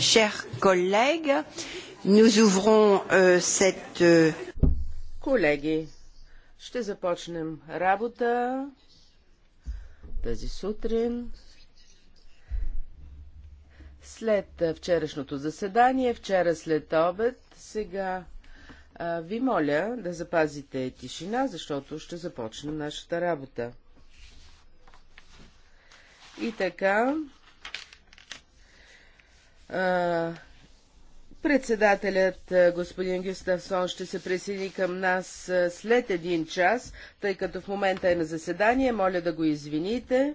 Chers collègues, nous ouvrons euh, cette. Euh, Колеги, ще започнем работа тази сутрин. След вчерашното заседание, вчера след обед, сега а, ви моля да запазите тишина, защото ще започнем нашата работа. И така, Председателят господин Гюстафсон ще се присъедини към нас след един час, тъй като в момента е на заседание. Моля да го извините.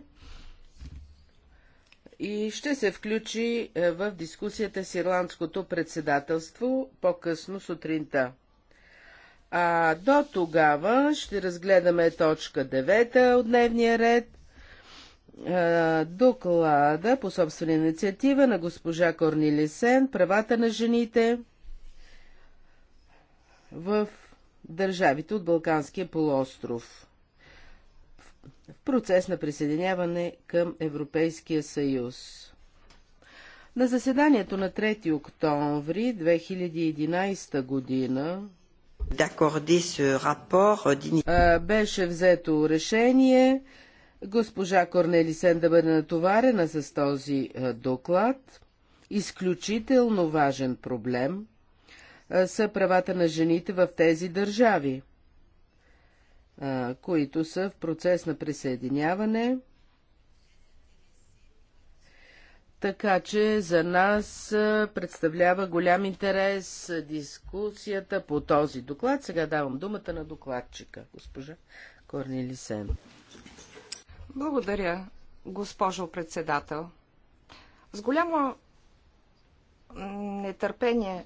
И ще се включи в дискусията с ирландското председателство по-късно сутринта. А до тогава ще разгледаме точка 9 от дневния ред – е, доклада по собствена инициатива на госпожа Корнилисен правата на жените в държавите от Балканския полуостров в процес на присъединяване към Европейския съюз. На заседанието на 3 октомври 2011 година е, беше взето решение Госпожа Корнелисен да бъде натоварена с този е, доклад. Изключително важен проблем е, са правата на жените в тези държави, е, които са в процес на присъединяване. Така че за нас представлява голям интерес дискусията по този доклад. Сега давам думата на докладчика, госпожа Корнелисен. Благодаря, госпожо председател. С голямо нетърпение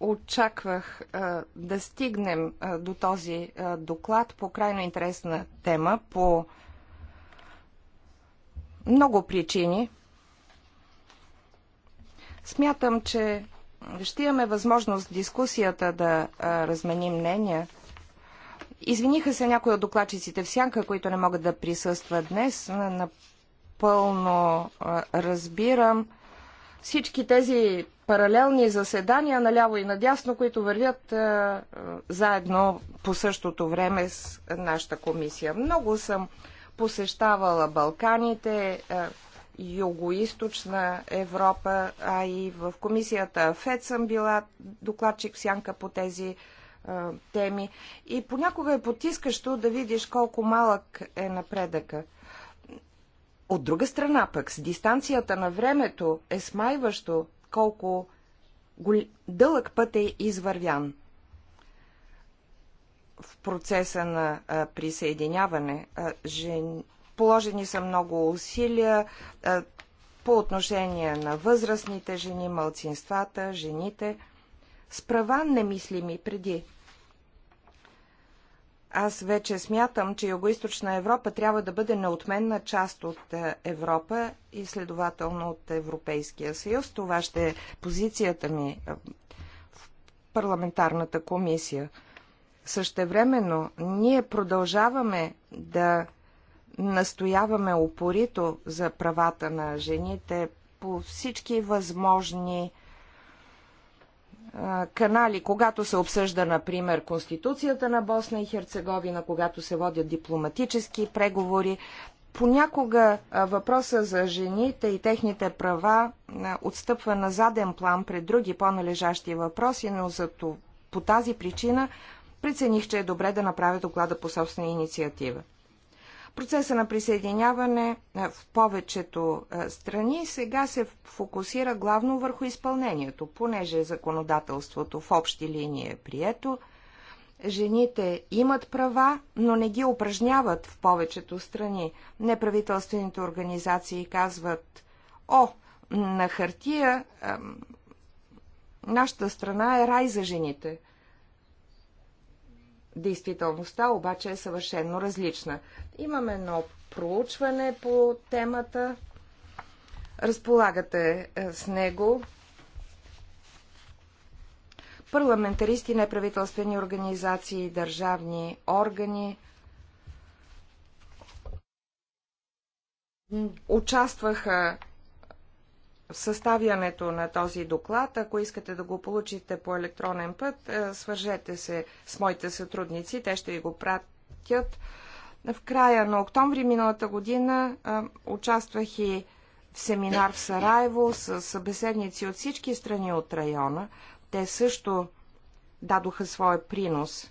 очаквах а, да стигнем а, до този а, доклад по крайно интересна тема, по много причини. Смятам, че ще имаме възможност дискусията да а, разменим мнения Извиниха се някои от докладчиците в сянка, които не могат да присъстват днес. Напълно разбирам всички тези паралелни заседания наляво и надясно, които вървят заедно по същото време с нашата комисия. Много съм посещавала Балканите, югоисточна Юго-Источна Европа, а и в комисията ФЕД съм била докладчик сянка по тези теми. И понякога е потискащо да видиш колко малък е напредъка. От друга страна пък, с дистанцията на времето е смайващо колко гол... дълъг път е извървян в процеса на а, присъединяване. А, жен... Положени са много усилия а, по отношение на възрастните жени, малцинствата, жените, с права немислими преди аз вече смятам, че Юго-Источна Европа трябва да бъде неотменна част от е, Европа и следователно от Европейския съюз. Това ще е позицията ми е, в парламентарната комисия. Същевременно ние продължаваме да настояваме опорито за правата на жените по всички възможни канали, когато се обсъжда, например, Конституцията на Босна и Херцеговина, когато се водят дипломатически преговори, понякога въпроса за жените и техните права отстъпва на заден план пред други по-належащи въпроси, но зато по тази причина прецених, че е добре да направя доклада по собствена инициатива. Процеса на присъединяване е, в повечето е, страни сега се фокусира главно върху изпълнението, понеже законодателството в общи линии е прието. Жените имат права, но не ги упражняват в повечето страни. Неправителствените организации казват, о, на хартия нашата страна е рай за жените. Действителността обаче е съвършенно различна. Имаме едно проучване по темата. Разполагате е, с него. Парламентаристи, неправителствени организации, държавни органи участваха в съставянето на този доклад. Ако искате да го получите по електронен път, е, свържете се с моите сътрудници. Те ще ви го пратят в края на октомври миналата година участвах и в семинар в Сараево с събеседници от всички страни от района. Те също дадоха своя принос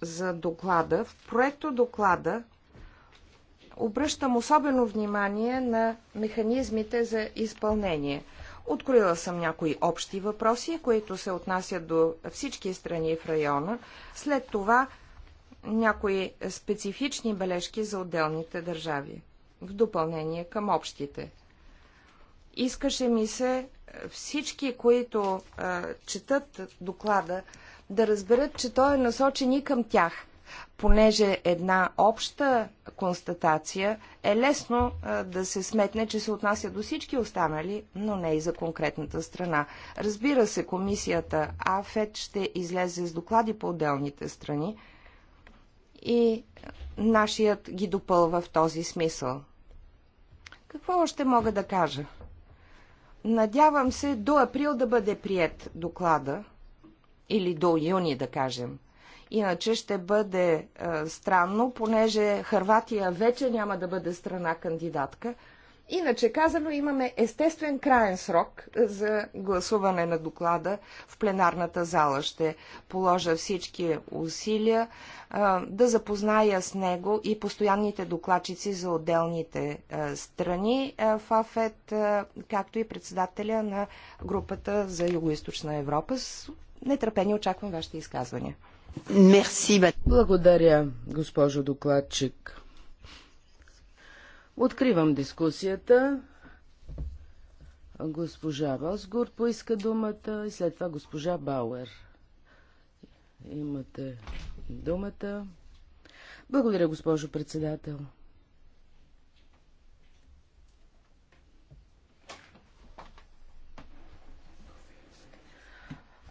за доклада. В проекто доклада обръщам особено внимание на механизмите за изпълнение. Откроила съм някои общи въпроси, които се отнасят до всички страни в района. След това някои специфични бележки за отделните държави, в допълнение към общите. Искаше ми се е, всички, които а, е, четат доклада, да разберат, че той е насочен и към тях, понеже една обща констатация е лесно а, е, да се сметне, че се отнася до всички останали, но не и за конкретната страна. Разбира се, комисията АФЕД ще излезе с доклади по отделните страни, и нашият ги допълва в този смисъл. Какво още мога да кажа? Надявам се до април да бъде прият доклада, или до юни, да кажем. Иначе ще бъде е, странно, понеже Харватия вече няма да бъде страна кандидатка, Иначе казано, имаме естествен краен срок е, за гласуване на доклада в пленарната зала. Ще положа всички усилия а, е, да запозная с него и постоянните докладчици за отделните а, е, страни а, в АФЕД, а, както и председателя на групата за Юго-Источна Европа. С нетърпение очаквам вашите изказвания. Мерси, Благодаря, госпожо докладчик. Откривам дискусията. Госпожа Восгур поиска думата и след това госпожа Бауер. Имате думата. Благодаря, госпожо председател.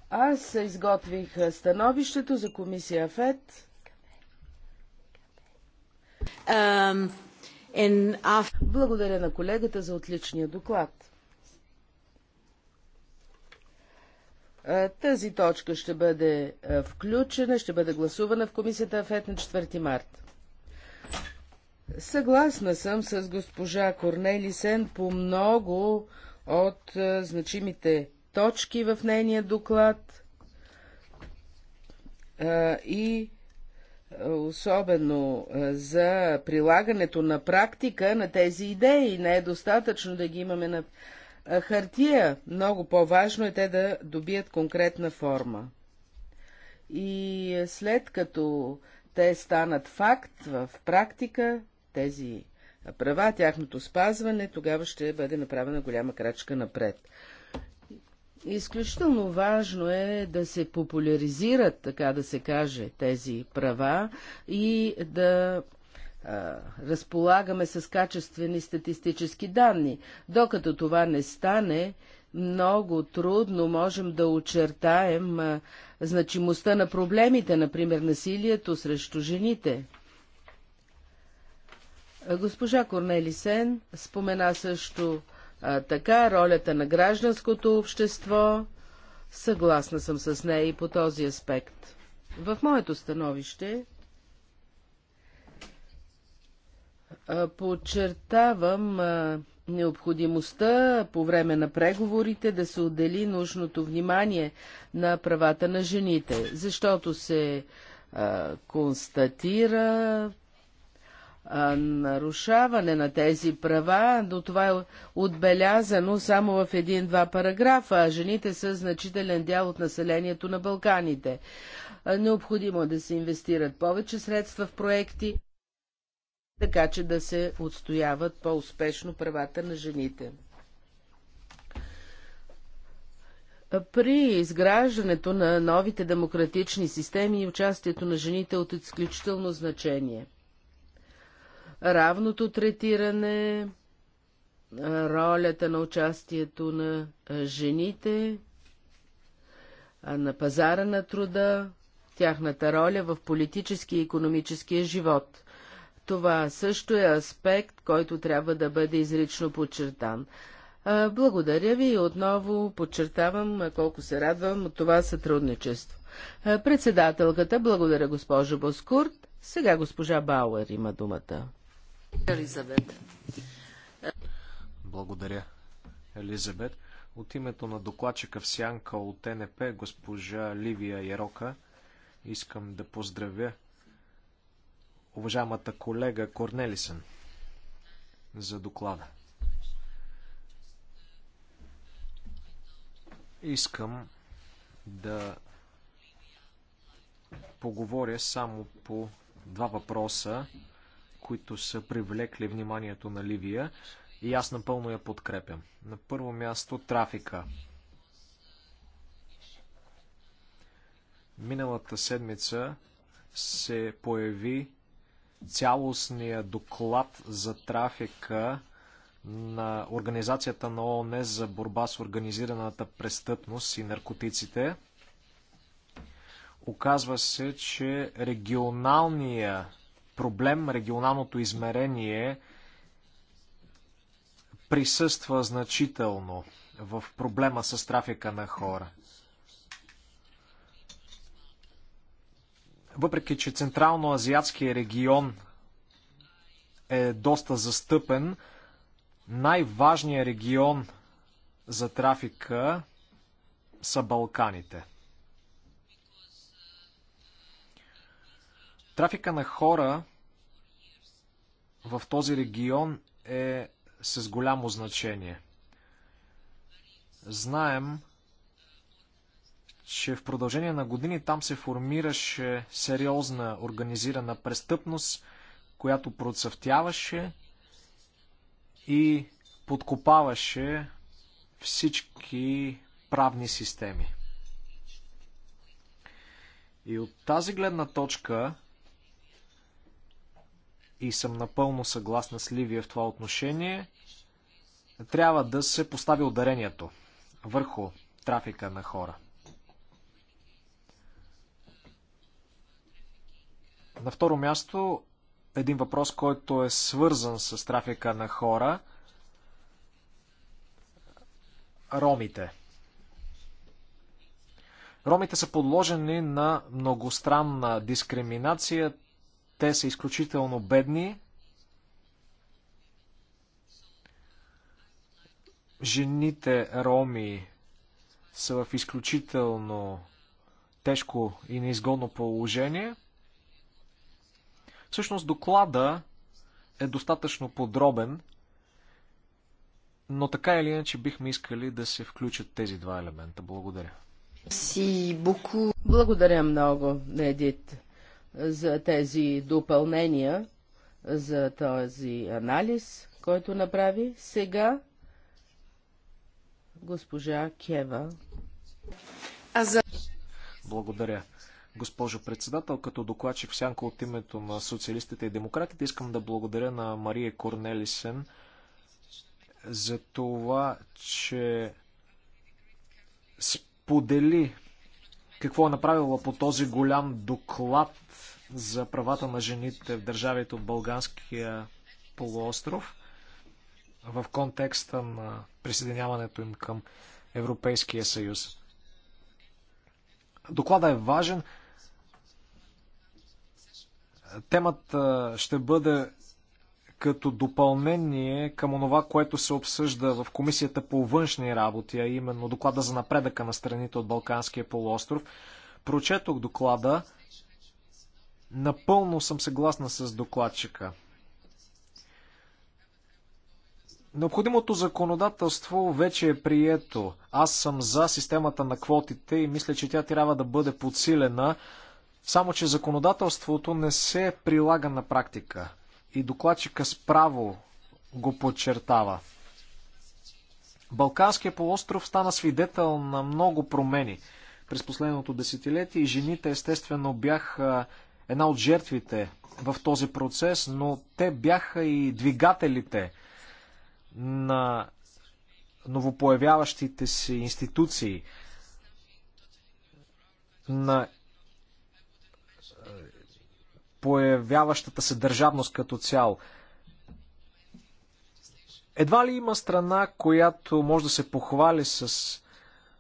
Аз изготвих становището за комисия ФЕД. Благодаря на колегата за отличния доклад. Тази точка ще бъде включена, ще бъде гласувана в комисията АФЕТ на 4 март. Съгласна съм с госпожа Корнелисен по много от значимите точки в нейния доклад и особено за прилагането на практика на тези идеи. Не е достатъчно да ги имаме на хартия. Много по-важно е те да добият конкретна форма. И след като те станат факт в практика, тези права, тяхното спазване, тогава ще бъде направена голяма крачка напред. Изключително важно е да се популяризират, така да се каже, тези права и да а, разполагаме с качествени статистически данни. Докато това не стане, много трудно можем да очертаем а, значимостта на проблемите, например насилието срещу жените. Госпожа Корнелисен спомена също а, така, ролята на гражданското общество. Съгласна съм с нея и по този аспект. В моето становище а, подчертавам а, необходимостта по време на преговорите да се отдели нужното внимание на правата на жените, защото се констатира нарушаване на тези права, но това е отбелязано само в един-два параграфа, жените са значителен дял от населението на Балканите. Необходимо е да се инвестират повече средства в проекти, така че да се отстояват по-успешно правата на жените. При изграждането на новите демократични системи и участието на жените е от изключително значение – равното третиране, ролята на участието на жените, на пазара на труда, тяхната роля в политически и економическия живот. Това също е аспект, който трябва да бъде изрично подчертан. Благодаря ви и отново подчертавам колко се радвам от това сътрудничество. Председателката, благодаря госпожо Боскурт. Сега госпожа Бауер има думата. Елизабет. Благодаря, Елизабет. От името на докладчика в Сянка от НП, госпожа Ливия Ярока, искам да поздравя уважаемата колега Корнелисън за доклада. Искам да поговоря само по два въпроса, които са привлекли вниманието на Ливия и аз напълно я подкрепям. На първо място трафика. Миналата седмица се появи цялостния доклад за трафика на Организацията на ООН за борба с организираната престъпност и наркотиците. Оказва се, че регионалния проблем. Регионалното измерение присъства значително в проблема с трафика на хора. Въпреки, че Централно-Азиатския регион е доста застъпен, най-важният регион за трафика са Балканите – Трафика на хора в този регион е с голямо значение. Знаем, че в продължение на години там се формираше сериозна организирана престъпност, която процъфтяваше и подкопаваше всички правни системи. И от тази гледна точка и съм напълно съгласна с Ливия в това отношение, трябва да се постави ударението върху трафика на хора. На второ място, един въпрос, който е свързан с трафика на хора ромите. Ромите са подложени на многостранна дискриминация. Те са изключително бедни. Жените роми са в изключително тежко и неизгодно положение. Всъщност доклада е достатъчно подробен, но така или иначе бихме искали да се включат тези два елемента. Благодаря. Благодаря много, Едит за тези допълнения, за този анализ, който направи. Сега госпожа Кева. Благодаря. Госпожо председател, като докладчик в сянка от името на социалистите и демократите, искам да благодаря на Мария Корнелисен за това, че сподели какво е направила по този голям доклад за правата на жените в държавите от Балганския полуостров в контекста на присъединяването им към Европейския съюз. Доклада е важен. Темата ще бъде като допълнение към онова, което се обсъжда в Комисията по външни работи, а именно доклада за напредъка на страните от Балканския полуостров. Прочетох доклада. Напълно съм съгласна с докладчика. Необходимото законодателство вече е прието. Аз съм за системата на квотите и мисля, че тя трябва да бъде подсилена, само че законодателството не се прилага на практика и докладчика справо го подчертава. Балканският полуостров стана свидетел на много промени през последното десетилетие и жените естествено бяха една от жертвите в този процес, но те бяха и двигателите на новопоявяващите се институции, на появяващата се държавност като цяло. Едва ли има страна, която може да се похвали с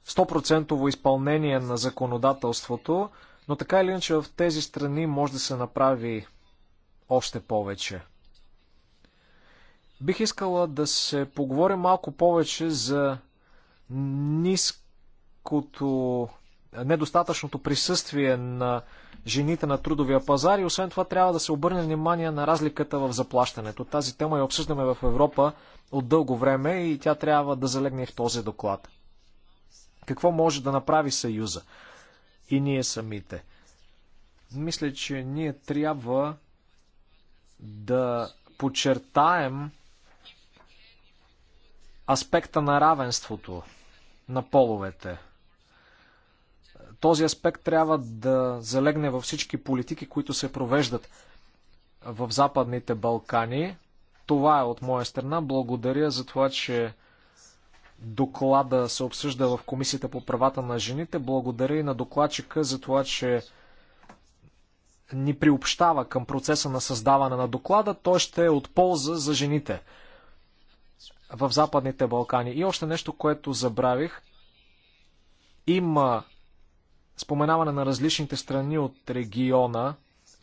100% изпълнение на законодателството, но така или иначе в тези страни може да се направи още повече. Бих искала да се поговорим малко повече за ниското недостатъчното присъствие на жените на трудовия пазар и освен това трябва да се обърне внимание на разликата в заплащането. Тази тема я обсъждаме в Европа от дълго време и тя трябва да залегне в този доклад. Какво може да направи Съюза и ние самите? Мисля, че ние трябва да подчертаем аспекта на равенството на половете – този аспект трябва да залегне във всички политики, които се провеждат в Западните Балкани. Това е от моя страна. Благодаря за това, че доклада се обсъжда в Комисията по правата на жените. Благодаря и на докладчика за това, че ни приобщава към процеса на създаване на доклада. Той ще е от полза за жените в Западните Балкани. И още нещо, което забравих. Има споменаване на различните страни от региона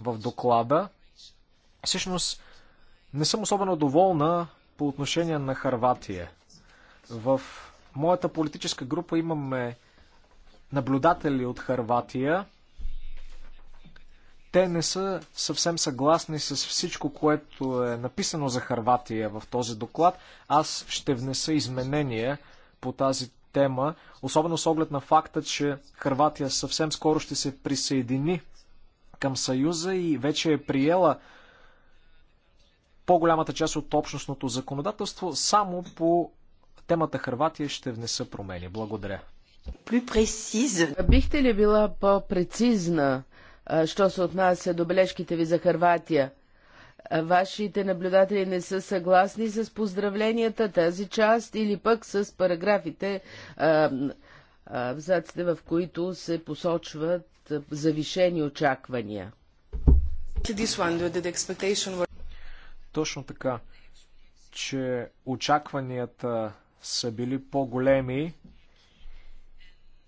в доклада. Всъщност не съм особено доволна по отношение на Харватия. В моята политическа група имаме наблюдатели от Харватия. Те не са съвсем съгласни с всичко, което е написано за Харватия в този доклад. Аз ще внеса изменения по тази тема, особено с оглед на факта, че Харватия съвсем скоро ще се присъедини към Съюза и вече е приела по-голямата част от общностното законодателство. Само по темата Харватия ще внеса промени. Благодаря. Бихте ли била по-прецизна, що се отнася до бележките ви за Харватия? вашите наблюдатели не са съгласни с поздравленията тази част или пък с параграфите, абзаците, в които се посочват завишени очаквания. Точно така, че очакванията са били по-големи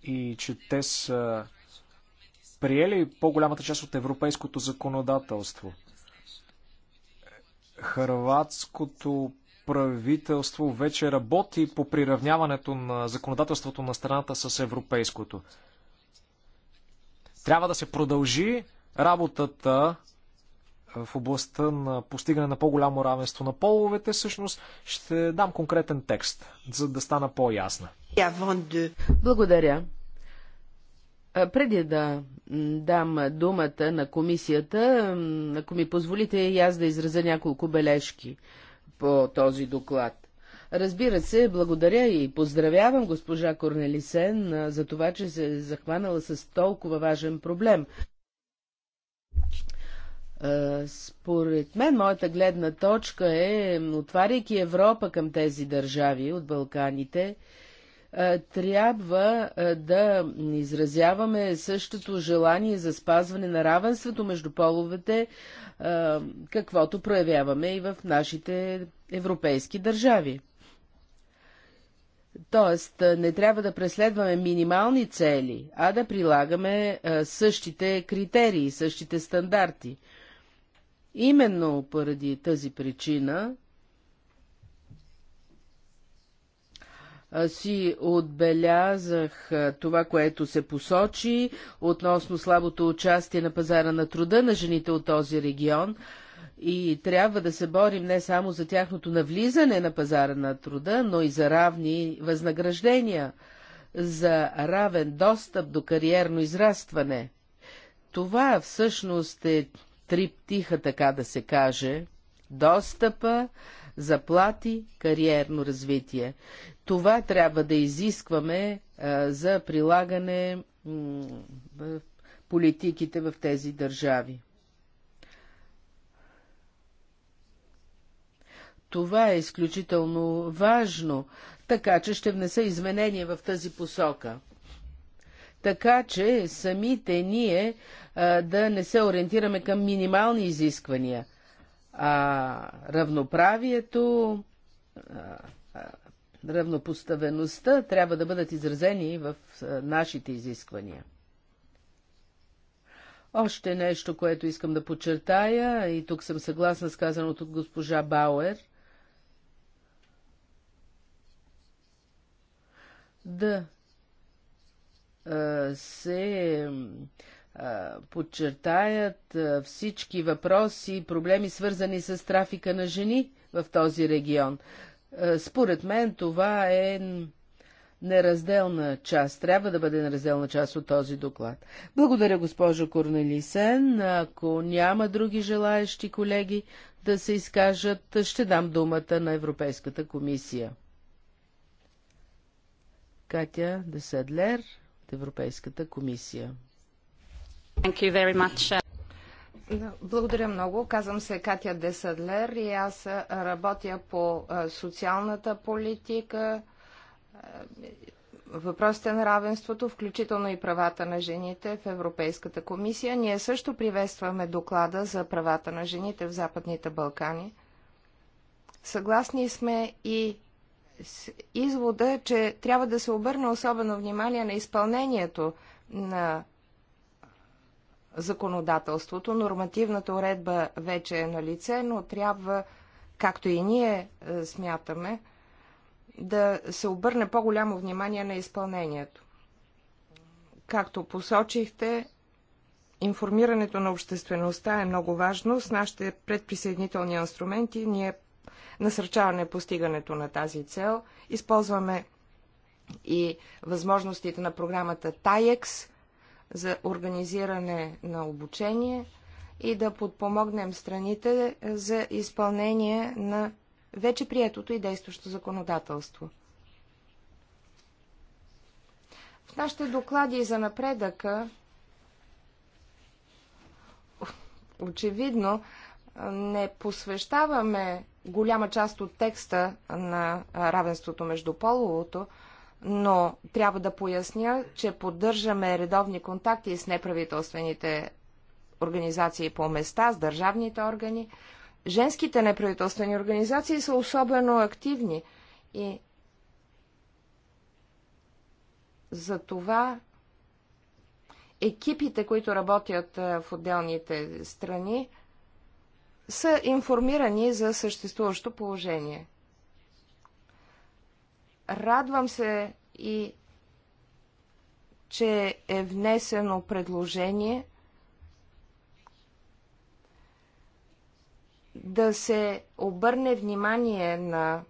и че те са приели по-голямата част от европейското законодателство – Хрватското правителство вече работи по приравняването на законодателството на страната с европейското. Трябва да се продължи работата в областта на постигане на по-голямо равенство на половете, всъщност ще дам конкретен текст, за да стана по-ясна. Благодаря. Преди да дам думата на комисията, ако ми позволите и аз да изразя няколко бележки по този доклад. Разбира се, благодаря и поздравявам госпожа Корнелисен за това, че се е захванала с толкова важен проблем. Според мен, моята гледна точка е, отваряйки Европа към тези държави от Балканите, е, трябва е, да изразяваме същото желание за спазване на равенството между половете, е, каквото проявяваме и в нашите европейски държави. Тоест, не трябва да преследваме минимални цели, а да прилагаме същите критерии, същите стандарти. Именно поради тази причина си отбелязах това, което се посочи относно слабото участие на пазара на труда на жените от този регион и трябва да се борим не само за тяхното навлизане на пазара на труда, но и за равни възнаграждения, за равен достъп до кариерно израстване. Това всъщност е триптиха, така да се каже, достъпа, заплати, кариерно развитие. Това трябва да изискваме а, за прилагане в политиките в тези държави. Това е изключително важно, така че ще внеса изменения в тази посока. Така че самите ние а, да не се ориентираме към минимални изисквания, а равноправието, а, равнопоставеността трябва да бъдат изразени в нашите изисквания. Още нещо, което искам да подчертая, и тук съм съгласна с казаното от госпожа Бауер, да се подчертаят всички въпроси и проблеми, свързани с трафика на жени в този регион. Е, според мен това е неразделна част, трябва да бъде неразделна част от този доклад. Благодаря, госпожо Корнелисен. Ако няма други желаещи колеги да се изкажат, ще дам думата на Европейската комисия. Катя Деседлер от Европейската комисия. Thank you very much. Uh, благодаря много. Казвам се Катя Десадлер и аз работя по социалната политика, въпросите на равенството, включително и правата на жените в Европейската комисия. Ние също приветстваме доклада за правата на жените в Западните Балкани. Съгласни сме и с извода, че трябва да се обърне особено внимание на изпълнението на законодателството. Нормативната уредба вече е на лице, но трябва, както и ние е, смятаме, да се обърне по-голямо внимание на изпълнението. Както посочихте, информирането на обществеността е много важно. С нашите предприсъединителни инструменти ние насърчаваме постигането на тази цел. Използваме и възможностите на програмата TAIEX – за организиране на обучение и да подпомогнем страните за изпълнение на вече приетото и действащо законодателство. В нашите доклади за напредъка очевидно не посвещаваме голяма част от текста на равенството между половото, но трябва да поясня, че поддържаме редовни контакти с неправителствените организации по места, с държавните органи. Женските неправителствени организации са особено активни и за това екипите, които работят в отделните страни, са информирани за съществуващо положение – Радвам се и, че е внесено предложение да се обърне внимание на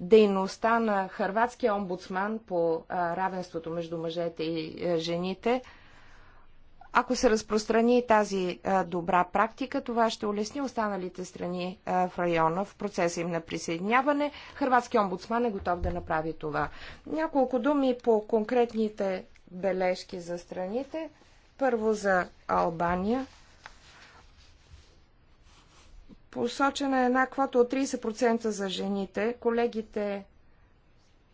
дейността на хърватския омбудсман по равенството между мъжете и жените – ако се разпространи тази добра практика, това ще улесни останалите страни в района в процеса им на присъединяване. Хрватски омбудсман е готов да направи това. Няколко думи по конкретните бележки за страните. Първо за Албания. Посочена е една квота от 30% за жените. Колегите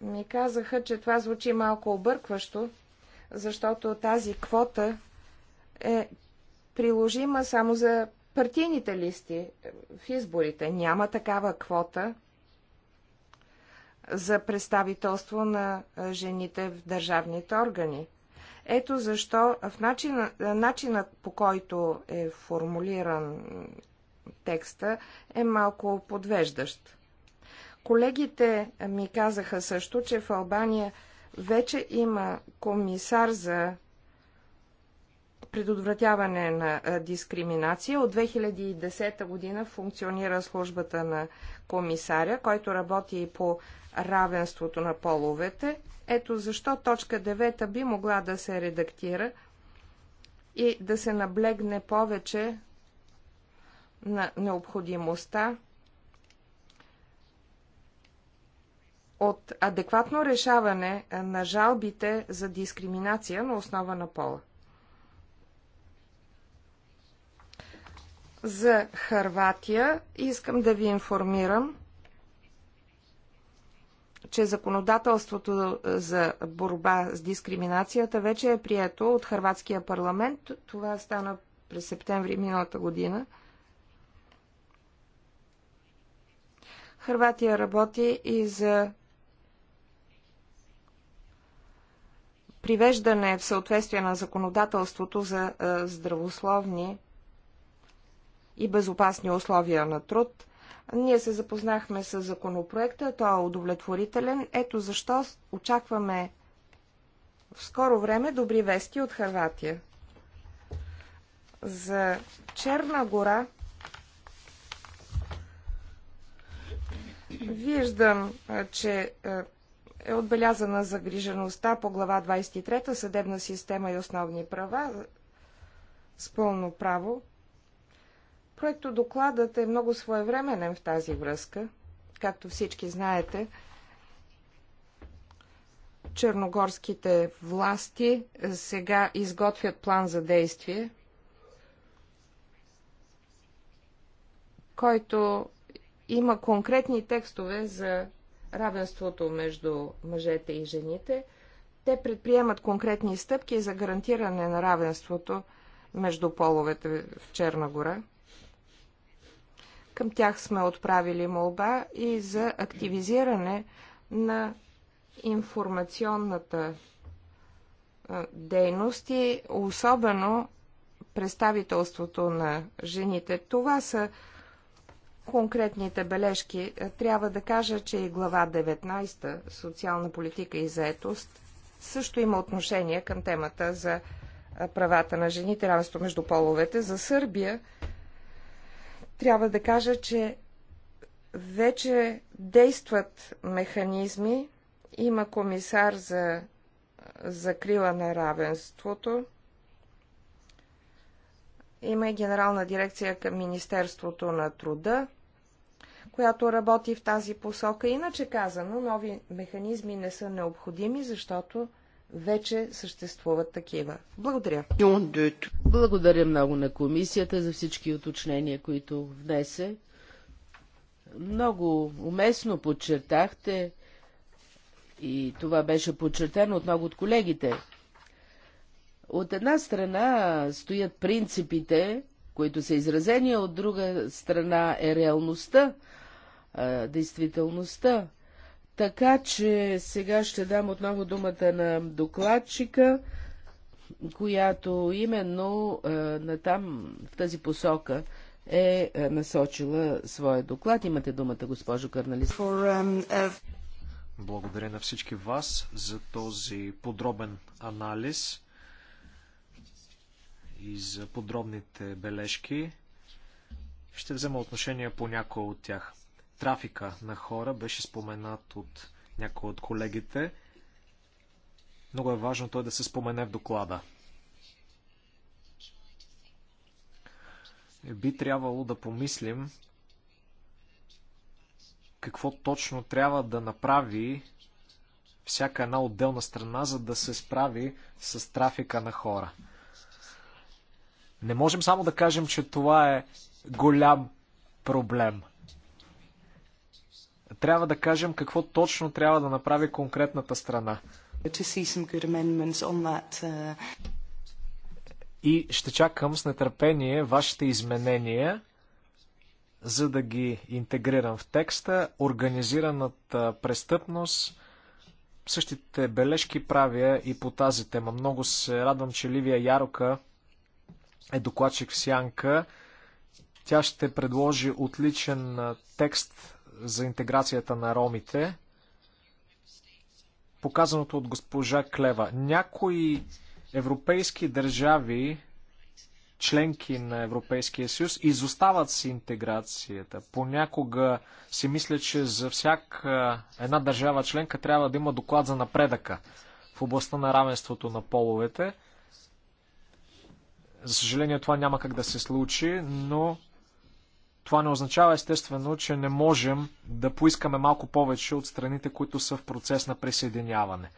ми казаха, че това звучи малко объркващо, защото тази квота е приложима само за партийните листи в изборите. Няма такава квота за представителство на жените в държавните органи. Ето защо в начина, начинът по който е формулиран текста е малко подвеждащ. Колегите ми казаха също, че в Албания вече има комисар за предотвратяване на дискриминация. От 2010 година функционира службата на комисаря, който работи и по равенството на половете. Ето защо точка 9 би могла да се редактира и да се наблегне повече на необходимостта от адекватно решаване на жалбите за дискриминация на основа на пола. За Харватия искам да ви информирам, че законодателството е, за борба с дискриминацията вече е прието от Харватския парламент. Това стана през септември миналата година. Харватия работи и за привеждане в съответствие на законодателството за е, здравословни и безопасни условия на труд. Ние се запознахме с законопроекта, той е удовлетворителен. Ето защо очакваме в скоро време добри вести от Харватия. За Черна гора виждам, че е отбелязана загрижеността по глава 23 Съдебна система и основни права с пълно право. Проекто докладът е много своевременен в тази връзка. Както всички знаете, черногорските власти сега изготвят план за действие, който има конкретни текстове за равенството между мъжете и жените. Те предприемат конкретни стъпки за гарантиране на равенството между половете в Черна гора. Към тях сме отправили молба и за активизиране на информационната дейност и особено представителството на жените. Това са конкретните бележки. Трябва да кажа, че и глава 19 социална политика и заетост също има отношение към темата за правата на жените, равенство между половете. За Сърбия трябва да кажа, че вече действат механизми. Има комисар за закрила на равенството. Има и генерална дирекция към Министерството на труда, която работи в тази посока. Иначе казано, нови механизми не са необходими, защото вече съществуват такива. Благодаря. Благодаря много на комисията за всички уточнения, които внесе. Много уместно подчертахте и това беше подчертано от много от колегите. От една страна стоят принципите, които са изразени, от друга страна е реалността, действителността. Така че сега ще дам отново думата на докладчика, която именно а, е, на там, в тази посока е, е насочила своя доклад. Имате думата, госпожо Карналис. Um, Благодаря на всички вас за този подробен анализ и за подробните бележки. Ще взема отношение по някои от тях. Трафика на хора беше споменат от някои от колегите. Много е важно той да се спомене в доклада. Би трябвало да помислим какво точно трябва да направи всяка една отделна страна, за да се справи с трафика на хора. Не можем само да кажем, че това е голям проблем. Трябва да кажем какво точно трябва да направи конкретната страна. Uh, и ще чакам с нетърпение вашите изменения, за да ги интегрирам в текста. Организираната престъпност, същите бележки правя и по тази тема. Много се радвам, че Ливия Ярока е докладчик в Сянка. Тя ще предложи отличен текст за интеграцията на ромите, показаното от госпожа Клева. Някои европейски държави, членки на Европейския съюз, изостават с интеграцията. Понякога си мисля, че за всяка една държава членка трябва да има доклад за напредъка в областта на равенството на половете. За съжаление това няма как да се случи, но това не означава естествено, че не можем да поискаме малко повече от страните, които са в процес на присъединяване.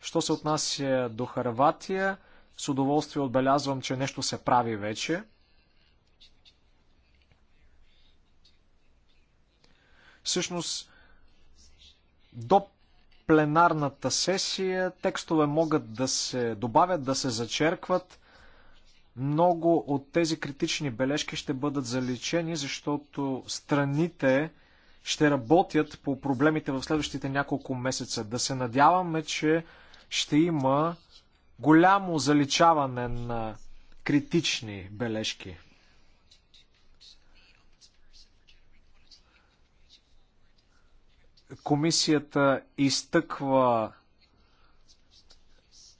Що се отнася до Харватия, с удоволствие отбелязвам, че нещо се прави вече. Всъщност, до пленарната сесия текстове могат да се добавят, да се зачеркват. Много от тези критични бележки ще бъдат заличени, защото страните ще работят по проблемите в следващите няколко месеца. Да се надяваме, че ще има голямо заличаване на критични бележки. Комисията изтъква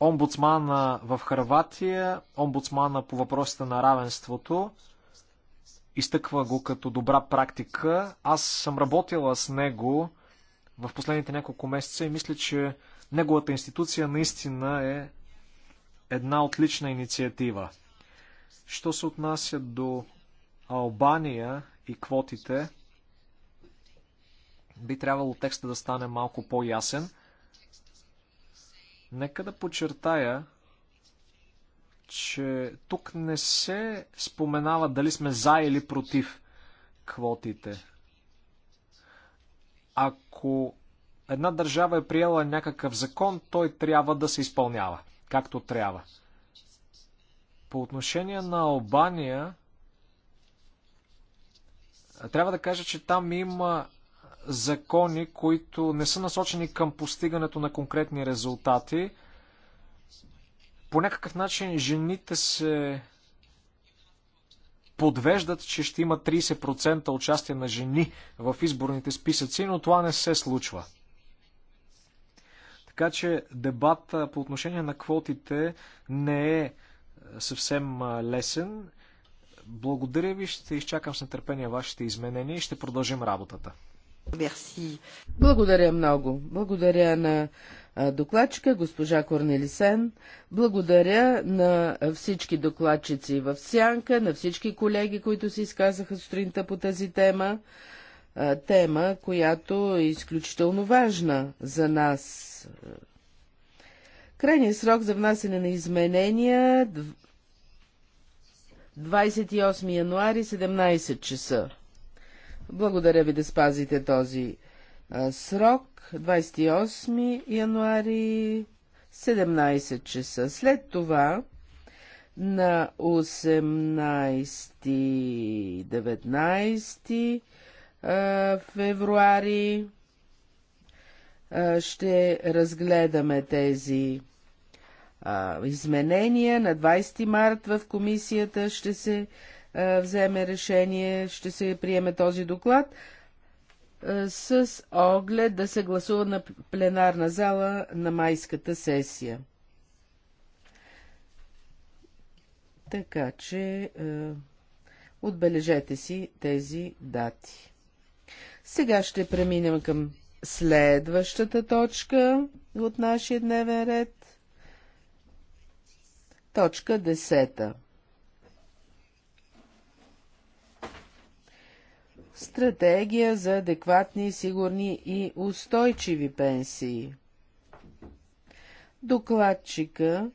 омбудсмана в Харватия, омбудсмана по въпросите на равенството. Изтъква го като добра практика. Аз съм работила с него в последните няколко месеца и мисля, че неговата институция наистина е една отлична инициатива. Що се отнася до Албания и квотите, би трябвало текста да стане малко по-ясен – Нека да подчертая, че тук не се споменава дали сме за или против квотите. Ако една държава е приела някакъв закон, той трябва да се изпълнява, както трябва. По отношение на Албания, трябва да кажа, че там има закони, които не са насочени към постигането на конкретни резултати. По някакъв начин жените се подвеждат, че ще има 30% участие на жени в изборните списъци, но това не се случва. Така че дебата по отношение на квотите не е съвсем лесен. Благодаря ви, ще изчакам с нетърпение вашите изменения и ще продължим работата. Мерси. Благодаря много. Благодаря на докладчика, госпожа Корнелисен. Благодаря на всички докладчици в Сянка, на всички колеги, които се изказаха сутринта по тази тема. Тема, която е изключително важна за нас. Крайният срок за внасене на изменения 28 януари 17 часа. Благодаря ви да спазите този а, срок. 28 януари 17 часа. След това на 18-19 февруари а, ще разгледаме тези а, изменения. На 20 март в комисията ще се е, вземе решение, ще се приеме този доклад е, с оглед да се гласува на пленарна зала на майската сесия. Така че е, отбележете си тези дати. Сега ще преминем към следващата точка от нашия дневен ред. Точка 10. стратегия за адекватни, сигурни и устойчиви пенсии. Докладчика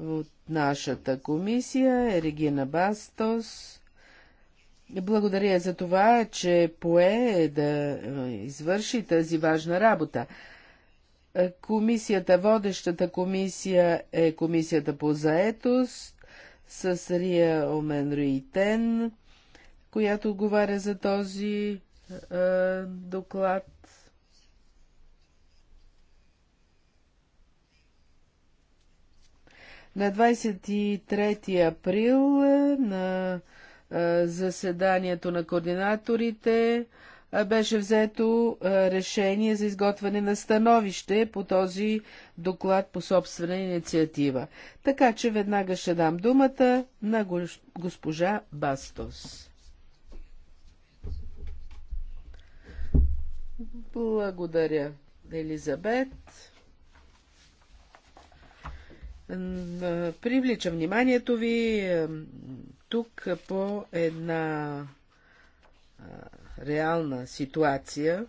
от нашата комисия е Регина Бастос. Благодаря за това, че пое да е, извърши тази важна работа. Комисията, водещата комисия е комисията по заетост с Рия Омен Руитен която отговаря за този е, доклад. На 23 април на е, заседанието на координаторите беше взето решение за изготвяне на становище по този доклад по собствена инициатива. Така че веднага ще дам думата на госпожа Бастос. Благодаря, Елизабет. Привлича вниманието ви тук по една реална ситуация,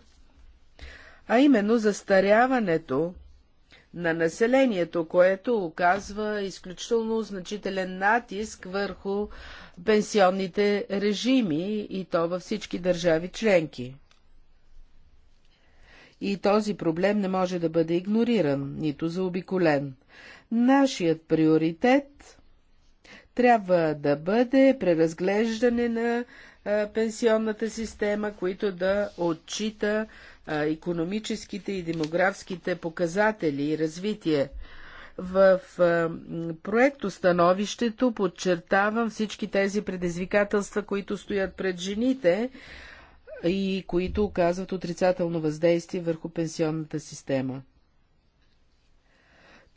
а именно застаряването на населението, което оказва изключително значителен натиск върху пенсионните режими и то във всички държави членки. И този проблем не може да бъде игнориран, нито заобиколен. Нашият приоритет трябва да бъде преразглеждане на а, пенсионната система, които да отчита а, економическите и демографските показатели и развитие. В а, проекто становището подчертавам всички тези предизвикателства, които стоят пред жените, и които оказват отрицателно въздействие върху пенсионната система.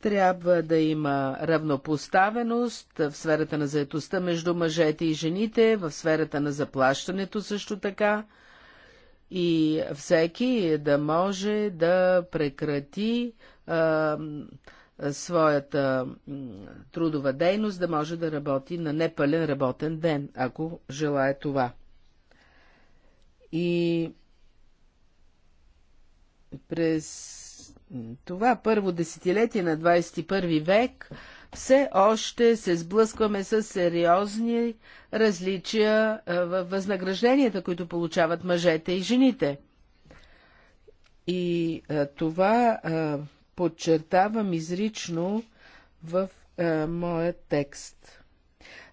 Трябва да има равнопоставеност в сферата на заетостта между мъжете и жените, в сферата на заплащането също така и всеки да може да прекрати а, своята трудова дейност, да може да работи на непълен работен ден, ако желая това. И през това първо десетилетие на 21 век все още се сблъскваме с сериозни различия в възнагражденията, които получават мъжете и жените. И това подчертавам изрично в моят моя текст.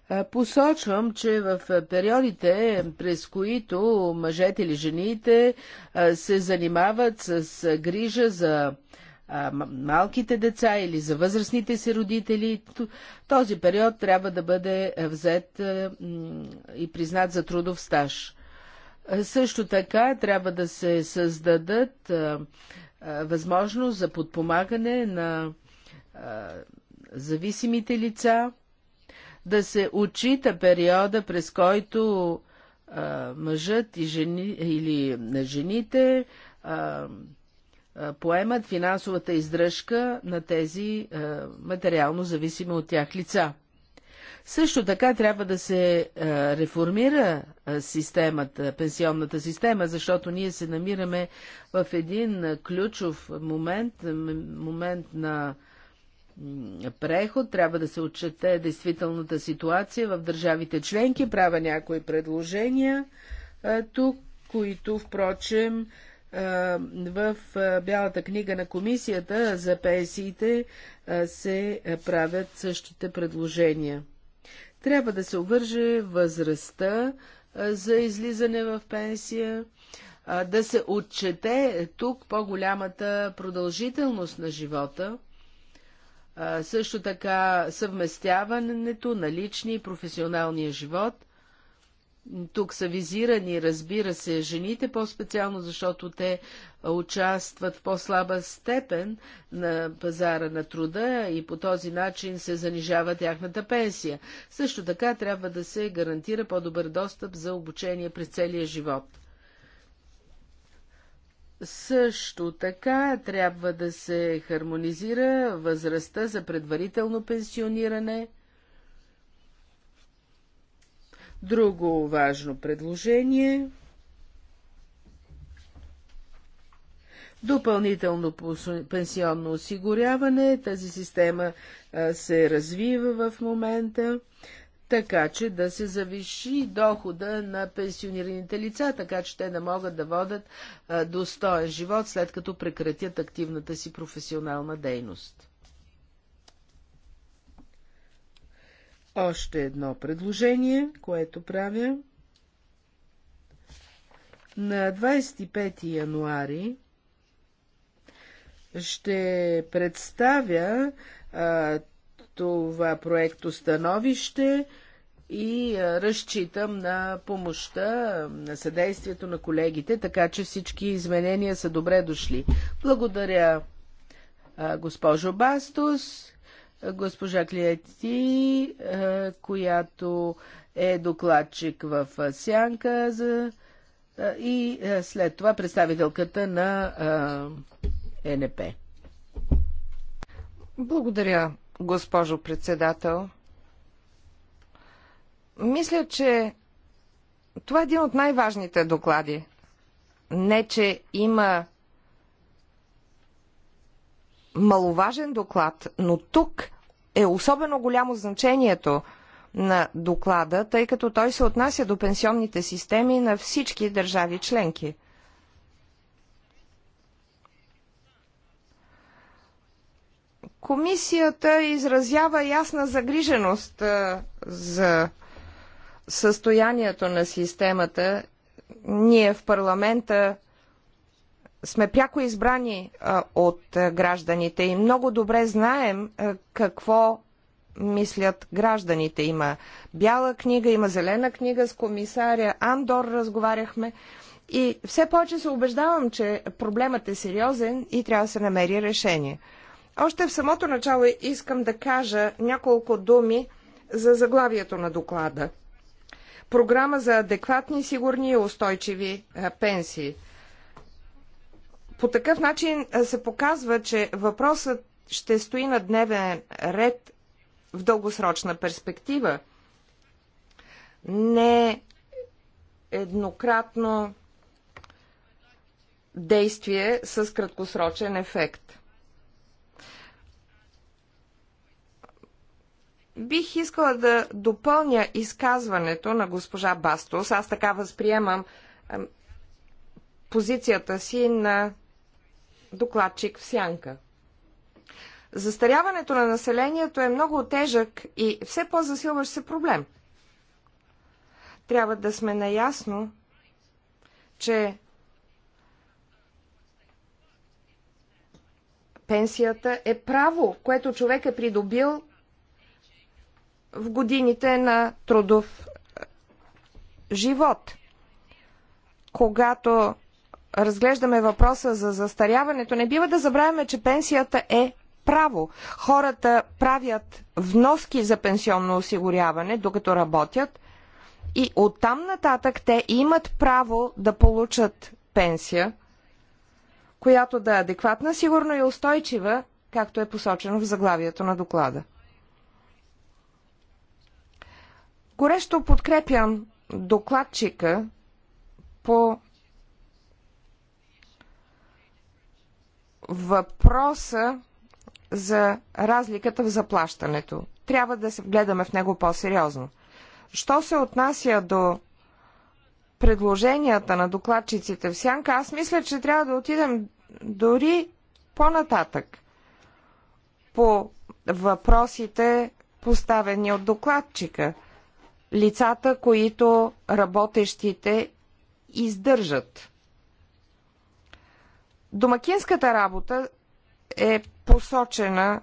Е, посочвам, че в периодите, през които мъжете или жените е, се занимават с е, грижа за малките деца или за възрастните си родители, този период трябва да бъде взет и признат за трудов стаж. Също така трябва да се създадат възможност за подпомагане на зависимите лица, да се отчита периода, през който а, мъжът и жени, или жените а, а, поемат финансовата издръжка на тези а, материално зависими от тях лица. Също така трябва да се а, реформира а, системата, пенсионната система, защото ние се намираме в един ключов момент, момент на преход, трябва да се отчете действителната ситуация в държавите членки, правя някои предложения тук, които, впрочем, в Бялата книга на комисията за пенсиите се правят същите предложения. Трябва да се обвърже възрастта за излизане в пенсия, да се отчете тук по-голямата продължителност на живота, също така съвместяването на личния и професионалния живот. Тук са визирани, разбира се, жените по-специално, защото те участват в по-слаба степен на пазара на труда и по този начин се занижава тяхната пенсия. Също така трябва да се гарантира по-добър достъп за обучение през целия живот. Също така трябва да се хармонизира възрастта за предварително пенсиониране. Друго важно предложение Допълнително пенсионно осигуряване. Тази система се развива в момента така че да се завиши дохода на пенсионираните лица, така че те да могат да водят достоен живот, след като прекратят активната си професионална дейност. Още едно предложение, което правя. На 25 януари ще представя това проекто становище и разчитам на помощта, на съдействието на колегите, така че всички изменения са добре дошли. Благодаря, госпожо Бастус, госпожа Клиети, която е докладчик в Сянка за... и след това представителката на ЕНП. Благодаря, госпожо председател. Мисля, че това е един от най-важните доклади. Не, че има маловажен доклад, но тук е особено голямо значението на доклада, тъй като той се отнася до пенсионните системи на всички държави членки – Комисията изразява ясна загриженост за състоянието на системата. Ние в парламента сме пряко избрани от гражданите и много добре знаем какво мислят гражданите. Има бяла книга, има зелена книга с комисаря Андор разговаряхме. И все повече се убеждавам, че проблемът е сериозен и трябва да се намери решение. Още в самото начало искам да кажа няколко думи за заглавието на доклада. Програма за адекватни, сигурни и устойчиви пенсии. По такъв начин се показва, че въпросът ще стои на дневен ред в дългосрочна перспектива. Не еднократно действие с краткосрочен ефект. Бих искала да допълня изказването на госпожа Бастос. Аз така възприемам позицията си на докладчик в сянка. Застаряването на населението е много тежък и все по-засилващ се проблем. Трябва да сме наясно, че пенсията е право, което човек е придобил в годините на трудов живот. Когато разглеждаме въпроса за застаряването, не бива да забравяме, че пенсията е право. Хората правят вноски за пенсионно осигуряване, докато работят, и оттам нататък те имат право да получат пенсия, която да е адекватна, сигурно и устойчива, както е посочено в заглавието на доклада. Горещо подкрепям докладчика по въпроса за разликата в заплащането. Трябва да се гледаме в него по-сериозно. Що се отнася до предложенията на докладчиците в сянка, аз мисля, че трябва да отидем дори по-нататък по въпросите, поставени от докладчика – лицата, които работещите издържат. Домакинската работа е посочена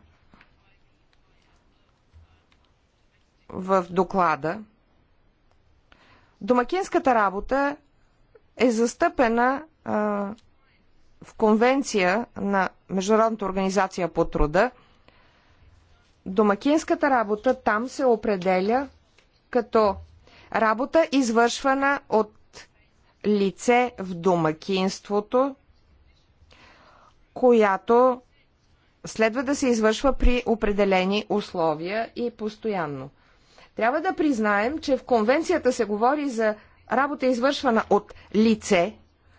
в доклада. Домакинската работа е застъпена а, в конвенция на Международната организация по труда. Домакинската работа там се определя като работа извършвана от лице в домакинството, която следва да се извършва при определени условия и постоянно. Трябва да признаем, че в конвенцията се говори за работа извършвана от лице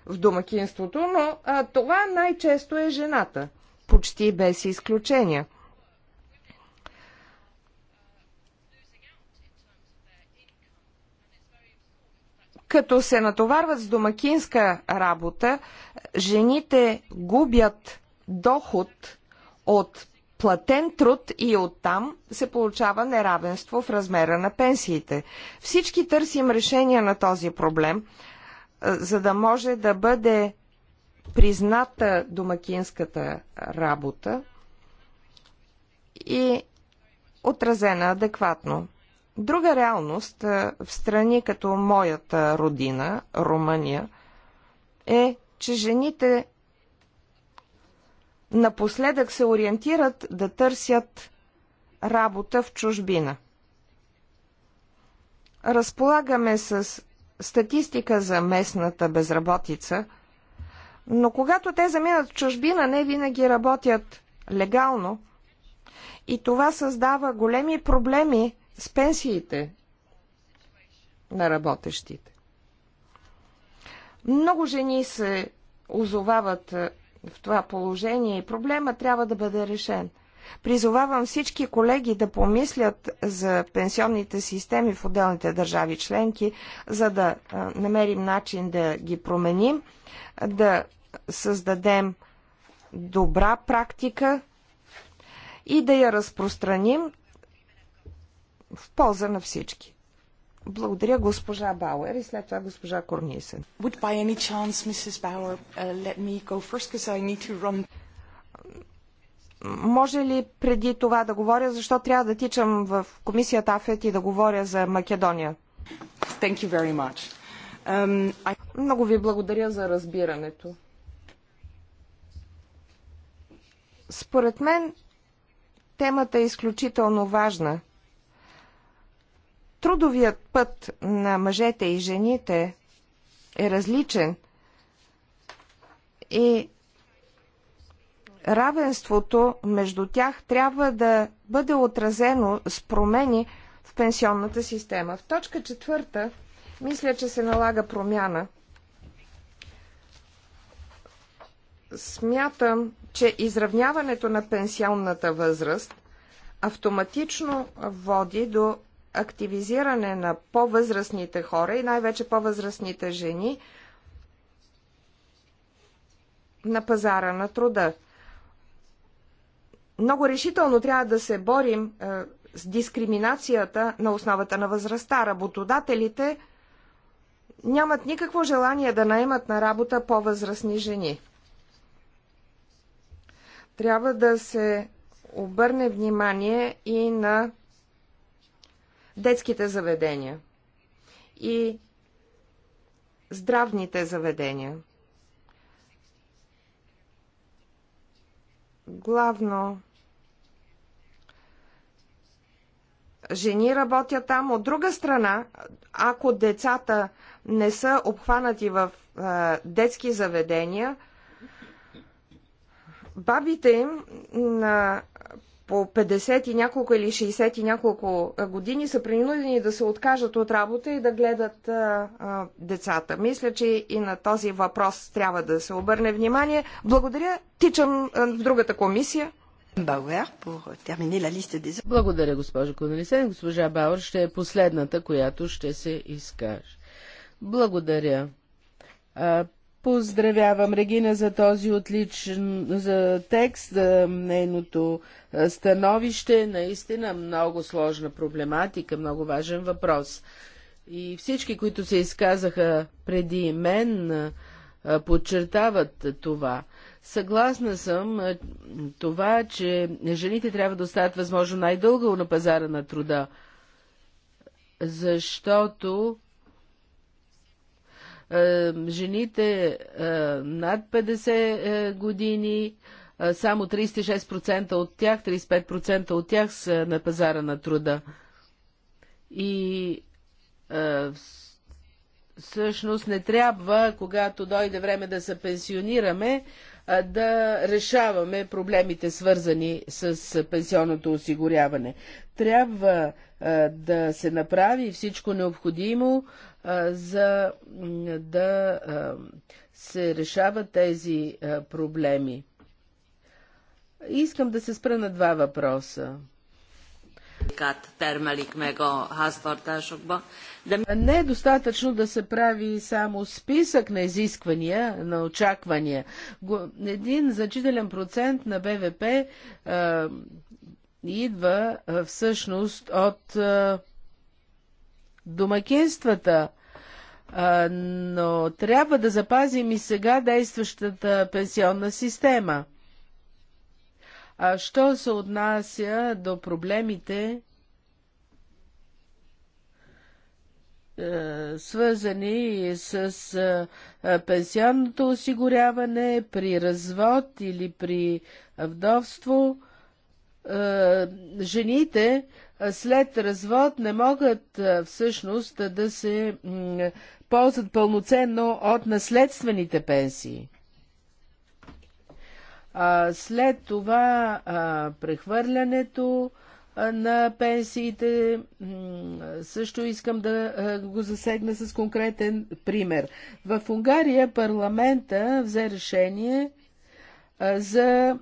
в домакинството, но а, това най-често е жената, почти без изключения. като се натоварват с домакинска работа, жените губят доход от платен труд и оттам се получава неравенство в размера на пенсиите. Всички търсим решение на този проблем, за да може да бъде призната домакинската работа и отразена адекватно друга реалност в страни като моята родина, Румъния, е, че жените напоследък се ориентират да търсят работа в чужбина. Разполагаме с статистика за местната безработица, но когато те заминат в чужбина, не винаги работят легално и това създава големи проблеми с пенсиите на работещите. Много жени се озовават е, в това положение и проблема трябва да бъде решен. Призовавам всички колеги да помислят за пенсионните системи в отделните държави членки, за да е, намерим начин да ги променим, да създадем добра практика и да я разпространим, в полза на всички. Благодаря госпожа Бауер и след това госпожа Корнисен. Would by any chance, Mrs. Bauer, uh, let me go first, because I need to run може ли преди това да говоря, защо трябва да тичам в комисията АФЕТ и да говоря за Македония? Thank you very much. Um, I... Много ви благодаря за разбирането. Според мен темата е изключително важна – Трудовият път на мъжете и жените е различен и равенството между тях трябва да бъде отразено с промени в пенсионната система. В точка четвърта мисля, че се налага промяна. Смятам, че изравняването на пенсионната възраст автоматично води до активизиране на по-възрастните хора и най-вече по-възрастните жени на пазара на труда. Много решително трябва да се борим е, с дискриминацията на основата на възрастта. Работодателите нямат никакво желание да наемат на работа по-възрастни жени. Трябва да се обърне внимание и на детските заведения и здравните заведения. Главно жени работят там. От друга страна, ако децата не са обхванати в детски заведения, бабите им на по 50 и няколко или 60 и няколко години са принудени да се откажат от работа и да гледат а, а, децата. Мисля, че и на този въпрос трябва да се обърне внимание. Благодаря. Тичам в другата комисия. Благодаря, госпожо Конелисен. Госпожа Бауер ще е последната, която ще се изкаже. Благодаря. Поздравявам Регина за този отличен за текст, за нейното становище. Наистина много сложна проблематика, много важен въпрос. И всички, които се изказаха преди мен, подчертават това. Съгласна съм това, че жените трябва да остават възможно най-дълго на пазара на труда, защото е, жените е, над 50 е, години, само 36% от тях, 35% от тях са на пазара на труда. И всъщност не трябва, когато дойде време да се пенсионираме, да решаваме проблемите, свързани с пенсионното осигуряване. Трябва да се направи всичко необходимо, за да се решават тези проблеми. Искам да се спра на два въпроса. Не е достатъчно да се прави само списък на изисквания, на очаквания. Един значителен процент на БВП а, идва а, всъщност от а, домакинствата. Но трябва да запазим и сега действащата пенсионна система. А що се отнася до проблемите, е, свързани с е, пенсионното осигуряване при развод или при вдовство, е, жените е, след развод не могат е, всъщност да се ползват пълноценно от наследствените пенсии. След това прехвърлянето на пенсиите също искам да го засегна с конкретен пример. В Унгария парламента взе решение за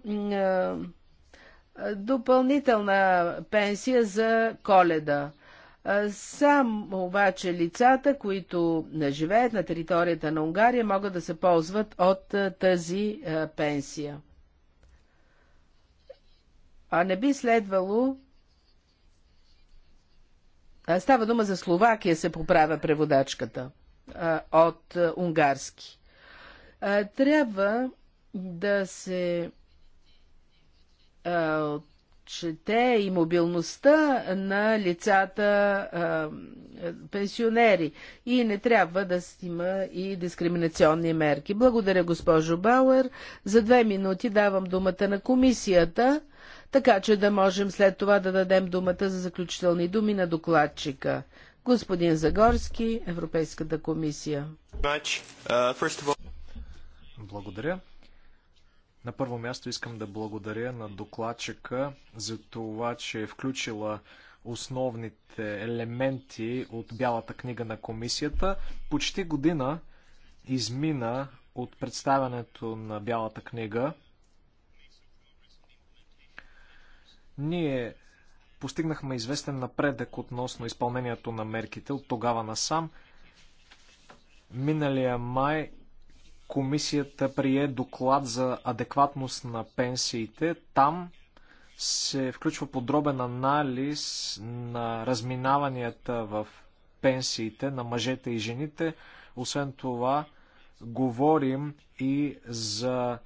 допълнителна пенсия за коледа. Само обаче лицата, които живеят на територията на Унгария, могат да се ползват от тази пенсия. А не би следвало. Става дума за Словакия, се поправя преводачката от унгарски. Трябва да се е, отчете и мобилността на лицата е, пенсионери и не трябва да има и дискриминационни мерки. Благодаря, госпожо Бауер. За две минути давам думата на комисията, така че да можем след това да дадем думата за заключителни думи на докладчика. Господин Загорски, Европейската комисия. Uh, Благодаря. На първо място искам да благодаря на докладчика за това, че е включила основните елементи от Бялата книга на комисията. Почти година измина от представянето на Бялата книга. Ние постигнахме известен напредък относно изпълнението на мерките от тогава насам. Миналия май комисията прие доклад за адекватност на пенсиите. Там се включва подробен анализ на разминаванията в пенсиите на мъжете и жените. Освен това, говорим и за е,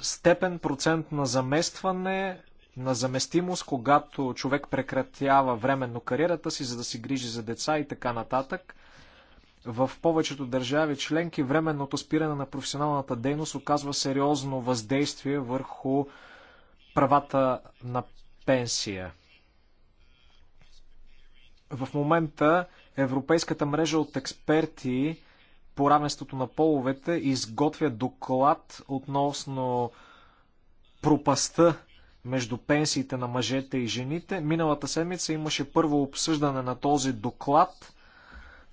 степен процент на заместване, на заместимост, когато човек прекратява временно кариерата си, за да се грижи за деца и така нататък – в повечето държави членки временното спиране на професионалната дейност оказва сериозно въздействие върху правата на пенсия. В момента Европейската мрежа от експерти по равенството на половете изготвя доклад относно пропаста между пенсиите на мъжете и жените. Миналата седмица имаше първо обсъждане на този доклад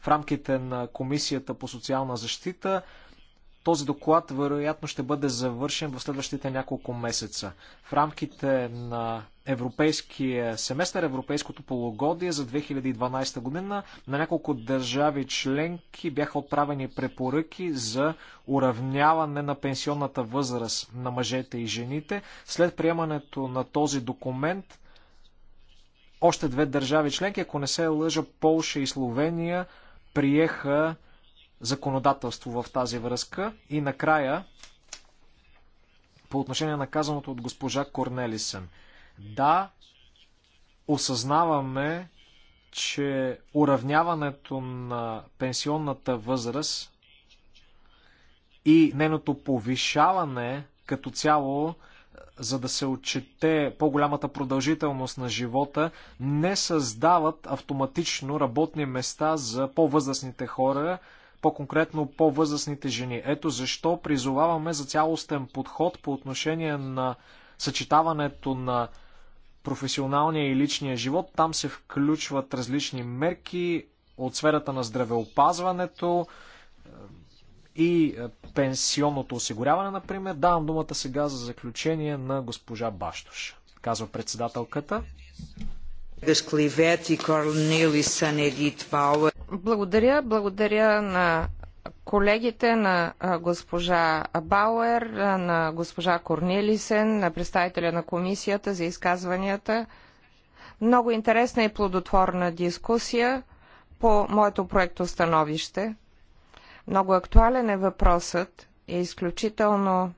в рамките на Комисията по социална защита. Този доклад вероятно ще бъде завършен в следващите няколко месеца. В рамките на европейския семестър, европейското полугодие за 2012 година на няколко държави членки бяха отправени препоръки за уравняване на пенсионната възраст на мъжете и жените. След приемането на този документ, още две държави членки, ако не се лъжа, Полша и Словения, приеха законодателство в тази връзка. И накрая, по отношение на казаното от госпожа Корнелисен. Да, осъзнаваме, че уравняването на пенсионната възраст и нейното повишаване като цяло за да се отчете по-голямата продължителност на живота, не създават автоматично работни места за по-възрастните хора, по-конкретно по-възрастните жени. Ето защо призоваваме за цялостен подход по отношение на съчетаването на професионалния и личния живот. Там се включват различни мерки от сферата на здравеопазването, и е, пенсионното осигуряване, например. Давам думата сега за заключение на госпожа Баштош, казва председателката. Благодаря, благодаря на колегите на госпожа Бауер, на госпожа Корнилисен, на представителя на комисията за изказванията. Много интересна и плодотворна дискусия по моето проекто становище. Много актуален е въпросът и е изключително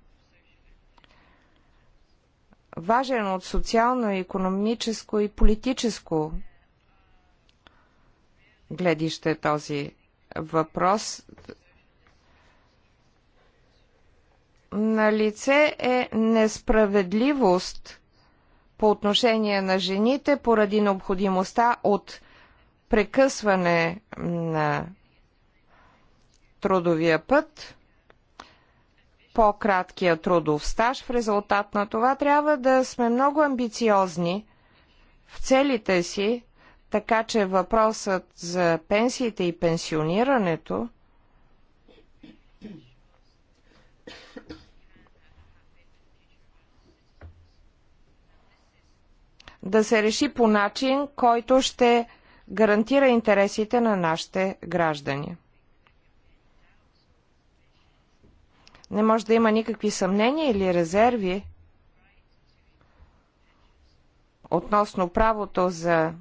важен от социално, економическо и политическо гледище този въпрос. На лице е несправедливост по отношение на жените поради необходимостта от прекъсване на трудовия път, по-краткия трудов стаж. В резултат на това трябва да сме много амбициозни в целите си, така че въпросът за пенсиите и пенсионирането да се реши по начин, който ще гарантира интересите на нашите граждани. Не може да има никакви съмнения или резерви относно правото за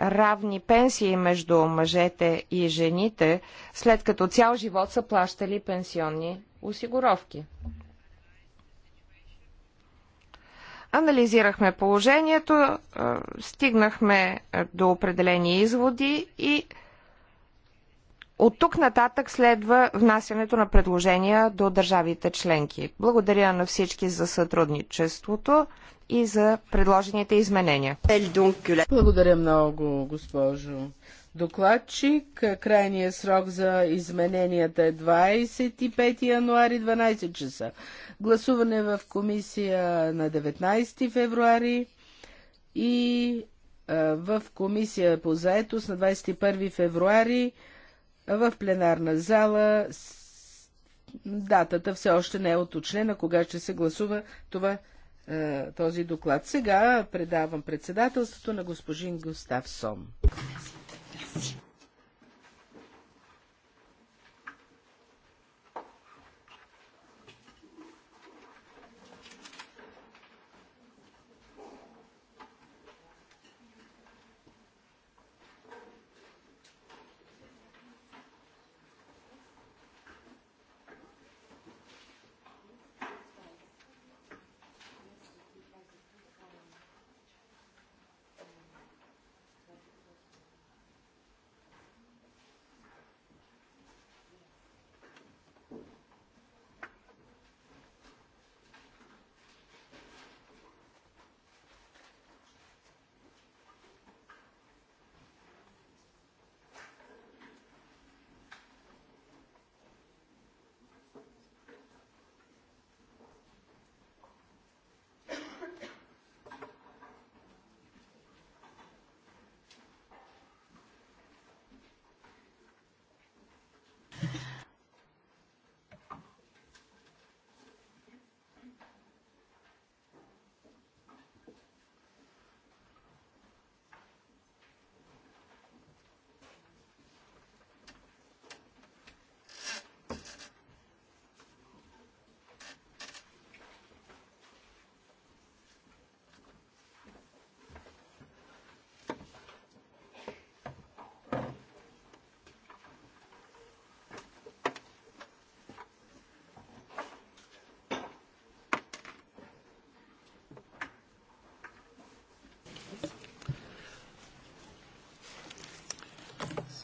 равни пенсии между мъжете и жените, след като цял живот са плащали пенсионни осигуровки. Анализирахме положението, стигнахме до определени изводи и от тук нататък следва внасянето на предложения до държавите членки. Благодаря на всички за сътрудничеството и за предложените изменения. Благодаря много, госпожо докладчик. Крайният срок за измененията е 25 януари 12 часа. Гласуване в комисия на 19 февруари и в комисия по заетост на 21 февруари в пленарна зала. Датата все още не е оточнена, кога ще се гласува това, е, този доклад. Сега предавам председателството на госпожин Густав Сом.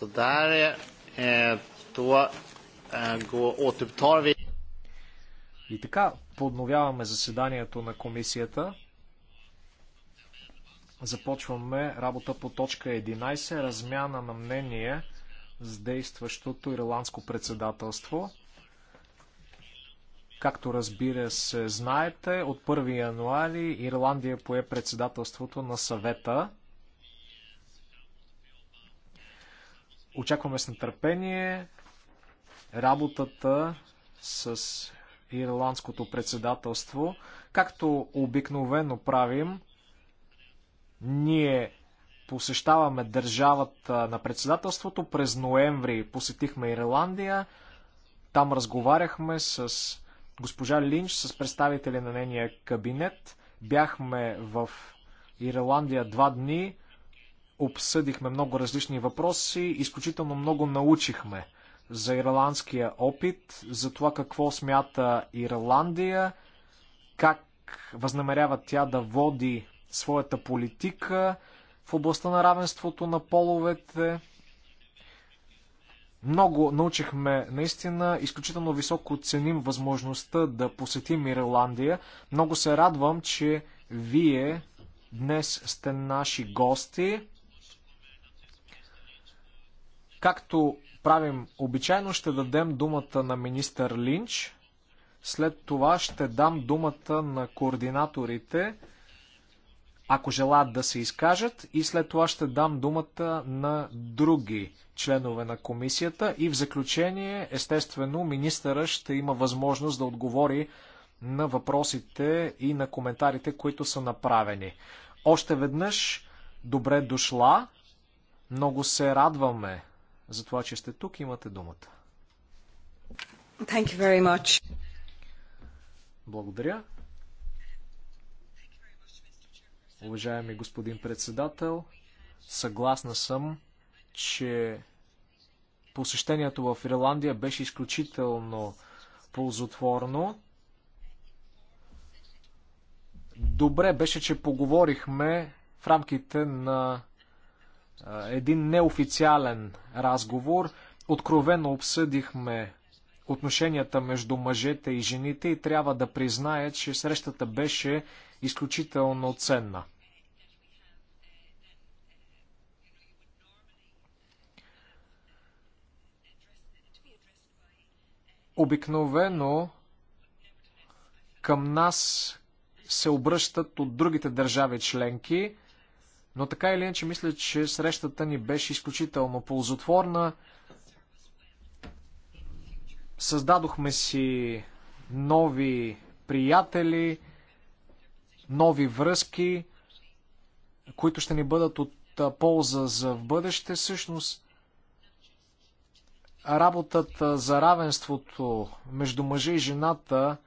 Så där, eh, då eh, återupptar vi. И така, подновяваме заседанието на комисията. Започваме работа по точка 11, размяна на мнение с действащото ирландско председателство. Както разбира се, знаете, от 1 януари Ирландия пое председателството на съвета Очакваме с нетърпение работата с ирландското председателство. Както обикновено правим, ние посещаваме държавата на председателството. През ноември посетихме Ирландия. Там разговаряхме с госпожа Линч, с представители на нейния кабинет. Бяхме в Ирландия два дни обсъдихме много различни въпроси, изключително много научихме за ирландския опит, за това какво смята Ирландия, как възнамерява тя да води своята политика в областта на равенството на половете. Много научихме наистина, изключително високо ценим възможността да посетим Ирландия. Много се радвам, че вие днес сте наши гости. Както правим обичайно, ще дадем думата на министър Линч. След това ще дам думата на координаторите, ако желаят да се изкажат, и след това ще дам думата на други членове на комисията. И в заключение, естествено, министъра ще има възможност да отговори на въпросите и на коментарите, които са направени. Още веднъж, добре дошла. Много се радваме за това, че сте тук. Имате думата. Thank you very much. Благодаря. Уважаеми господин председател, съгласна съм, че посещението в Ирландия беше изключително ползотворно. Добре беше, че поговорихме в рамките на един неофициален разговор. Откровено обсъдихме отношенията между мъжете и жените и трябва да призная, че срещата беше изключително ценна. Обикновено към нас се обръщат от другите държави членки но така или иначе, мисля, че срещата ни беше изключително ползотворна. Създадохме си нови приятели, нови връзки, които ще ни бъдат от полза за в бъдеще. Всъщност, работата за равенството между мъжа и жената –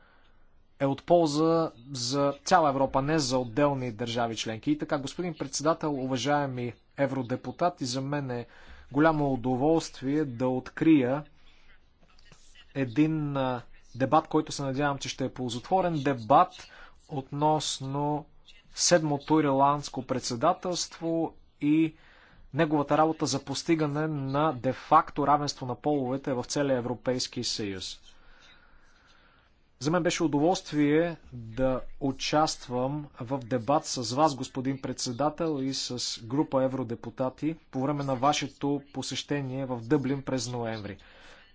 е от полза за цяла Европа, не за отделни държави членки. И така, господин председател, уважаеми евродепутати, за мен е голямо удоволствие да открия един дебат, който се надявам, че ще е ползотворен дебат относно седмото ирландско председателство и неговата работа за постигане на де-факто равенство на половете в целия Европейски съюз. За мен беше удоволствие да участвам в дебат с вас, господин председател, и с група евродепутати по време на вашето посещение в Дъблин през ноември.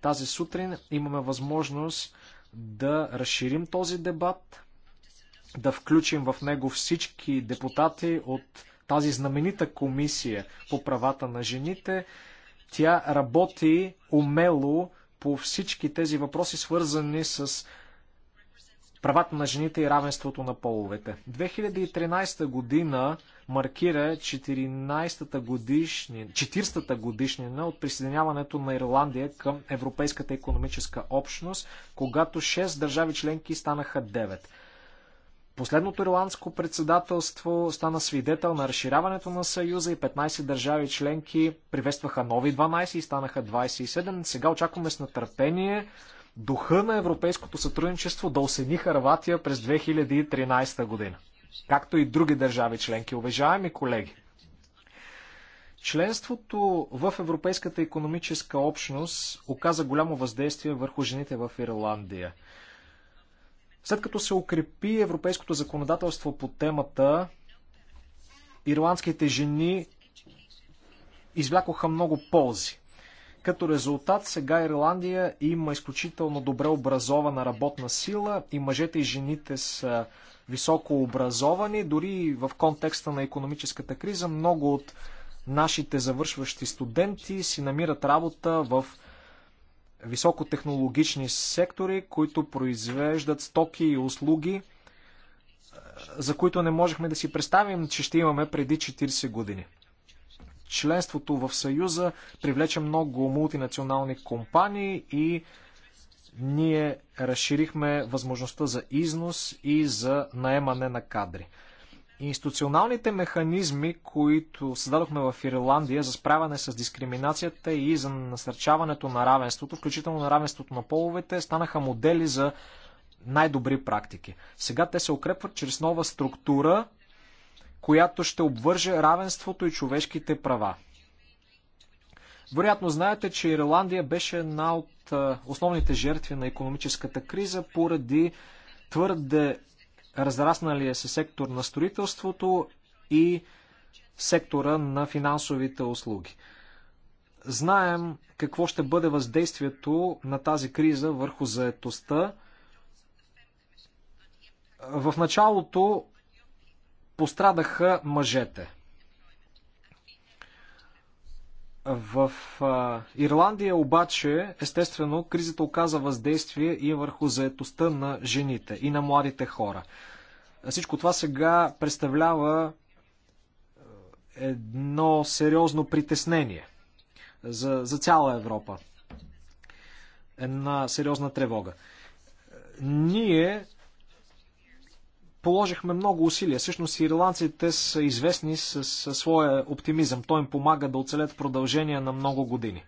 Тази сутрин имаме възможност да разширим този дебат, да включим в него всички депутати от тази знаменита комисия по правата на жените. Тя работи умело по всички тези въпроси, свързани с правата на жените и равенството на половете. 2013 година маркира 14-та годишни, 40-та годишнина от присъединяването на Ирландия към Европейската економическа общност, когато 6 държави членки станаха 9. Последното ирландско председателство стана свидетел на разширяването на Съюза и 15 държави членки приветстваха нови 12 и станаха 27. Сега очакваме с натърпение духа на европейското сътрудничество да осени Харватия през 2013 година, както и други държави членки. Уважаеми колеги, членството в Европейската економическа общност оказа голямо въздействие върху жените в Ирландия. След като се укрепи европейското законодателство по темата, ирландските жени извлякоха много ползи. Като резултат сега Ирландия има изключително добре образована работна сила и мъжете и жените са високо образовани. Дори в контекста на економическата криза много от нашите завършващи студенти си намират работа в високотехнологични сектори, които произвеждат стоки и услуги, за които не можехме да си представим, че ще имаме преди 40 години членството в Съюза привлече много мултинационални компании и ние разширихме възможността за износ и за наемане на кадри. Институционалните механизми, които създадохме в Ирландия за справяне с дискриминацията и за насърчаването на равенството, включително на равенството на половете, станаха модели за най-добри практики. Сега те се укрепват чрез нова структура, която ще обвърже равенството и човешките права. Вероятно знаете, че Ирландия беше една от основните жертви на економическата криза поради твърде разрасналия се сектор на строителството и сектора на финансовите услуги. Знаем какво ще бъде въздействието на тази криза върху заетостта. В началото пострадаха мъжете. В а, Ирландия обаче, естествено, кризата оказа въздействие и върху заетостта на жените и на младите хора. Всичко това сега представлява едно сериозно притеснение за, за цяла Европа. Една сериозна тревога. Ние положихме много усилия. Всъщност ирландците са известни с, с своя оптимизъм. Той им помага да оцелят продължение на много години.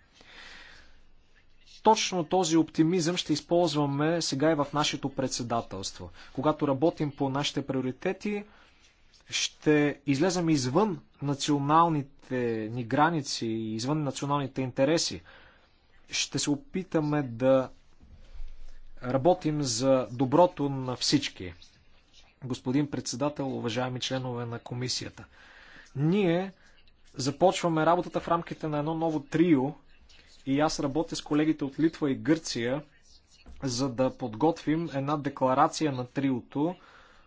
Точно този оптимизъм ще използваме сега и в нашето председателство. Когато работим по нашите приоритети, ще излезем извън националните ни граници и извън националните интереси. Ще се опитаме да работим за доброто на всички господин председател, уважаеми членове на комисията. Ние започваме работата в рамките на едно ново трио и аз работя с колегите от Литва и Гърция, за да подготвим една декларация на триото,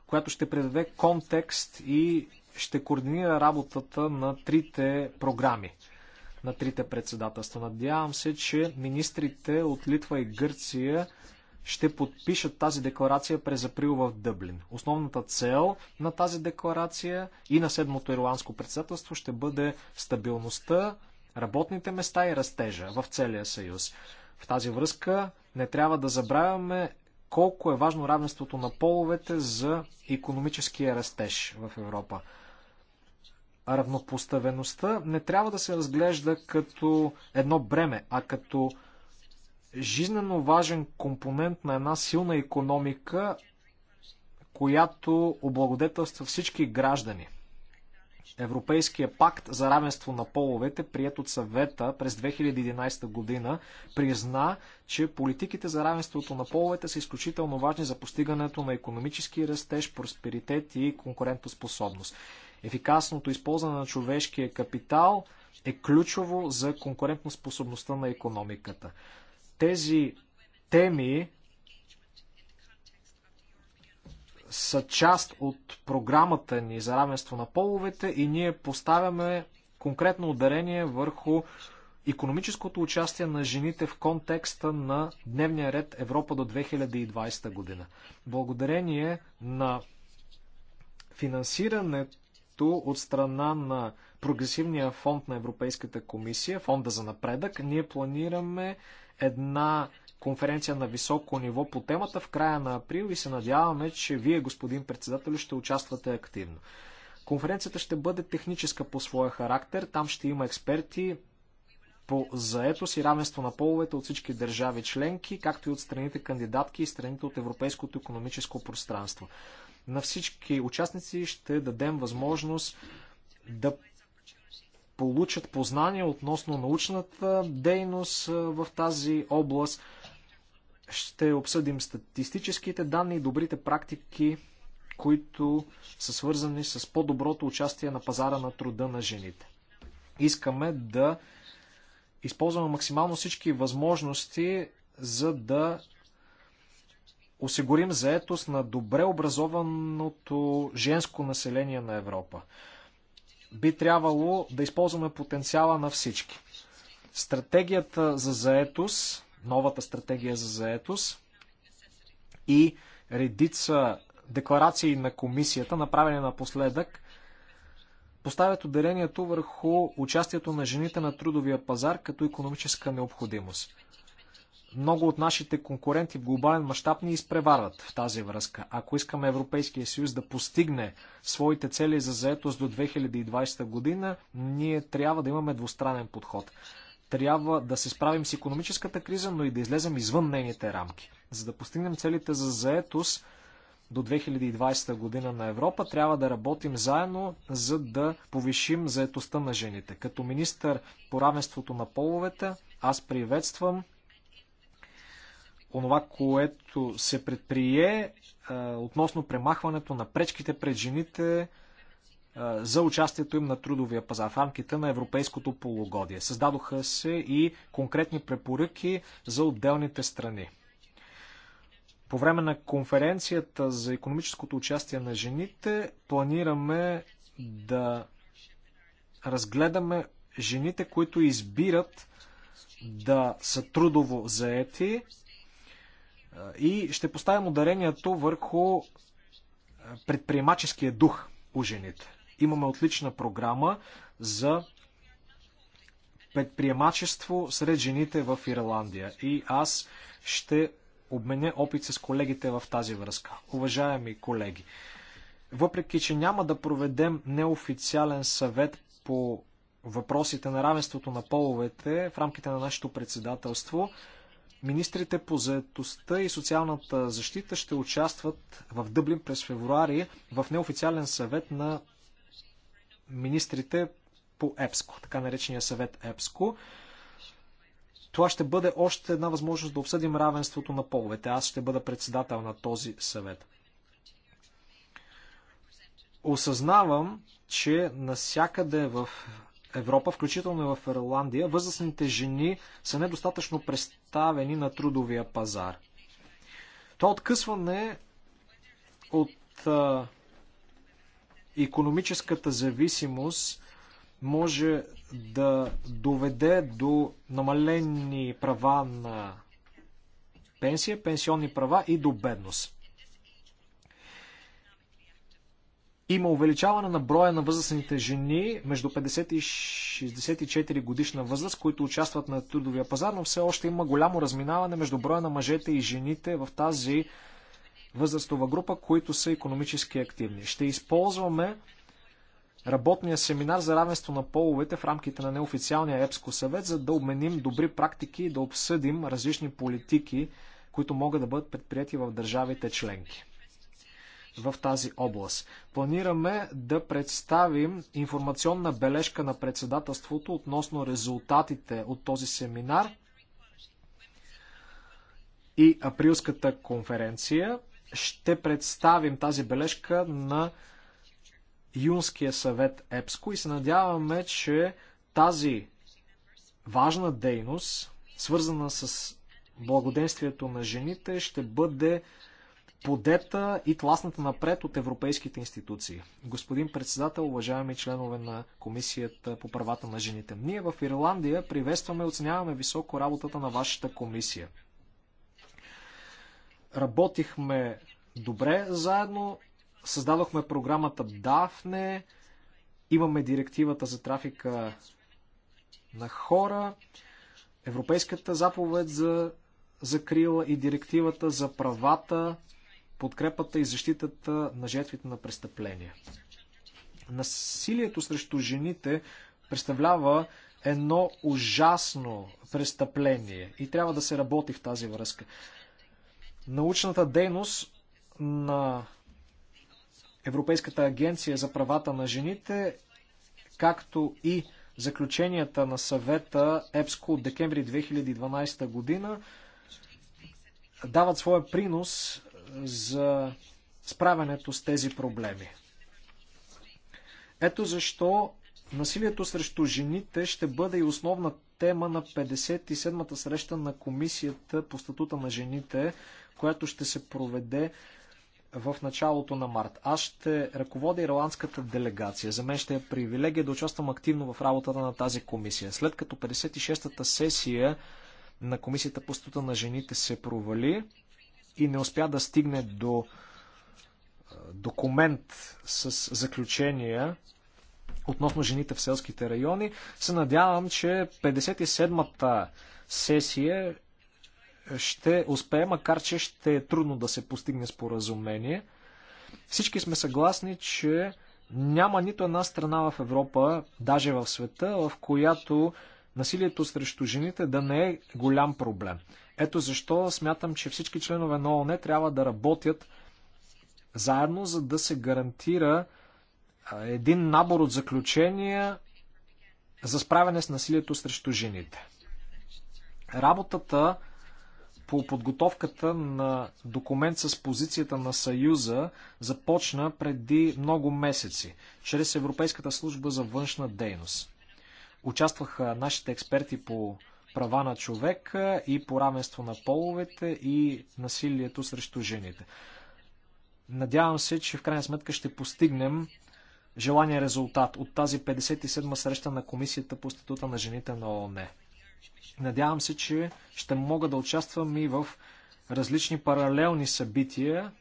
която ще предаде контекст и ще координира работата на трите програми, на трите председателства. Надявам се, че министрите от Литва и Гърция ще подпишат тази декларация през април в Дъблин. Основната цел на тази декларация и на седмото ирландско председателство ще бъде стабилността, работните места и растежа в целия съюз. В тази връзка не трябва да забравяме колко е важно равенството на половете за економическия растеж в Европа. Равнопоставеността не трябва да се разглежда като едно бреме, а като жизненно важен компонент на една силна економика, която облагодетелства всички граждани. Европейския пакт за равенство на половете, прият от съвета през 2011 година, призна, че политиките за равенството на половете са изключително важни за постигането на економически растеж, просперитет и конкурентоспособност. Ефикасното използване на човешкия капитал е ключово за конкурентоспособността на економиката. Тези теми са част от програмата ни за равенство на половете и ние поставяме конкретно ударение върху економическото участие на жените в контекста на дневния ред Европа до 2020 година. Благодарение на финансирането от страна на Прогресивния фонд на Европейската комисия, фонда за напредък, ние планираме една конференция на високо ниво по темата в края на април и се надяваме, че вие, господин председател, ще участвате активно. Конференцията ще бъде техническа по своя характер. Там ще има експерти по заетост и равенство на половете от всички държави членки, както и от страните кандидатки и страните от Европейското економическо пространство. На всички участници ще дадем възможност да получат познания относно научната дейност в тази област. Ще обсъдим статистическите данни и добрите практики, които са свързани с по-доброто участие на пазара на труда на жените. Искаме да използваме максимално всички възможности, за да осигурим заетост на добре образованото женско население на Европа. Би трябвало да използваме потенциала на всички. Стратегията за заетост, новата стратегия за заетост и редица декларации на комисията, направени напоследък, поставят ударението върху участието на жените на трудовия пазар като економическа необходимост много от нашите конкуренти в глобален мащаб ни изпреварват в тази връзка. Ако искаме Европейския съюз да постигне своите цели за заетост до 2020 година, ние трябва да имаме двустранен подход. Трябва да се справим с економическата криза, но и да излезем извън нейните рамки. За да постигнем целите за заетост до 2020 година на Европа, трябва да работим заедно, за да повишим заетостта на жените. Като министър по равенството на половете, аз приветствам онова, което се предприе относно премахването на пречките пред жените за участието им на трудовия пазар в рамките на европейското полугодие. Създадоха се и конкретни препоръки за отделните страни. По време на конференцията за економическото участие на жените планираме да разгледаме жените, които избират да са трудово заети и ще поставим ударението върху е, предприемаческия дух у жените. Имаме отлична програма за предприемачество сред жените в Ирландия и аз ще обменя опит с колегите в тази връзка. Уважаеми колеги, въпреки, че няма да проведем неофициален съвет по въпросите на равенството на половете в рамките на нашето председателство, Министрите по заедостта и социалната защита ще участват в Дъблин през февруари в неофициален съвет на министрите по ЕПСКО, така наречения съвет ЕПСКО. Това ще бъде още една възможност да обсъдим равенството на половете. Аз ще бъда председател на този съвет. Осъзнавам, че насякъде в Европа, включително и в Ирландия, възрастните жени са недостатъчно представени на трудовия пазар. Това откъсване от а, економическата зависимост може да доведе до намалени права на пенсия, пенсионни права и до бедност. Има увеличаване на броя на възрастните жени между 50 и 64 годишна възраст, които участват на трудовия пазар, но все още има голямо разминаване между броя на мъжете и жените в тази възрастова група, които са економически активни. Ще използваме работния семинар за равенство на половете в рамките на неофициалния ЕПСКО съвет, за да обменим добри практики и да обсъдим различни политики, които могат да бъдат предприяти в държавите членки в тази област. Планираме да представим информационна бележка на председателството относно резултатите от този семинар и априлската конференция. Ще представим тази бележка на Юнския съвет ЕПСКО и се надяваме, че тази важна дейност, свързана с благоденствието на жените, ще бъде подета и тласната напред от европейските институции. Господин председател, уважаеми членове на Комисията по правата на жените, ние в Ирландия приветстваме и оценяваме високо работата на вашата комисия. Работихме добре заедно, създадохме програмата Дафне, имаме директивата за трафика на хора, Европейската заповед за закрила и директивата за правата подкрепата и защитата на жертвите на престъпления. Насилието срещу жените представлява едно ужасно престъпление и трябва да се работи в тази връзка. Научната дейност на Европейската агенция за правата на жените, както и заключенията на съвета ЕПСКО от декември 2012 година, дават своя принос за справянето с тези проблеми. Ето защо насилието срещу жените ще бъде и основна тема на 57-та среща на Комисията по статута на жените, която ще се проведе в началото на март. Аз ще ръководя ирландската делегация. За мен ще е привилегия да участвам активно в работата на тази комисия. След като 56-та сесия на Комисията по статута на жените се провали, и не успя да стигне до документ с заключения относно жените в селските райони, се надявам, че 57-та сесия ще успее, макар че ще е трудно да се постигне споразумение. Всички сме съгласни, че няма нито една страна в Европа, даже в света, в която насилието срещу жените да не е голям проблем. Ето защо смятам, че всички членове на ООН трябва да работят заедно, за да се гарантира един набор от заключения за справяне с насилието срещу жените. Работата по подготовката на документ с позицията на Съюза започна преди много месеци, чрез Европейската служба за външна дейност. Участваха нашите експерти по права на човека и по равенство на половете и насилието срещу жените. Надявам се, че в крайна сметка ще постигнем желания резултат от тази 57-ма среща на Комисията по статута на жените на ООН. Надявам се, че ще мога да участвам и в различни паралелни събития.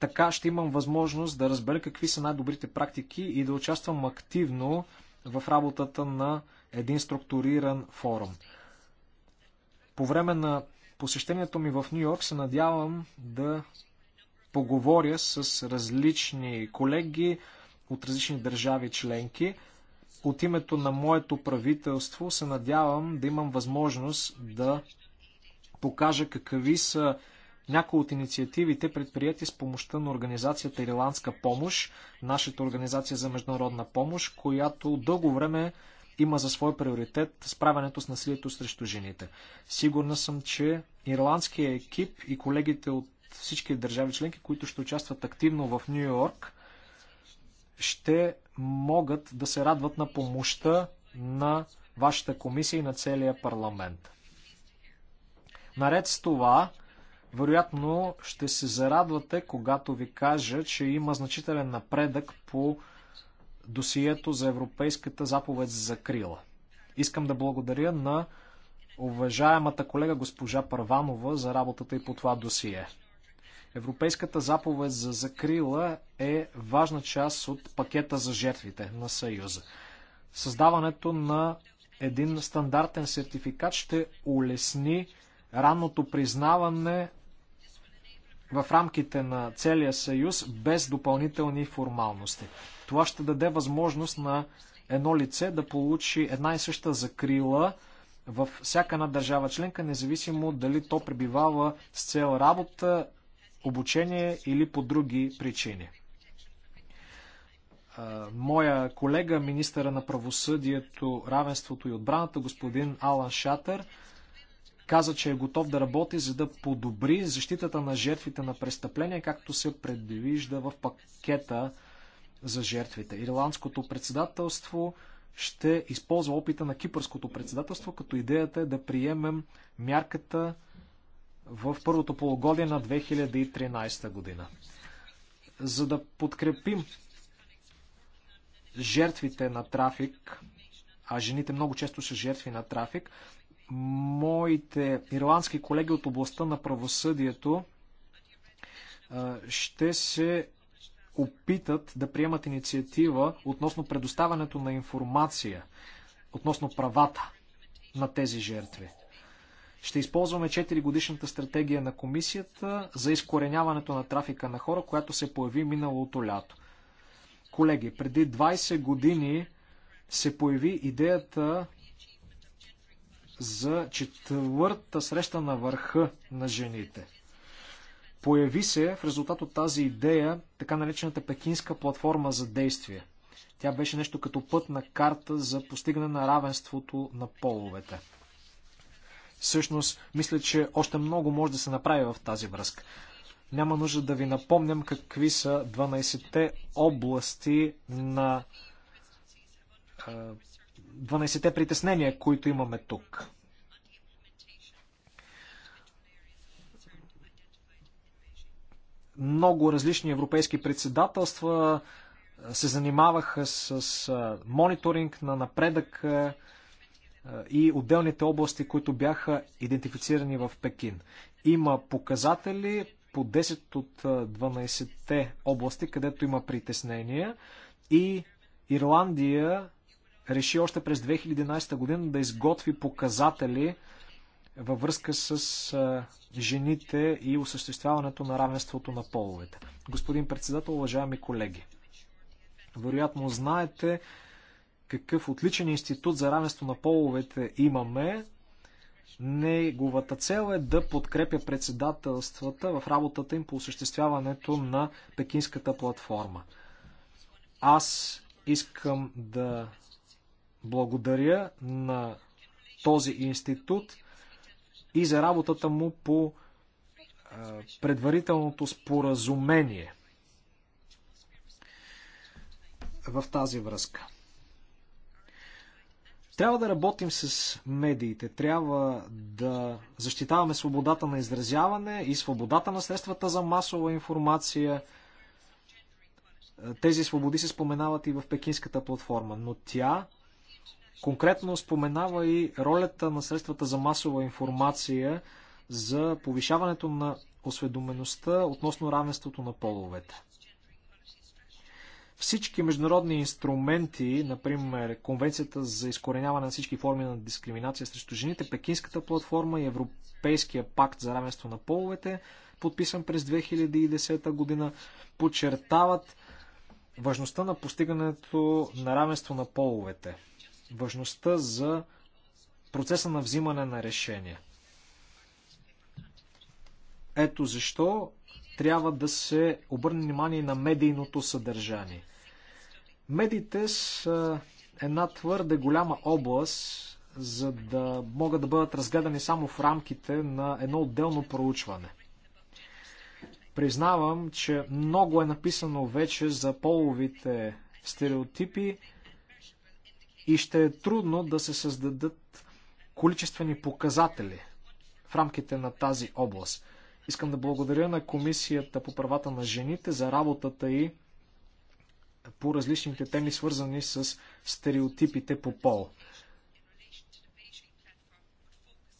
Така ще имам възможност да разбера какви са най-добрите практики и да участвам активно в работата на един структуриран форум. По време на посещението ми в Нью Йорк се надявам да поговоря с различни колеги от различни държави членки. От името на моето правителство се надявам да имам възможност да покажа какви са някои от инициативите, предприяти с помощта на организацията Ирландска помощ, нашата организация за международна помощ, която дълго време има за свой приоритет справянето с насилието срещу жените. Сигурна съм, че ирландския екип и колегите от всички държави членки, които ще участват активно в Нью Йорк, ще могат да се радват на помощта на вашата комисия и на целия парламент. Наред с това, вероятно ще се зарадвате, когато ви кажа, че има значителен напредък по досието за Европейската заповед за закрила. Искам да благодаря на уважаемата колега госпожа Парванова за работата и по това досие. Европейската заповед за закрила е важна част от пакета за жертвите на Съюза. Създаването на един стандартен сертификат ще улесни ранното признаване в рамките на целия съюз без допълнителни формалности. Това ще даде възможност на едно лице да получи една и съща закрила във всяка една държава членка, независимо дали то пребивава с цел работа, обучение или по други причини. Моя колега, министъра на правосъдието, равенството и отбраната, господин Алан Шатър, каза, че е готов да работи, за да подобри защитата на жертвите на престъпления, както се предвижда в пакета за жертвите. Ирландското председателство ще използва опита на кипърското председателство, като идеята е да приемем мярката в първото полугодие на 2013 година. За да подкрепим жертвите на трафик, а жените много често са жертви на трафик, моите ирландски колеги от областта на правосъдието ще се опитат да приемат инициатива относно предоставянето на информация, относно правата на тези жертви. Ще използваме 4 годишната стратегия на комисията за изкореняването на трафика на хора, която се появи миналото лято. Колеги, преди 20 години се появи идеята за четвърта среща на върха на жените. Появи се в резултат от тази идея така наречената Пекинска платформа за действие. Тя беше нещо като пътна карта за постигане на равенството на половете. Всъщност, мисля, че още много може да се направи в тази връзка. Няма нужда да ви напомням какви са 12-те области на 12-те притеснения, които имаме тук. Много различни европейски председателства се занимаваха с мониторинг на напредък и отделните области, които бяха идентифицирани в Пекин. Има показатели по 10 от 12-те области, където има притеснения и Ирландия реши още през 2011 година да изготви показатели във връзка с жените и осъществяването на равенството на половете. Господин председател, уважаеми колеги, вероятно знаете какъв отличен институт за равенство на половете имаме. Неговата цел е да подкрепя председателствата в работата им по осъществяването на Пекинската платформа. Аз искам да благодаря на този институт и за работата му по е, предварителното споразумение в тази връзка. Трябва да работим с медиите, трябва да защитаваме свободата на изразяване и свободата на средствата за масова информация. Тези свободи се споменават и в Пекинската платформа, но тя Конкретно споменава и ролята на средствата за масова информация за повишаването на осведомеността относно равенството на половете. Всички международни инструменти, например Конвенцията за изкореняване на всички форми на дискриминация срещу жените, Пекинската платформа и Европейския пакт за равенство на половете, подписан през 2010 година, подчертават важността на постигането на равенство на половете – важността за процеса на взимане на решения. Ето защо трябва да се обърне внимание на медийното съдържание. Медиите са една твърде голяма област, за да могат да бъдат разгледани само в рамките на едно отделно проучване. Признавам, че много е написано вече за половите стереотипи, и ще е трудно да се създадат количествени показатели в рамките на тази област. Искам да благодаря на Комисията по правата на жените за работата и по различните теми, свързани с стереотипите по пол.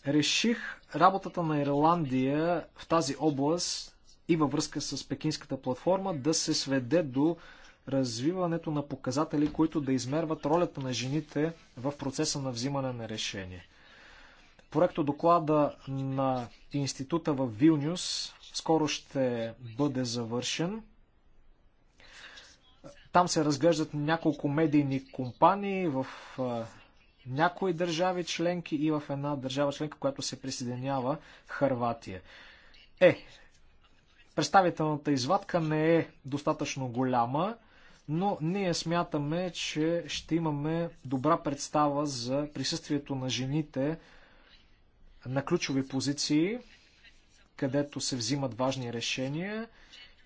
Реших работата на Ирландия в тази област и във връзка с пекинската платформа да се сведе до развиването на показатели, които да измерват ролята на жените в процеса на взимане на решение. Проекто доклада на института в Вилнюс скоро ще бъде завършен. Там се разглеждат няколко медийни компании в някои държави членки и в една държава членка, която се присъединява Харватия. Е, представителната извадка не е достатъчно голяма но ние смятаме, че ще имаме добра представа за присъствието на жените на ключови позиции, където се взимат важни решения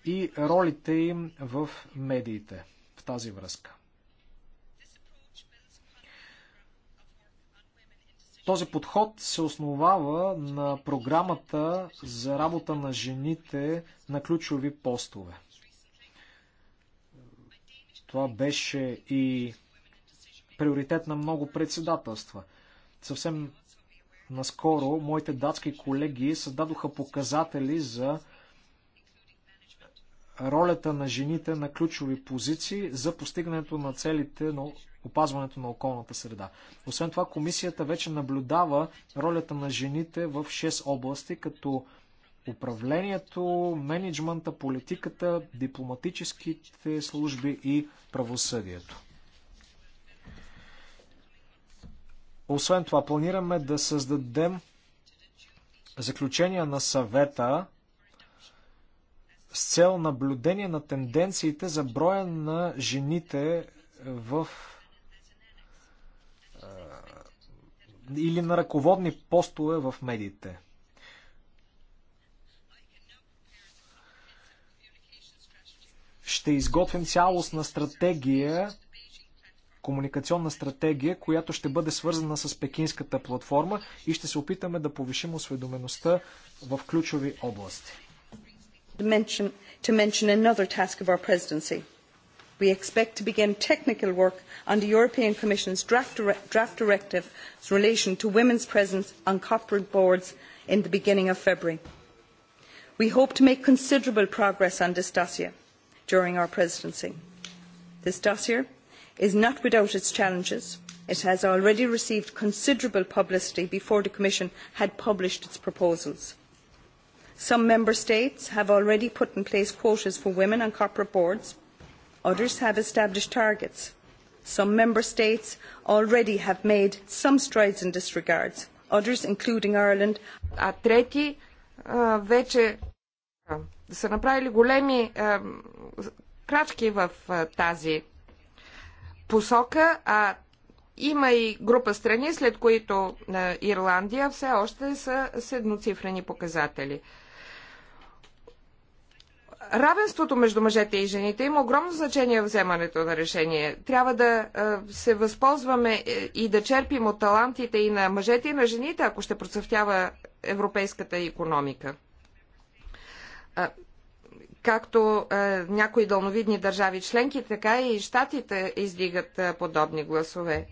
и ролите им в медиите в тази връзка. Този подход се основава на програмата за работа на жените на ключови постове. Това беше и приоритет на много председателства. Съвсем наскоро моите датски колеги създадоха показатели за ролята на жените на ключови позиции за постигането на целите на опазването на околната среда. Освен това, комисията вече наблюдава ролята на жените в 6 области, като управлението, менеджмента, политиката, дипломатическите служби и правосъдието. Освен това, планираме да създадем заключения на съвета с цел наблюдение на тенденциите за броя на жените в или на ръководни постове в медиите. ще изготвим цялостна стратегия, комуникационна стратегия, която ще бъде свързана с пекинската платформа и ще се опитаме да повишим осведомеността в ключови области. We expect to begin technical work on the European Commission's draft, draft, directive in relation to women's presence on corporate boards in the beginning of February. We hope to make considerable progress on this dossier during our presidency. This dossier is not without its challenges. It has already received considerable publicity before the Commission had published its proposals. Some Member States have already put in place quotas for women on corporate boards. Others have established targets. Some Member States already have made some strides in this regard. Others, including Ireland. a трети вече да са направили големи е, крачки в е, тази посока, а има и група страни, след които е, Ирландия все още са с едноцифрени показатели. Равенството между мъжете и жените има огромно значение в вземането на решение. Трябва да е, се възползваме е, и да черпим от талантите и на мъжете и на жените, ако ще процъфтява европейската економика както някои дълновидни държави членки, така и щатите издигат подобни гласове.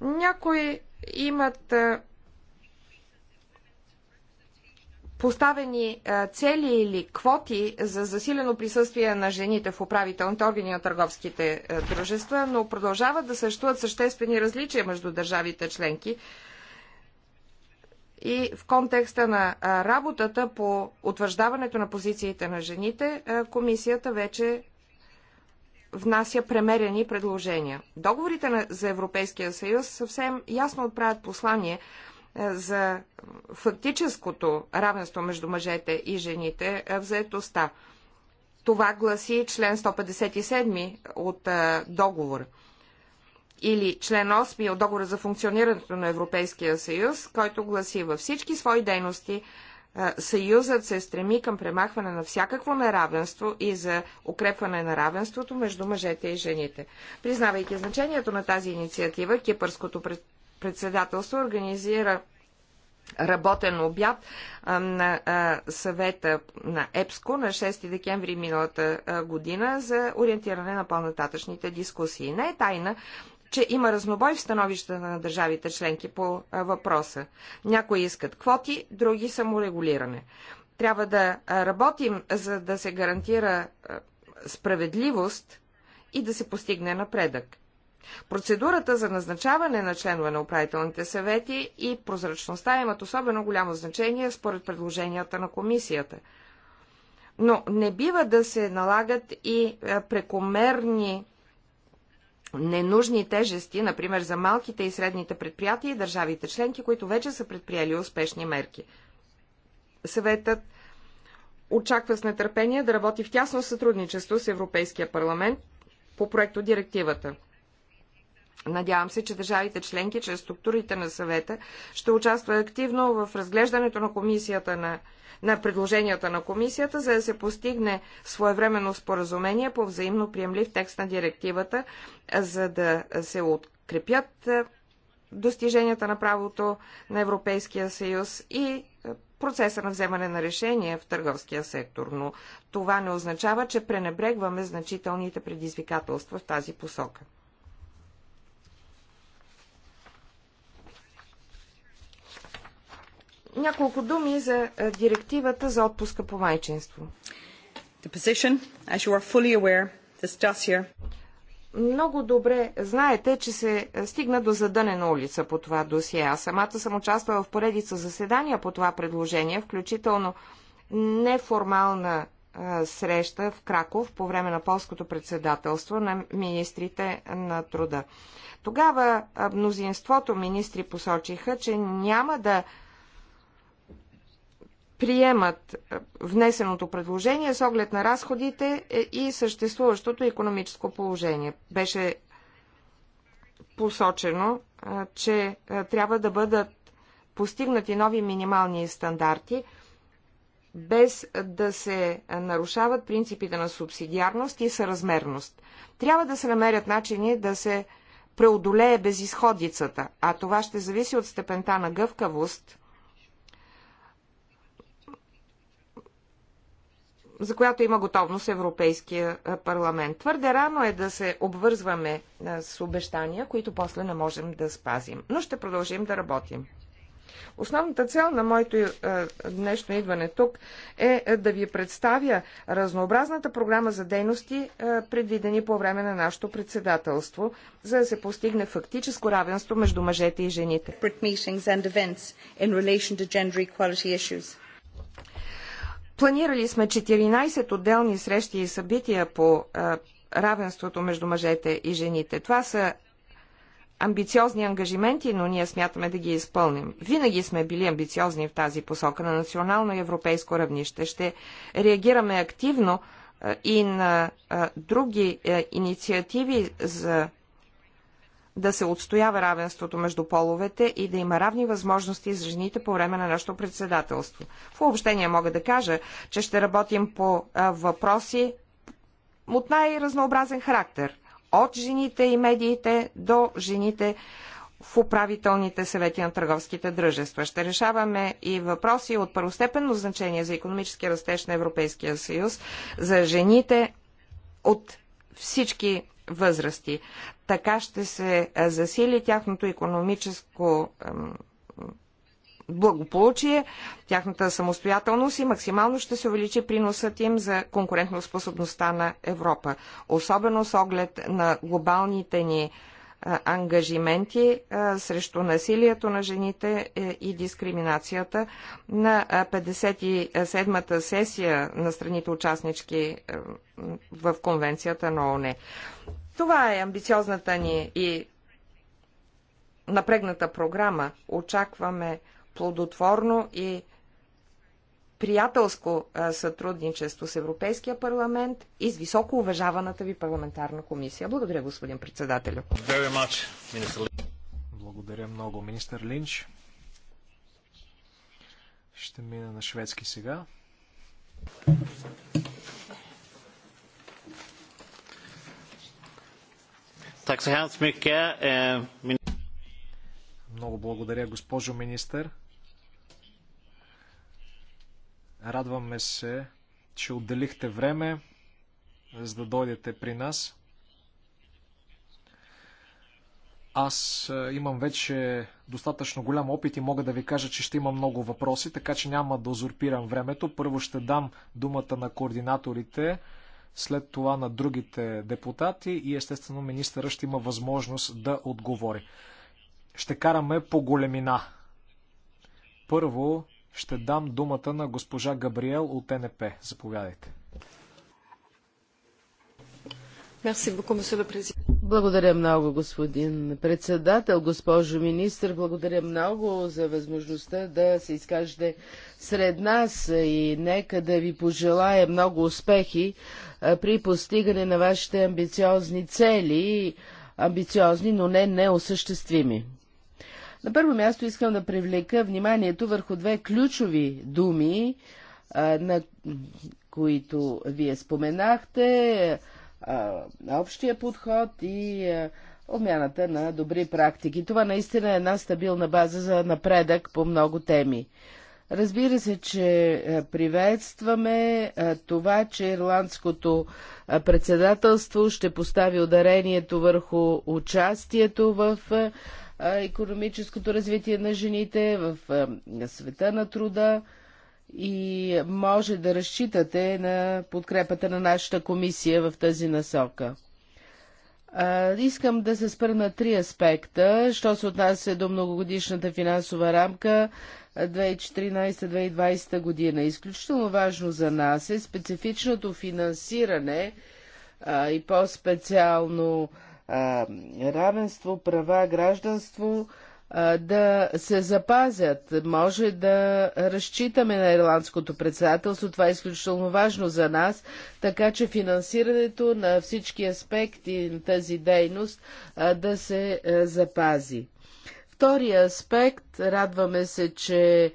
Някои имат поставени цели или квоти за засилено присъствие на жените в управителните органи на търговските дружества, но продължават да съществуват съществени различия между държавите членки и в контекста на работата по утвърждаването на позициите на жените, комисията вече внася премерени предложения. Договорите за Европейския съюз съвсем ясно отправят послание за фактическото равенство между мъжете и жените в заетостта. Това гласи член 157 от договора или член 8 от договора за функционирането на Европейския съюз, който гласи във всички свои дейности Съюзът се стреми към премахване на всякакво неравенство и за укрепване на равенството между мъжете и жените. Признавайки значението на тази инициатива, Кипърското председателство организира работен обяд на съвета на ЕПСКО на 6 декември миналата година за ориентиране на по-нататъчните дискусии. Не е тайна, че има разнобой в становищата на държавите членки по въпроса. Някои искат квоти, други саморегулиране. Трябва да работим, за да се гарантира справедливост и да се постигне напредък. Процедурата за назначаване на членове на управителните съвети и прозрачността имат особено голямо значение според предложенията на комисията. Но не бива да се налагат и прекомерни ненужни тежести, например за малките и средните предприятия и държавите членки, които вече са предприели успешни мерки. Съветът очаква с нетърпение да работи в тясно сътрудничество с Европейския парламент по проекто директивата. Надявам се, че държавите членки чрез структурите на съвета ще участват активно в разглеждането на комисията на на предложенията на комисията, за да се постигне своевременно споразумение по взаимно приемлив текст на директивата, за да се открепят е, достиженията на правото на Европейския съюз и е, процеса на вземане на решение в търговския сектор, но това не означава, че пренебрегваме значителните предизвикателства в тази посока. няколко думи за е, директивата за отпуска по майчинство. Position, aware, Много добре знаете, че се е, стигна до задънена улица по това досие. Аз самата съм участвала в поредица заседания по това предложение, включително неформална е, среща в Краков по време на полското председателство на министрите на труда. Тогава мнозинството министри посочиха, че няма да приемат е, внесеното предложение с оглед на разходите е, и съществуващото економическо положение. Беше посочено, е, че трябва да бъдат постигнати нови минимални стандарти, без да се нарушават принципите на субсидиарност и съразмерност. Трябва да се намерят начини да се преодолее безисходицата, а това ще зависи от степента на гъвкавост – за която има готовност Европейския парламент. Твърде рано е да се обвързваме с обещания, които после не можем да спазим. Но ще продължим да работим. Основната цел на моето днешно идване тук е да ви представя разнообразната програма за дейности, предвидени по време на нашето председателство, за да се постигне фактическо равенство между мъжете и жените. Планирали сме 14 отделни срещи и събития по а, равенството между мъжете и жените. Това са амбициозни ангажименти, но ние смятаме да ги изпълним. Винаги сме били амбициозни в тази посока на национално и европейско равнище. Ще реагираме активно и на други инициативи за да се отстоява равенството между половете и да има равни възможности за жените по време на нашето председателство. В обобщение мога да кажа, че ще работим по въпроси от най-разнообразен характер. От жените и медиите до жените в управителните съвети на търговските дружества. Ще решаваме и въпроси от първостепенно значение за економически растеж на Европейския съюз, за жените от всички възрасти. Така ще се засили тяхното економическо благополучие, тяхната самостоятелност и максимално ще се увеличи приносът им за конкурентоспособността на Европа. Особено с оглед на глобалните ни ангажименти срещу насилието на жените е, и дискриминацията на 57-та сесия на страните участнички е, в Конвенцията на ООН. Това е амбициозната ни и напрегната програма. Очакваме плодотворно и приятелско сътрудничество с Европейския парламент и с високо уважаваната ви парламентарна комисия. Благодаря, господин председателю. Благодаря много, министър Линч. Ще мина на шведски сега. Eh, много благодаря, госпожо министър. Радваме се, че отделихте време, за да дойдете при нас. Аз е, имам вече достатъчно голям опит и мога да ви кажа, че ще има много въпроси, така че няма да узурпирам времето. Първо ще дам думата на координаторите, след това на другите депутати и естествено министъра ще има възможност да отговори. Ще караме по големина. Първо ще дам думата на госпожа Габриел от НП. Заповядайте. Благодаря много, господин председател, госпожо министр. Благодаря много за възможността да се изкажете сред нас и нека да ви пожелая много успехи при постигане на вашите амбициозни цели, амбициозни, но не неосъществими. На първо място искам да привлека вниманието върху две ключови думи, на които вие споменахте, общия подход и обмяната на добри практики. Това наистина е една стабилна база за напредък по много теми. Разбира се, че приветстваме това, че ирландското председателство ще постави ударението върху участието в економическото развитие на жените в света на труда и може да разчитате на подкрепата на нашата комисия в тази насока. Искам да се спра на три аспекта, що се отнася до многогодишната финансова рамка 2014-2020 година. Изключително важно за нас е специфичното финансиране и по-специално а, равенство, права, гражданство а, да се запазят. Може да разчитаме на ирландското председателство. Това е изключително важно за нас, така че финансирането на всички аспекти на тази дейност а, да се запази. Втория аспект, радваме се, че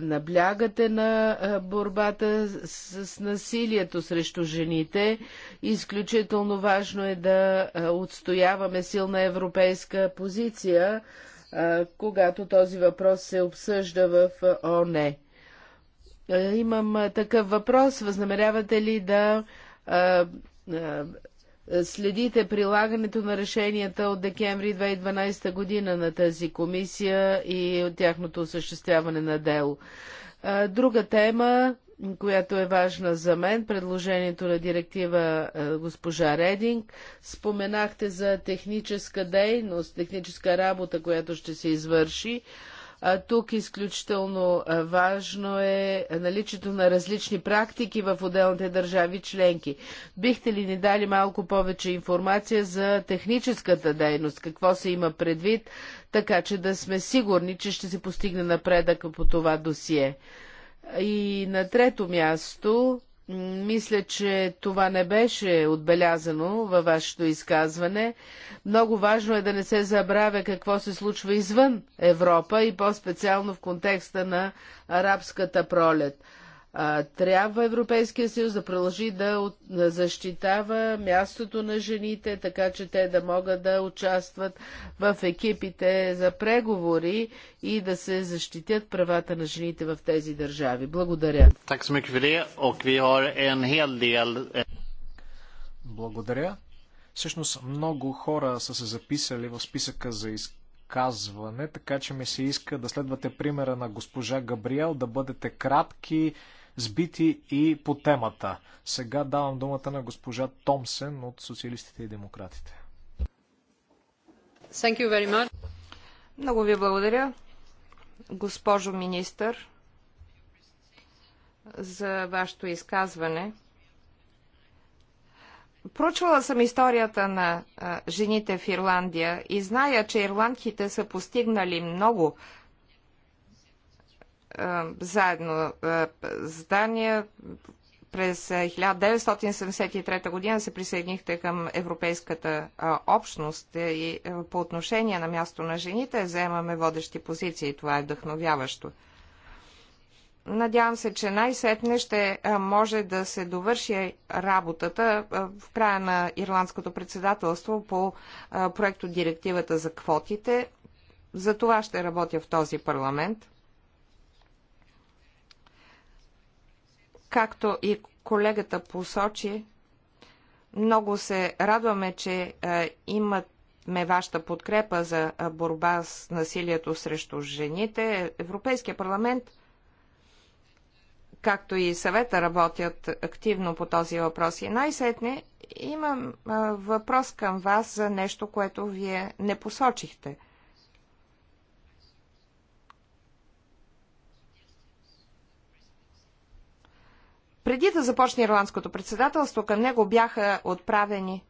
наблягате на борбата с, насилието срещу жените. Изключително важно е да отстояваме силна европейска позиция, когато този въпрос се обсъжда в ОНЕ. Имам такъв въпрос. Възнамерявате ли да е, следите прилагането на решенията от декември 2012 година на тази комисия и от тяхното осъществяване на дело. Е, друга тема, която е важна за мен, предложението на директива е, госпожа Рединг. Споменахте за техническа дейност, техническа работа, която ще се извърши. Тук изключително важно е наличието на различни практики в отделните държави членки. Бихте ли ни дали малко повече информация за техническата дейност, какво се има предвид, така че да сме сигурни, че ще се постигне напредък по това досие? И на трето място мисля, че това не беше отбелязано във вашето изказване. Много важно е да не се забравя какво се случва извън Европа и по-специално в контекста на арабската пролет трябва Европейския съюз да продължи да защитава мястото на жените, така че те да могат да участват в екипите за преговори и да се защитят правата на жените в тези държави. Благодаря. Eh, Благодаря. Всъщност много хора са се записали в списъка за изказване, така че ми се иска да следвате примера на госпожа Габриел, да бъдете кратки, сбити и по темата. Сега давам думата на госпожа Томсен от Социалистите и Демократите. Thank you very much. Много ви благодаря, госпожо министър, за вашето изказване. Прочвала съм историята на а, жените в Ирландия и зная, че ирландките са постигнали много заедно с през 1973 година се присъединихте към Европейската общност и по отношение на място на жените вземаме водещи позиции. Това е вдъхновяващо. Надявам се, че най-сетне ще може да се довърши работата в края на Ирландското председателство по проекто Директивата за квотите. За това ще работя в този парламент. Както и колегата посочи, много се радваме, че е, имаме вашата подкрепа за е, борба с насилието срещу жените. Европейския парламент, както и съвета, работят активно по този въпрос. И най-сетне имам е, въпрос към вас за нещо, което вие не посочихте. Преди да започне ирландското председателство, към него бяха отправени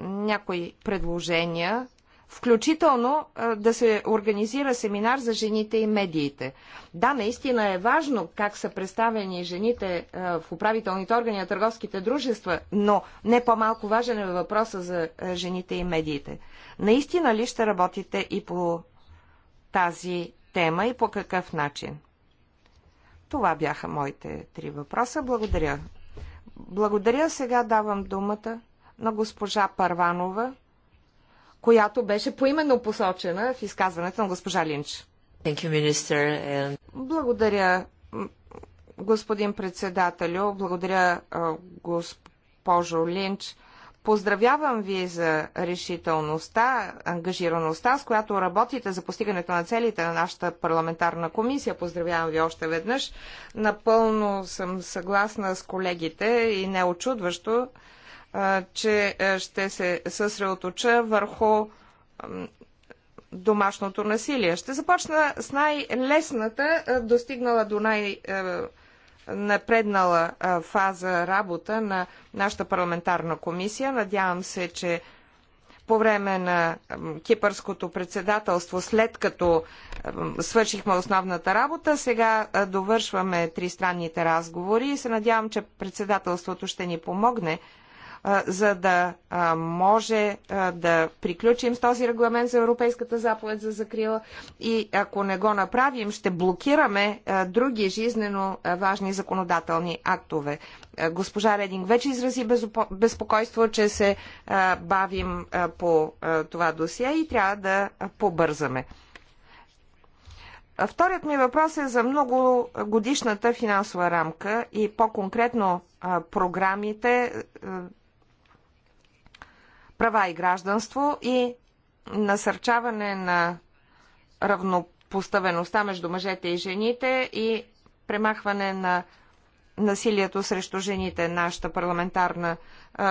някои предложения, включително да се организира семинар за жените и медиите. Да, наистина е важно как са представени жените в управителните органи на търговските дружества, но не по-малко важен е въпроса за жените и медиите. Наистина ли ще работите и по тази тема и по какъв начин? Това бяха моите три въпроса. Благодаря. Благодаря. Сега давам думата на госпожа Парванова, която беше поименно посочена в изказването на госпожа Линч. You, благодаря, господин председателю. Благодаря, госпожо Линч Поздравявам ви за решителността, ангажираността, с която работите за постигането на целите на нашата парламентарна комисия. Поздравявам ви още веднъж. Напълно съм съгласна с колегите и не очудващо, че ще се съсредоточа върху домашното насилие. Ще започна с най-лесната, достигнала до най- напреднала фаза работа на нашата парламентарна комисия. Надявам се, че по време на кипърското председателство, след като свършихме основната работа, сега довършваме тристранните разговори и се надявам, че председателството ще ни помогне за да може да приключим с този регламент за Европейската заповед за закрила и ако не го направим, ще блокираме други жизнено важни законодателни актове. Госпожа Рединг вече изрази безпокойство, че се бавим по това досие и трябва да побързаме. Вторият ми въпрос е за много годишната финансова рамка и по-конкретно програмите права и гражданство и насърчаване на равнопоставеността между мъжете и жените и премахване на насилието срещу жените. Нашата парламентарна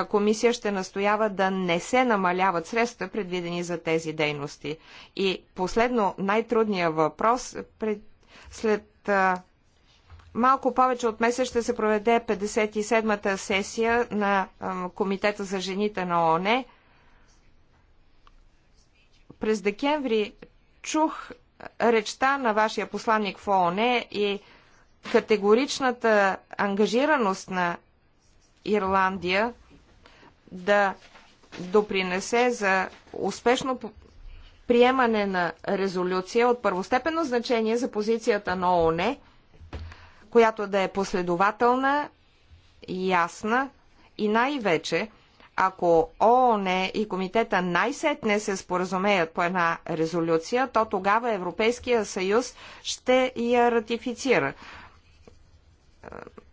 комисия ще настоява да не се намаляват средства, предвидени за тези дейности. И последно, най-трудният въпрос. Пред, след а, малко повече от месец ще се проведе 57-та сесия на а, Комитета за жените на ООН през декември чух речта на вашия посланник в ООН и категоричната ангажираност на Ирландия да допринесе за успешно приемане на резолюция от първостепенно значение за позицията на ООН, която да е последователна, ясна и най-вече – ако ООН и комитета най-сетне се споразумеят по една резолюция, то тогава Европейския съюз ще я ратифицира.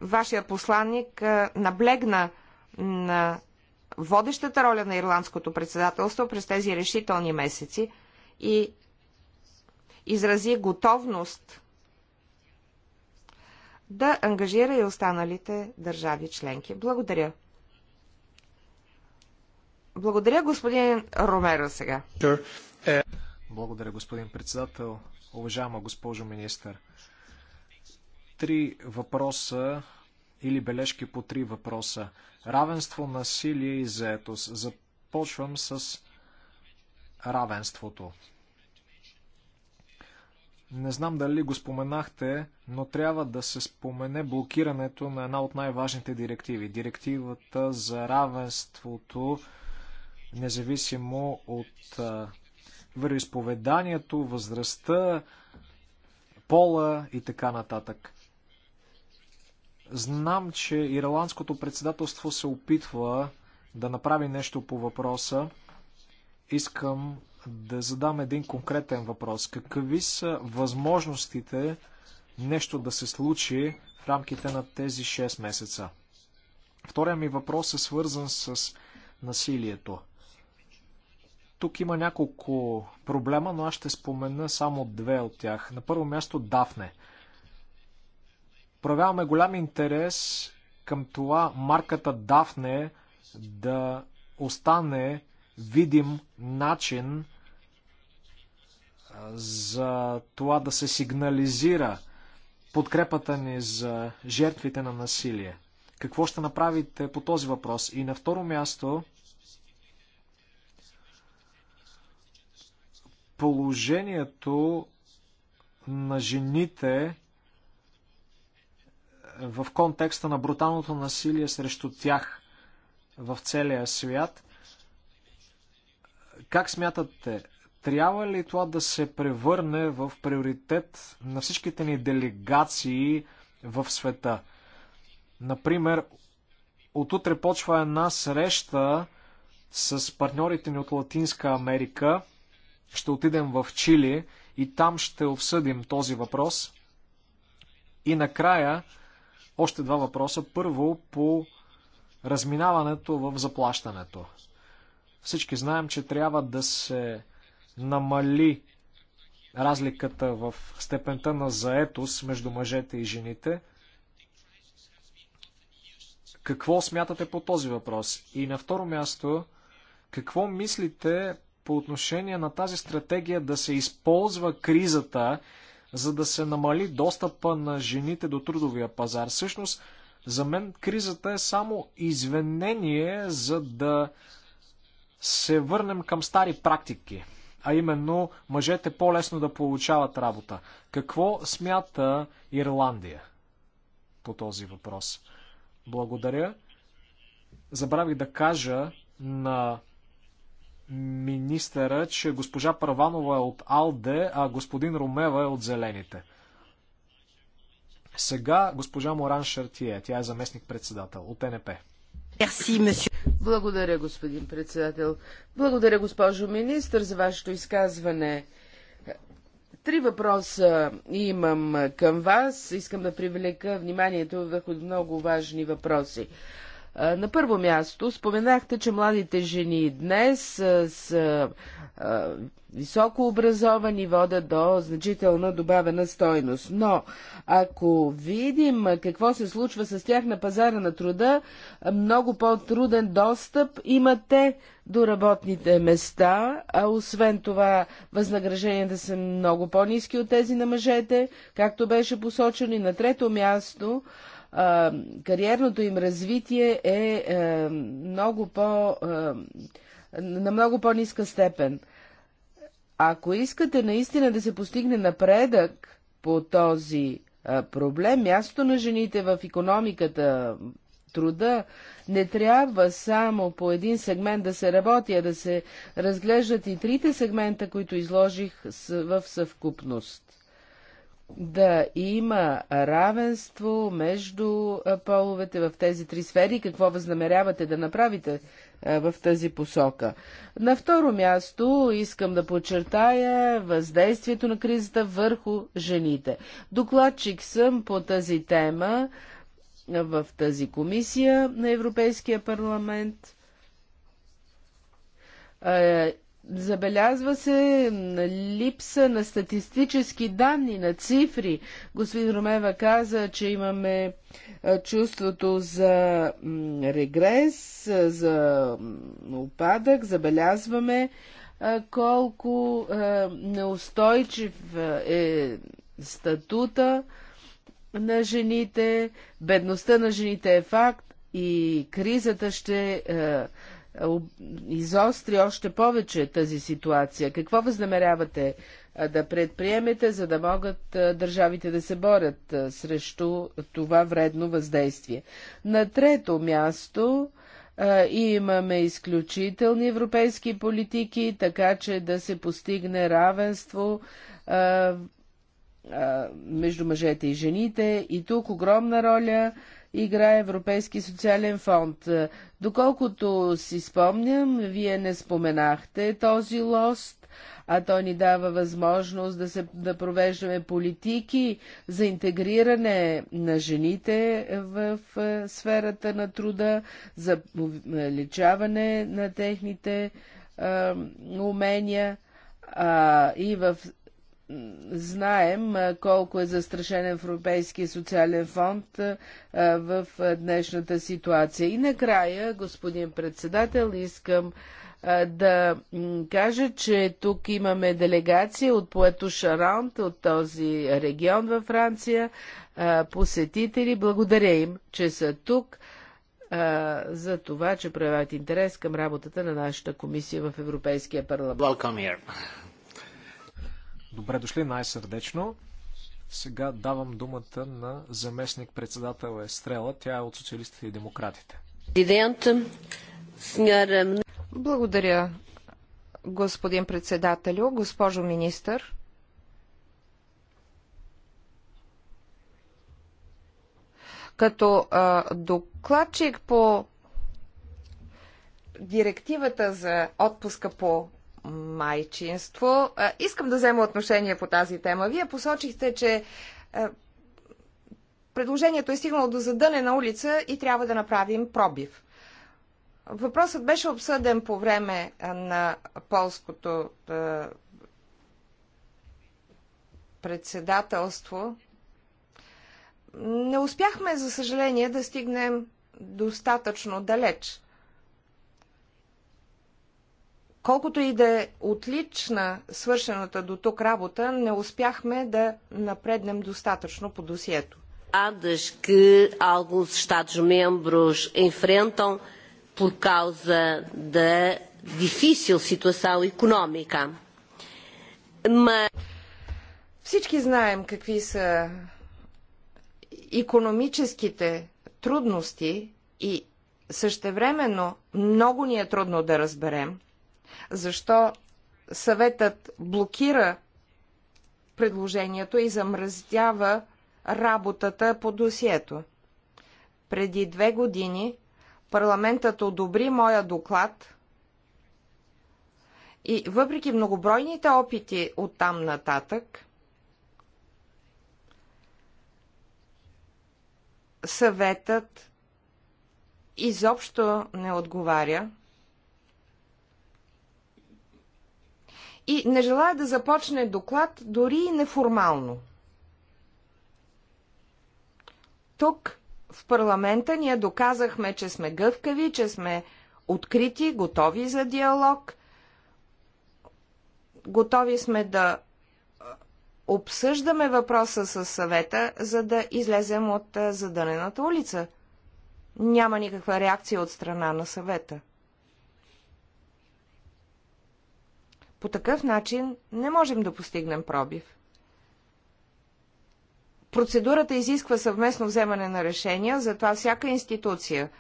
Вашия посланник наблегна на водещата роля на ирландското председателство през тези решителни месеци и изрази готовност да ангажира и останалите държави членки. Благодаря. Благодаря, господин Ромеро, сега. Е, Благодаря, господин председател. Уважаема госпожо министър, три въпроса или бележки по три въпроса. Равенство, насилие и заетост. Започвам с равенството. Не знам дали го споменахте, но трябва да се спомене блокирането на една от най-важните директиви. Директивата за равенството независимо от вероисповеданието, възрастта, пола и така нататък. Знам, че ирландското председателство се опитва да направи нещо по въпроса. Искам да задам един конкретен въпрос. Какви са възможностите нещо да се случи в рамките на тези 6 месеца? Втория ми въпрос е свързан с насилието. Тук има няколко проблема, но аз ще спомена само две от тях. На първо място Дафне. Проявяваме голям интерес към това марката Дафне да остане видим начин за това да се сигнализира подкрепата ни за жертвите на насилие. Какво ще направите по този въпрос? И на второ място, положението на жените в контекста на бруталното насилие срещу тях в целия свят. Как смятате, трябва ли това да се превърне в приоритет на всичките ни делегации в света? Например, отутре почва една среща с партньорите ни от Латинска Америка – ще отидем в Чили и там ще обсъдим този въпрос. И накрая още два въпроса. Първо по разминаването в заплащането. Всички знаем, че трябва да се намали разликата в степента на заетост между мъжете и жените. Какво смятате по този въпрос? И на второ място, какво мислите по отношение на тази стратегия да се използва кризата, за да се намали достъпа на жените до трудовия пазар. Всъщност, за мен кризата е само извинение, за да се върнем към стари практики, а именно мъжете по-лесно да получават работа. Какво смята Ирландия по този въпрос? Благодаря. Забравих да кажа на министъра, че госпожа Първанова е от АЛДЕ, а господин Ромева е от Зелените. Сега госпожа Моран Шартие, тя е заместник-председател от НП. Благодаря, господин председател. Благодаря, госпожо министър, за вашето изказване. Три въпроса имам към вас. Искам да привлека вниманието върху много важни въпроси. На първо място споменахте, че младите жени днес са високо образовани, вода до значителна добавена стойност. Но ако видим какво се случва с тях на пазара на труда, много по-труден достъп имате до работните места, а освен това възнагражденията да са много по-низки от тези на мъжете, както беше посочено и на трето място а, кариерното им развитие е а, е, много по, а, е, на много по-ниска степен. Ако искате наистина да се постигне напредък по този а, проблем, мястото на жените в економиката, труда, не трябва само по един сегмент да се работи, а да се разглеждат и трите сегмента, които изложих в съвкупност да има равенство между половете в тези три сфери. Какво възнамерявате да направите в тази посока? На второ място искам да подчертая въздействието на кризата върху жените. Докладчик съм по тази тема в тази комисия на Европейския парламент Забелязва се липса на статистически данни, на цифри. Господин Ромева каза, че имаме чувството за регрес, за опадък. Забелязваме колко неустойчив е статута на жените, бедността на жените е факт и кризата ще е, изостри още повече тази ситуация. Какво възнамерявате е, да предприемете, за да могат е, държавите да се борят срещу това вредно въздействие? На трето място имаме изключителни европейски политики, така че да се постигне равенство между мъжете и жените. И тук огромна роля играе Европейски социален фонд. Доколкото си спомням, вие не споменахте този лост, а той ни дава възможност да, се, да провеждаме политики за интегриране на жените в, в е, сферата на труда, за увеличаване на техните а, е, умения а, и в знаем колко е застрашен Европейския социален фонд в днешната ситуация. И накрая, господин председател, искам да кажа, че тук имаме делегация от Поето Шарант, от този регион във Франция, посетители. Благодаря им, че са тук за това, че проявяват интерес към работата на нашата комисия в Европейския парламент. Добре дошли най-сърдечно. Сега давам думата на заместник председател Естрела. Тя е от социалистите и демократите. Благодаря, господин председателю, госпожо министър. Като а, докладчик по директивата за отпуска по майчинство. Искам да взема отношение по тази тема. Вие посочихте, че предложението е стигнало до задънена улица и трябва да направим пробив. Въпросът беше обсъден по време на полското председателство. Не успяхме, за съжаление, да стигнем достатъчно далеч. Колкото и да е отлична свършената до тук работа, не успяхме да напреднем достатъчно по досието. Адъж que алгус Estados-membros enfrentam по кауза да difícil situação економика. Всички знаем какви са економическите трудности и същевременно много ни е трудно да разберем – защо съветът блокира предложението и замръздява работата по досието. Преди две години парламентът одобри моя доклад и въпреки многобройните опити от там нататък, съветът изобщо не отговаря и не желая да започне доклад дори и неформално. Тук в парламента ние доказахме, че сме гъвкави, че сме открити, готови за диалог, готови сме да обсъждаме въпроса с съвета, за да излезем от задънената улица. Няма никаква реакция от страна на съвета. По такъв начин не можем да постигнем пробив. Процедурата изисква съвместно вземане на решения, затова всяка институция,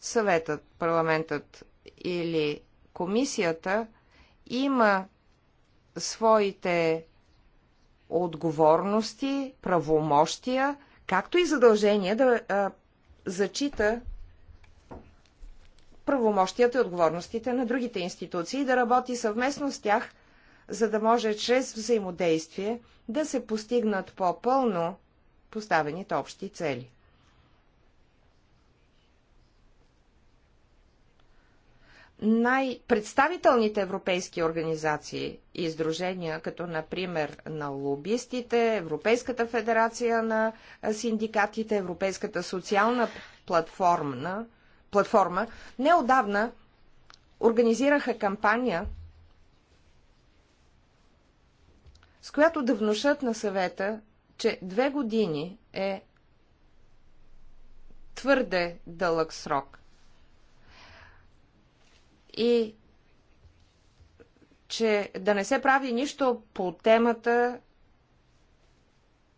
съветът, парламентът или комисията, има своите отговорности, правомощия, както и задължение да а, зачита правомощията и отговорностите на другите институции и да работи съвместно с тях, за да може чрез взаимодействие да се постигнат по-пълно поставените общи цели. най-представителните европейски организации и издружения, като например на лобистите, Европейската федерация на синдикатите, Европейската социална платформа платформа, неодавна организираха кампания, с която да внушат на съвета, че две години е твърде дълъг срок. И че да не се прави нищо по темата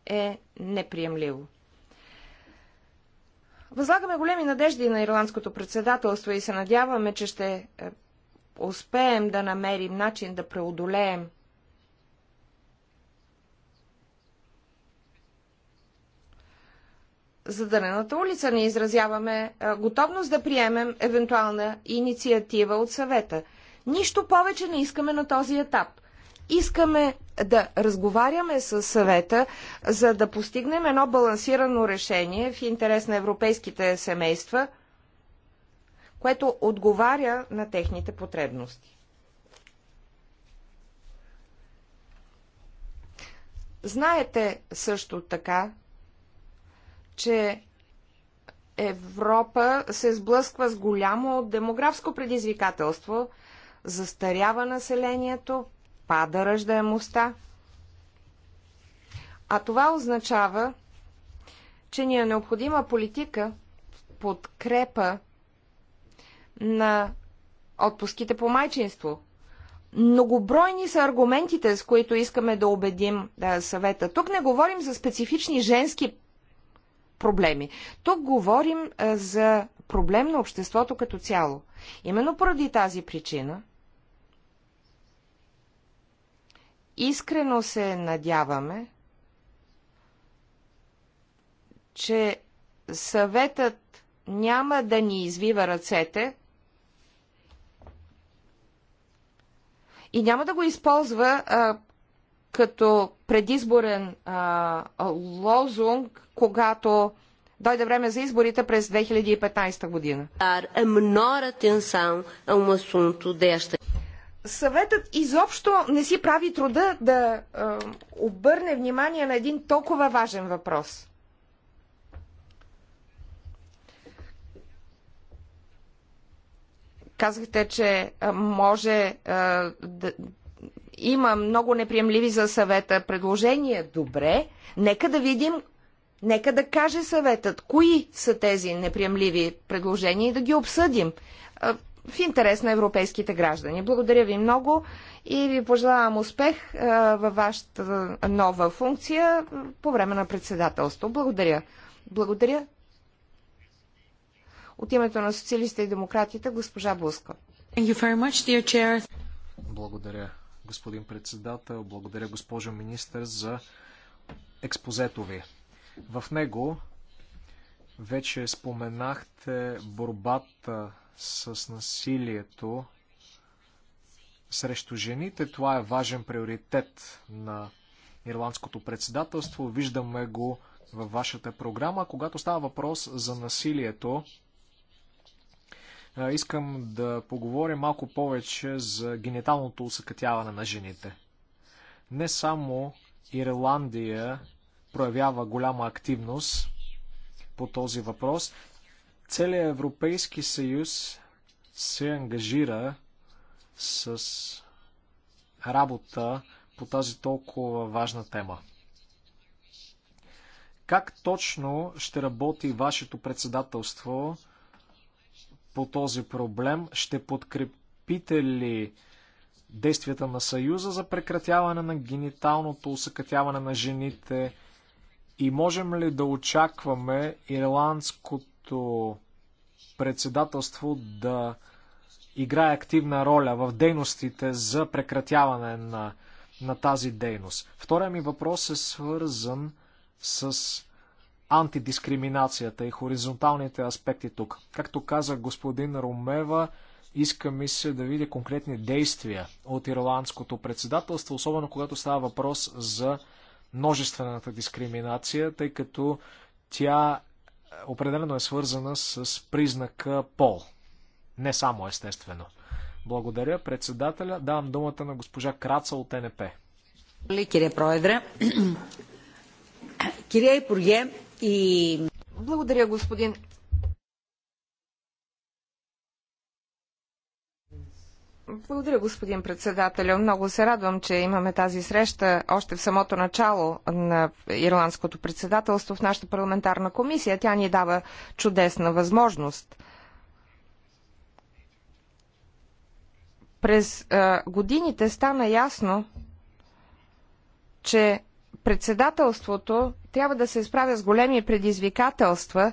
е неприемливо. Възлагаме големи надежди на ирландското председателство и се надяваме, че ще е, успеем да намерим начин да преодолеем задънената улица. не изразяваме е, готовност да приемем евентуална инициатива от съвета. Нищо повече не искаме на този етап искаме да разговаряме с съвета, за да постигнем едно балансирано решение в интерес на европейските семейства, което отговаря на техните потребности. Знаете също така, че Европа се сблъсква с голямо демографско предизвикателство, застарява населението, пада ръждаемостта. А това означава, че ни е необходима политика в подкрепа на отпуските по майчинство. Многобройни са аргументите, с които искаме да убедим да, съвета. Тук не говорим за специфични женски проблеми. Тук говорим а, за проблем на обществото като цяло. Именно поради тази причина Искрено се надяваме, че съветът няма да ни извива ръцете и няма да го използва а, като предизборен а, лозунг, когато дойде време за изборите през 2015 година. Е, съветът изобщо не си прави труда да е, обърне внимание на един толкова важен въпрос. Казахте, че е, може е, да, има много неприемливи за съвета предложения. Добре, нека да видим, нека да каже съветът, кои са тези неприемливи предложения и да ги обсъдим е, в интерес на европейските граждани. Благодаря ви много и ви пожелавам успех във вашата нова функция по време на председателство. Благодаря. Благодаря. От името на социалистите и демократите, госпожа Буска. Much, благодаря, господин председател. Благодаря, госпожо министър, за експозето ви. В него вече споменахте борбата с насилието срещу жените. Това е важен приоритет на ирландското председателство. Виждаме го във вашата програма. Когато става въпрос за насилието, искам да поговоря малко повече за гениталното усъкътяване на жените. Не само Ирландия проявява голяма активност по този въпрос. Целият Европейски съюз се ангажира с работа по тази толкова важна тема. Как точно ще работи вашето председателство по този проблем? Ще подкрепите ли действията на Съюза за прекратяване на гениталното усъкътяване на жените? И можем ли да очакваме ирландското нашето председателство да играе активна роля в дейностите за прекратяване на, на тази дейност. Втория ми въпрос е свързан с антидискриминацията и хоризонталните аспекти тук. Както каза господин Ромева, иска ми се да видя конкретни действия от ирландското председателство, особено когато става въпрос за множествената дискриминация, тъй като тя определено е свързана с признака пол. Не само естествено. Благодаря, председателя. Давам думата на госпожа Краца от НП. Благодаря, господин Благодаря, господин председател. Много се радвам, че имаме тази среща още в самото начало на ирландското председателство в нашата парламентарна комисия. Тя ни дава чудесна възможност. През годините стана ясно, че председателството трябва да се справя с големи предизвикателства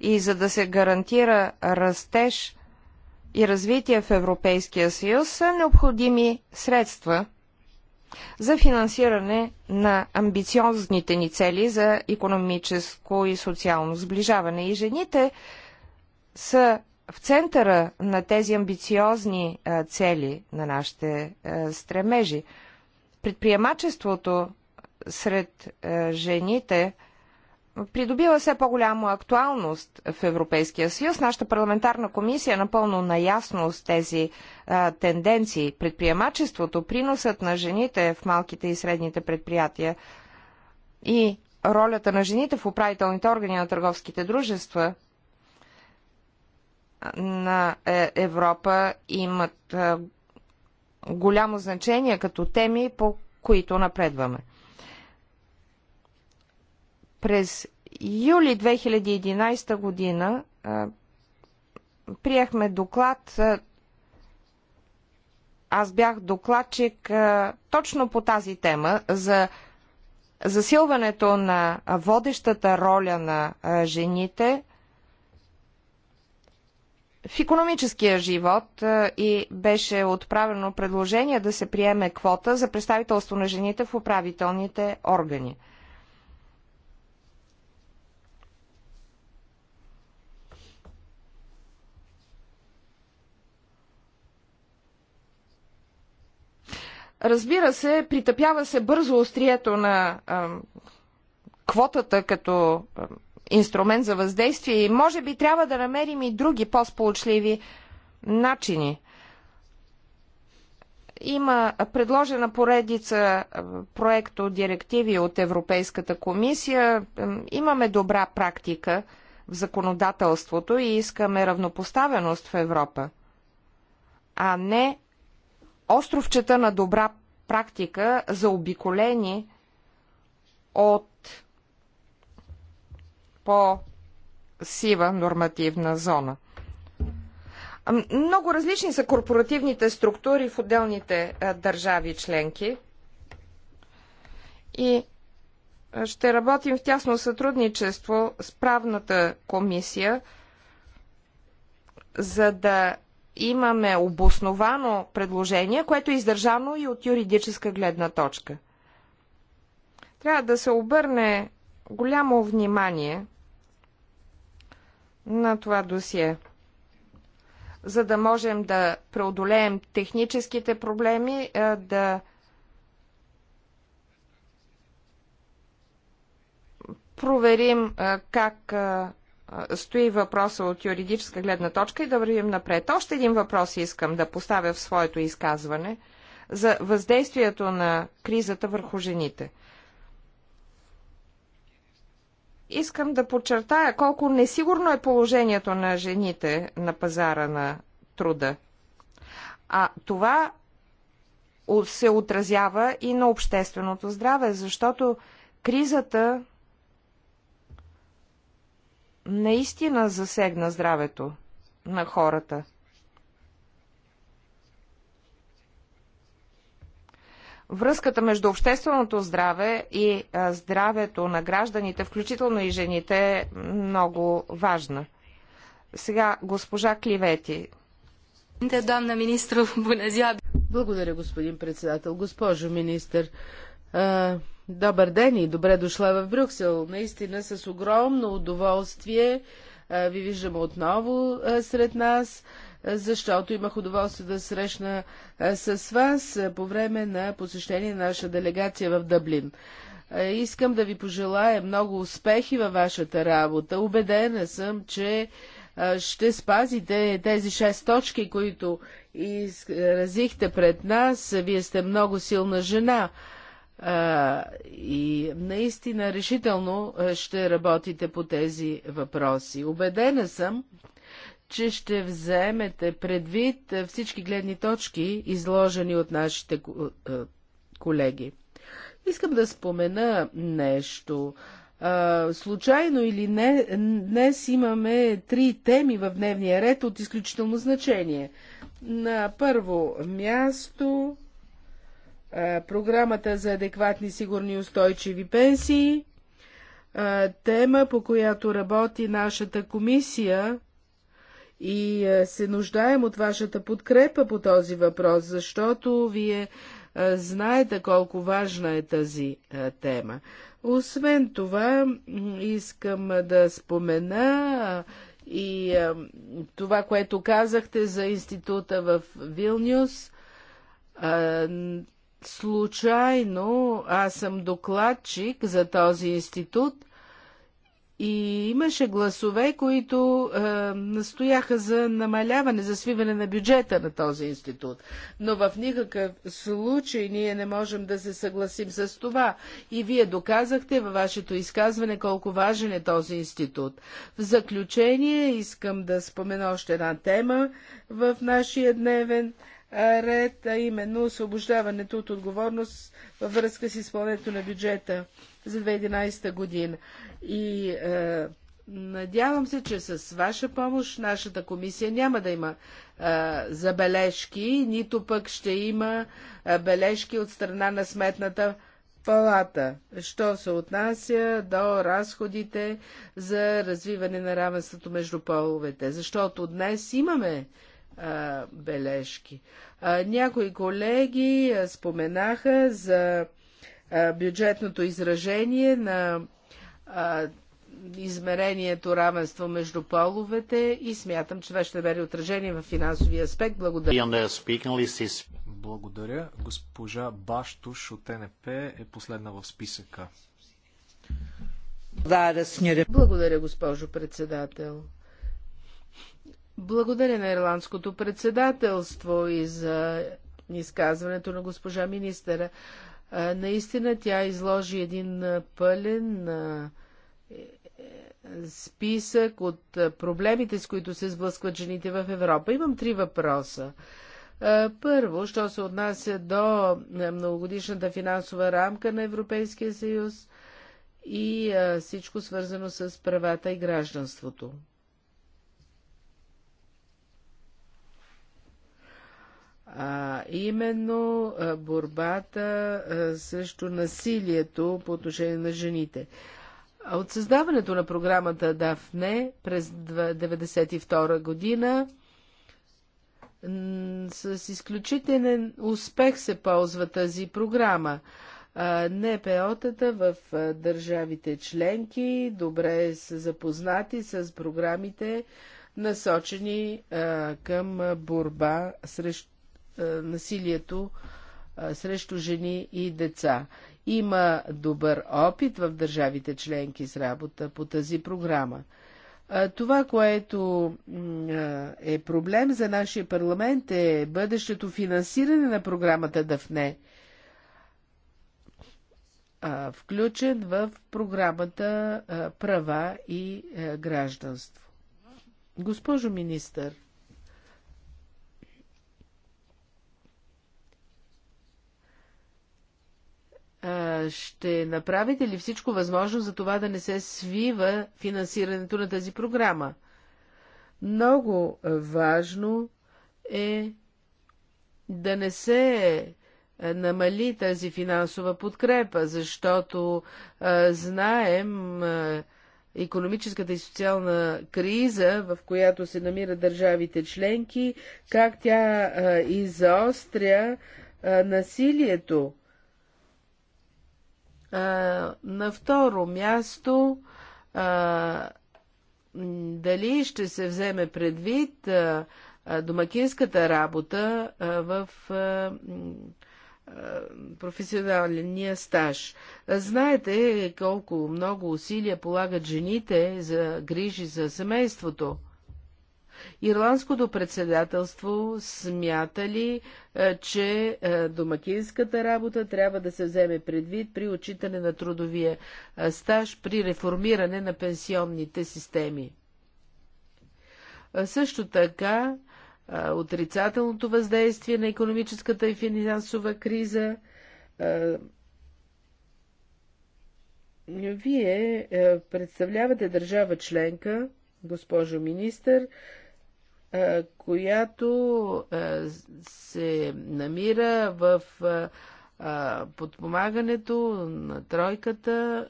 и за да се гарантира растеж – и развитие в Европейския съюз са необходими средства за финансиране на амбициозните ни цели за економическо и социално сближаване. И жените са в центъра на тези амбициозни цели на нашите стремежи. Предприемачеството сред жените – придобива все по-голяма актуалност в Европейския съюз. Нашата парламентарна комисия е напълно наясно с тези а, тенденции. Предприемачеството, приносът на жените в малките и средните предприятия и ролята на жените в управителните органи на търговските дружества на е, Европа имат а, голямо значение като теми, по които напредваме. През юли 2011 година приехме доклад. Аз бях докладчик точно по тази тема за засилването на водещата роля на жените в економическия живот и беше отправено предложение да се приеме квота за представителство на жените в управителните органи. Разбира се, притъпява се бързо острието на а, квотата като а, инструмент за въздействие и може би трябва да намерим и други по-сполучливи начини. Има предложена поредица проекто директиви от Европейската комисия. Имаме добра практика в законодателството и искаме равнопоставеност в Европа, а не островчета на добра практика, заобиколени от по-сива нормативна зона. Много различни са корпоративните структури в отделните държави членки и ще работим в тясно сътрудничество с правната комисия, за да имаме обосновано предложение, което е издържано и от юридическа гледна точка. Трябва да се обърне голямо внимание на това досие, за да можем да преодолеем техническите проблеми, е, да проверим е, как е, стои въпроса от юридическа гледна точка и да вървим напред. Още един въпрос искам да поставя в своето изказване за въздействието на кризата върху жените. Искам да подчертая колко несигурно е положението на жените на пазара на труда. А това се отразява и на общественото здраве, защото кризата наистина засегна здравето на хората. Връзката между общественото здраве и здравето на гражданите, включително и жените, е много важна. Сега госпожа Кливети. Дамна Благодаря, господин председател. Госпожо министр, Добър ден и добре дошла в Брюксел. Наистина с огромно удоволствие ви виждам отново сред нас, защото имах удоволствие да срещна с вас по време на посещение на наша делегация в Дъблин. Искам да ви пожелая много успехи във вашата работа. Убедена съм, че ще спазите тези шест точки, които изразихте пред нас. Вие сте много силна жена и наистина решително ще работите по тези въпроси. Обедена съм, че ще вземете предвид всички гледни точки, изложени от нашите колеги. Искам да спомена нещо. А, случайно или не, днес имаме три теми в дневния ред от изключително значение. На първо място програмата за адекватни, сигурни и устойчиви пенсии, тема, по която работи нашата комисия и се нуждаем от вашата подкрепа по този въпрос, защото вие знаете колко важна е тази тема. Освен това, искам да спомена и това, което казахте за института в Вилнюс – случайно аз съм докладчик за този институт и имаше гласове, които е, настояха за намаляване, за свиване на бюджета на този институт. Но в никакъв случай ние не можем да се съгласим с това. И вие доказахте във вашето изказване колко важен е този институт. В заключение искам да спомена още една тема в нашия дневен ред, а именно освобождаването от отговорност във връзка с изпълнението на бюджета за 2011 година. И е, надявам се, че с ваша помощ нашата комисия няма да има е, забележки, нито пък ще има е, бележки от страна на сметната палата, що се отнася до разходите за развиване на равенството между половете. Защото днес имаме а, бележки. А, някои колеги а, споменаха за а, бюджетното изражение на а, измерението равенство между половете и смятам, че това ще бъде отражение в финансовия аспект. Благодаря. Благодаря. Госпожа Баштуш от НП е последна в списъка. Благодаря, госпожо председател. Благодаря на Ирландското председателство и за изказването на госпожа министъра. Наистина тя изложи един пълен е, е, списък от проблемите, с които се сблъскват жените в Европа. Имам три въпроса. Първо, що се отнася до многогодишната финансова рамка на Европейския съюз и всичко свързано с правата и гражданството. а именно борбата срещу насилието по отношение на жените. От създаването на програмата Дафне през 1992 година с изключителен успех се ползва тази програма. НПО-тата в държавите членки добре са запознати с програмите, насочени към борба срещу е, насилието е, срещу жени и деца. Има добър опит в държавите членки с работа по тази програма. Е, това, което е проблем за нашия парламент е бъдещето финансиране на програмата ДАФНЕ, включен в програмата Права и гражданство. Госпожо министър, ще направите ли всичко възможно за това да не се свива финансирането на тази програма? Много важно е да не се намали тази финансова подкрепа, защото а, знаем а, економическата и социална криза, в която се намират държавите членки, как тя а, изостря а, насилието на второ място, дали ще се вземе предвид домакинската работа в професионалния стаж. Знаете колко много усилия полагат жените за грижи за семейството. Ирландското председателство смята ли, е, че е, домакинската работа трябва да се вземе предвид при отчитане на трудовия е, стаж, при реформиране на пенсионните системи? Също така, отрицателното въздействие на економическата и финансова криза. Вие представлявате държава членка, госпожо министър, е, която е, се намира в е, подпомагането на тройката.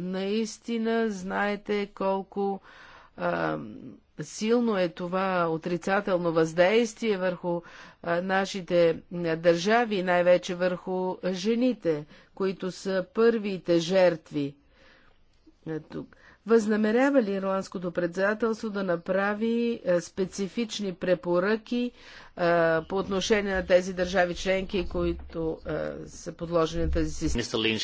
Наистина знаете колко силно е това отрицателно въздействие върху нашите държави, най-вече върху жените, които са първите жертви. Тук. Възнамерява ли ирландското председателство да направи е, специфични препоръки е, по отношение на тези държави членки, които е, са подложени на тази система?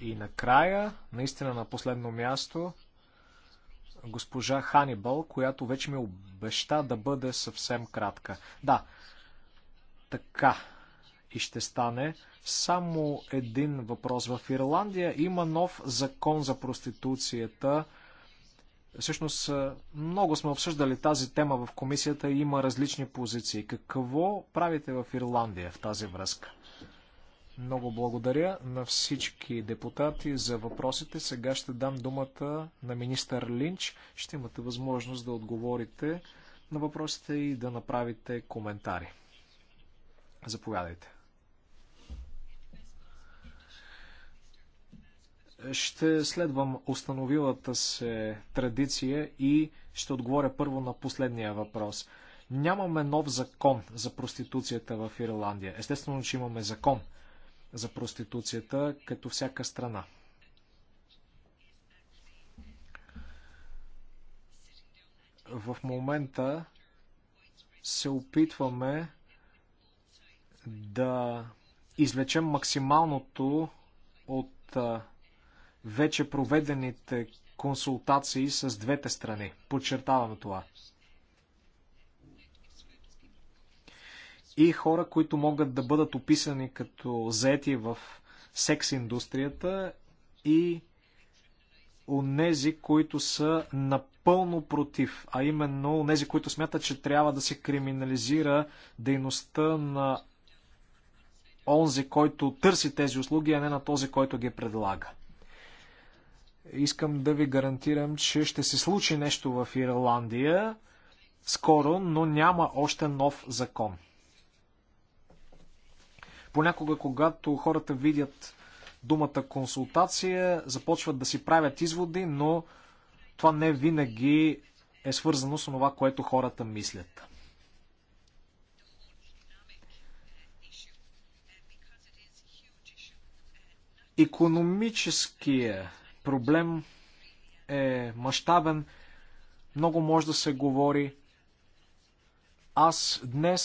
И накрая, наистина на последно място, госпожа Ханибал, която вече ми обеща да бъде съвсем кратка. Да, така, и ще стане. Само един въпрос. В Ирландия има нов закон за проституцията. Всъщност, много сме обсъждали тази тема в комисията и има различни позиции. Какво правите в Ирландия в тази връзка? Много благодаря на всички депутати за въпросите. Сега ще дам думата на министър Линч. Ще имате възможност да отговорите на въпросите и да направите коментари. Заповядайте. Ще следвам установилата се традиция и ще отговоря първо на последния въпрос. Нямаме нов закон за проституцията в Ирландия. Естествено, че имаме закон за проституцията, като всяка страна. В момента се опитваме да извлечем максималното от вече проведените консултации с двете страни. Подчертавам това. И хора, които могат да бъдат описани като заети в секс индустрията и онези, които са напълно против, а именно онези, които смятат, че трябва да се криминализира дейността на онзи, който търси тези услуги, а не на този, който ги предлага. Искам да ви гарантирам, че ще се случи нещо в Ирландия скоро, но няма още нов закон. Понякога, когато хората видят думата консултация, започват да си правят изводи, но това не винаги е свързано с това, което хората мислят. Економическия проблем е мащабен, много може да се говори. Аз днес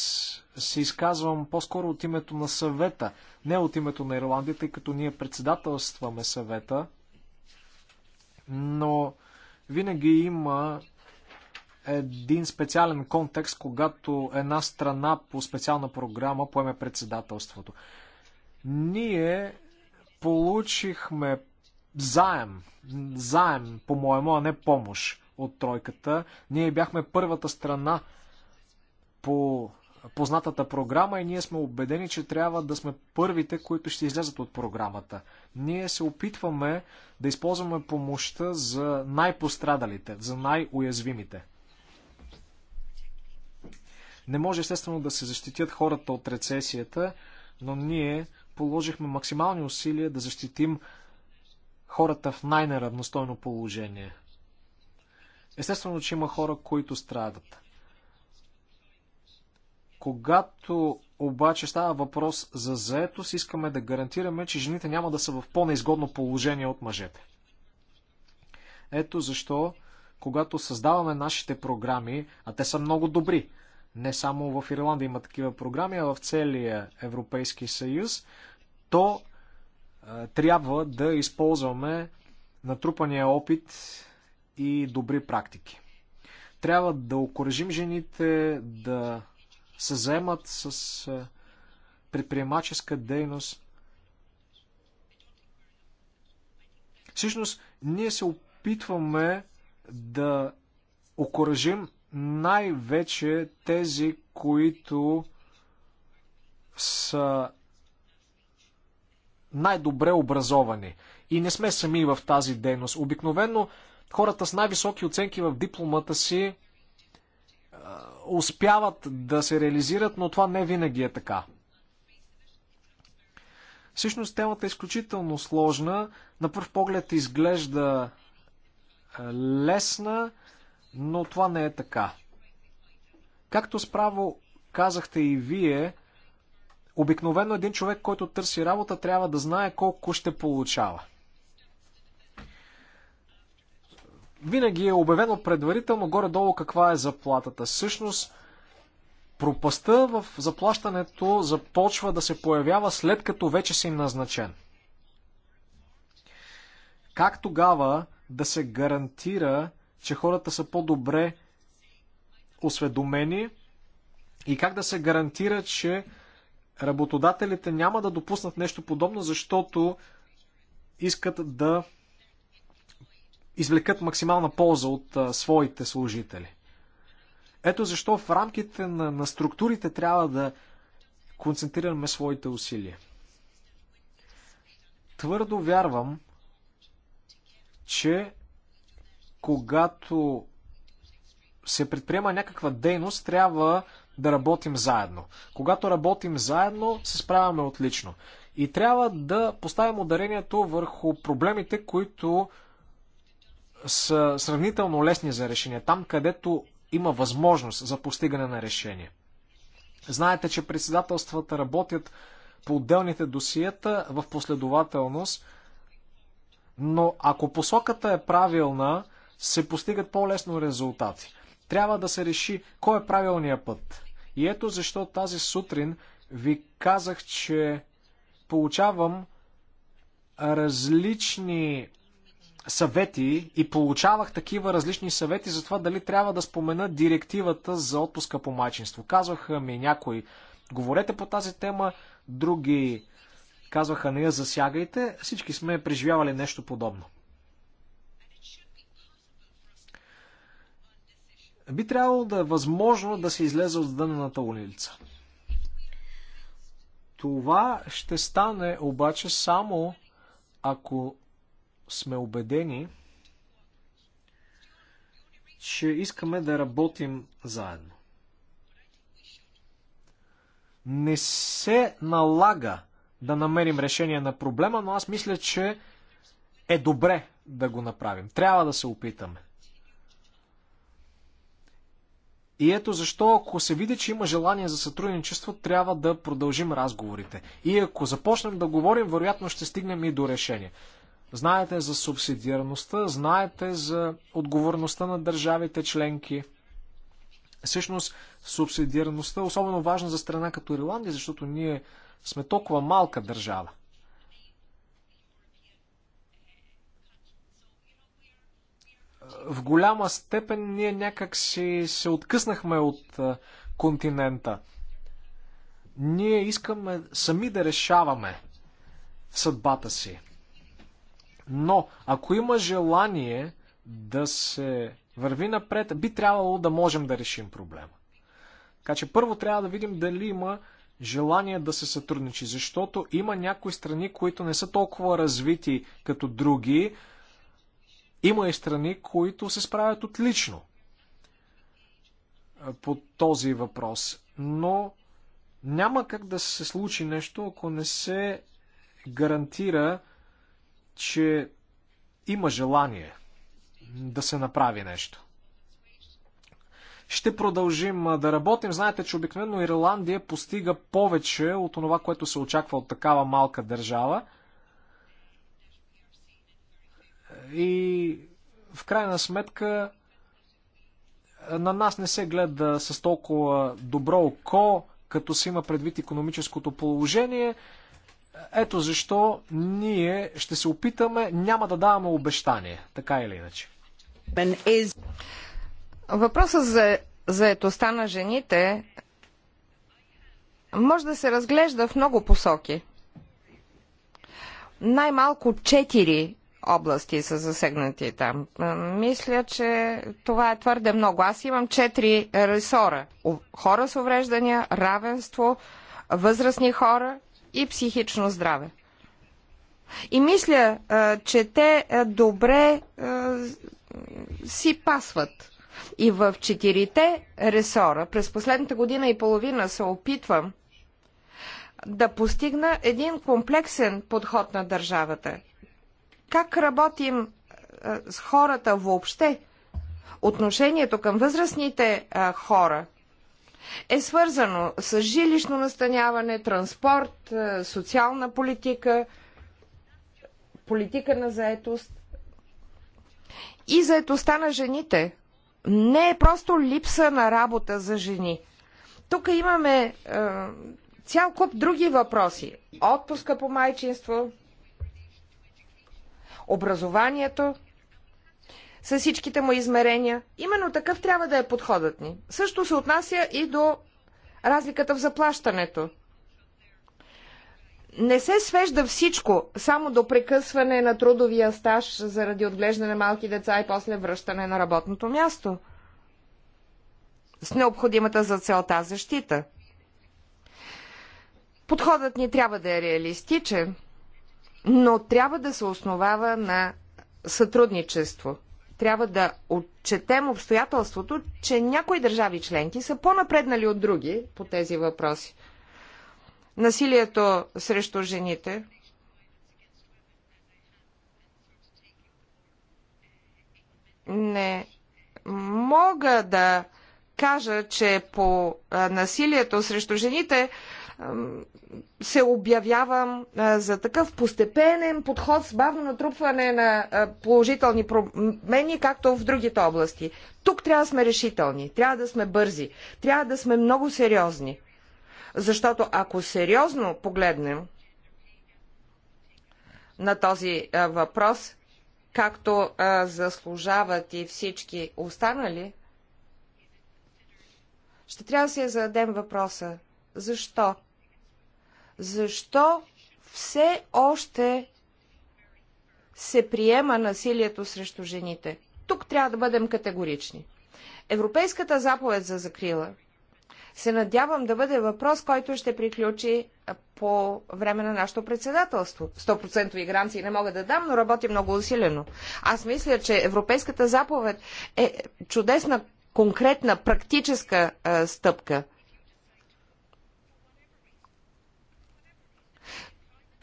се изказвам по-скоро от името на съвета, не от името на Ирландия, тъй като ние председателстваме съвета, но винаги има един специален контекст, когато една страна по специална програма поеме председателството. Ние получихме заем, заем, по-моему, а не помощ от тройката. Ние бяхме първата страна по познатата програма и ние сме убедени, че трябва да сме първите, които ще излязат от програмата. Ние се опитваме да използваме помощта за най-пострадалите, за най-уязвимите. Не може естествено да се защитят хората от рецесията, но ние положихме максимални усилия да защитим хората в най-неравностойно положение. Естествено, че има хора, които страдат. Когато обаче става въпрос за заетост, искаме да гарантираме, че жените няма да са в по-неизгодно положение от мъжете. Ето защо, когато създаваме нашите програми, а те са много добри, не само в Ирландия има такива програми, а в целия Европейски съюз, то трябва да използваме натрупания опит и добри практики. Трябва да окоръжим жените да се заемат с предприемаческа дейност. Всъщност, ние се опитваме да окоръжим най-вече тези, които са най-добре образовани. И не сме сами в тази дейност. Обикновено хората с най-високи оценки в дипломата си успяват да се реализират, но това не винаги е така. Всъщност темата е изключително сложна. На пръв поглед изглежда лесна, но това не е така. Както справо казахте и вие, Обикновено един човек, който търси работа, трябва да знае колко ще получава. Винаги е обявено предварително горе-долу каква е заплатата. Същност, пропаста в заплащането започва да се появява след като вече си назначен. Как тогава да се гарантира, че хората са по-добре осведомени и как да се гарантира, че работодателите няма да допуснат нещо подобно, защото искат да извлекат максимална полза от а, своите служители. Ето защо в рамките на, на структурите трябва да концентрираме своите усилия. Твърдо вярвам, че когато се предприема някаква дейност, трябва да работим заедно. Когато работим заедно, се справяме отлично. И трябва да поставим ударението върху проблемите, които са сравнително лесни за решение, там където има възможност за постигане на решение. Знаете, че председателствата работят по отделните досиета в последователност, но ако посоката е правилна, се постигат по-лесно резултати. Трябва да се реши кой е правилният път. И ето защо тази сутрин ви казах, че получавам различни съвети и получавах такива различни съвети за това дали трябва да спомена директивата за отпуска по майчинство. Казваха ми някои, говорете по тази тема, други казваха не я засягайте. Всички сме преживявали нещо подобно. би трябвало да е възможно да се излезе от дънената улица. Това ще стане обаче само ако сме убедени, че искаме да работим заедно. Не се налага да намерим решение на проблема, но аз мисля, че е добре да го направим. Трябва да се опитаме. И ето защо, ако се види, че има желание за сътрудничество, трябва да продължим разговорите. И ако започнем да говорим, вероятно ще стигнем и до решение. Знаете за субсидиарността, знаете за отговорността на държавите членки. Всъщност, субсидиарността е особено важна за страна като Ирландия, защото ние сме толкова малка държава. в голяма степен ние някак си се откъснахме от континента. Ние искаме сами да решаваме съдбата си. Но, ако има желание да се върви напред, би трябвало да можем да решим проблема. Така че първо трябва да видим дали има желание да се сътрудничи, защото има някои страни, които не са толкова развити като други, има и страни, които се справят отлично по този въпрос, но няма как да се случи нещо, ако не се гарантира, че има желание да се направи нещо. Ще продължим да работим. Знаете, че обикновено Ирландия постига повече от това, което се очаква от такава малка държава. и в крайна сметка на нас не се гледа с толкова добро око, като се има предвид економическото положение. Ето защо ние ще се опитаме, няма да даваме обещание, така или иначе. Въпросът за заетостта на жените може да се разглежда в много посоки. Най-малко четири области са засегнати там. Мисля, че това е твърде много. Аз имам четири ресора. Хора с увреждания, равенство, възрастни хора и психично здраве. И мисля, че те добре си пасват. И в четирите ресора през последната година и половина се опитвам да постигна един комплексен подход на държавата как работим е, с хората въобще. Отношението към възрастните е, хора е свързано с жилищно настаняване, транспорт, е, социална политика, политика на заетост и заетостта на жените. Не е просто липса на работа за жени. Тук имаме е, цял куп други въпроси. Отпуска по майчинство, образованието с всичките му измерения. Именно такъв трябва да е подходът ни. Също се отнася и до разликата в заплащането. Не се свежда всичко само до прекъсване на трудовия стаж заради отглеждане на малки деца и после връщане на работното място. С необходимата за целта защита. Подходът ни трябва да е реалистичен – но трябва да се основава на сътрудничество. Трябва да отчетем обстоятелството, че някои държави членки са по-напреднали от други по тези въпроси. Насилието срещу жените, не мога да кажа, че по насилието срещу жените се обявявам за такъв постепенен подход с бавно натрупване на положителни промени, както в другите области. Тук трябва да сме решителни, трябва да сме бързи, трябва да сме много сериозни. Защото ако сериозно погледнем на този въпрос, както заслужават и всички останали, ще трябва да си зададем въпроса защо защо все още се приема насилието срещу жените. Тук трябва да бъдем категорични. Европейската заповед за закрила се надявам да бъде въпрос, който ще приключи по време на нашето председателство. 100% гаранции не мога да дам, но работи много усилено. Аз мисля, че Европейската заповед е чудесна, конкретна, практическа а, стъпка.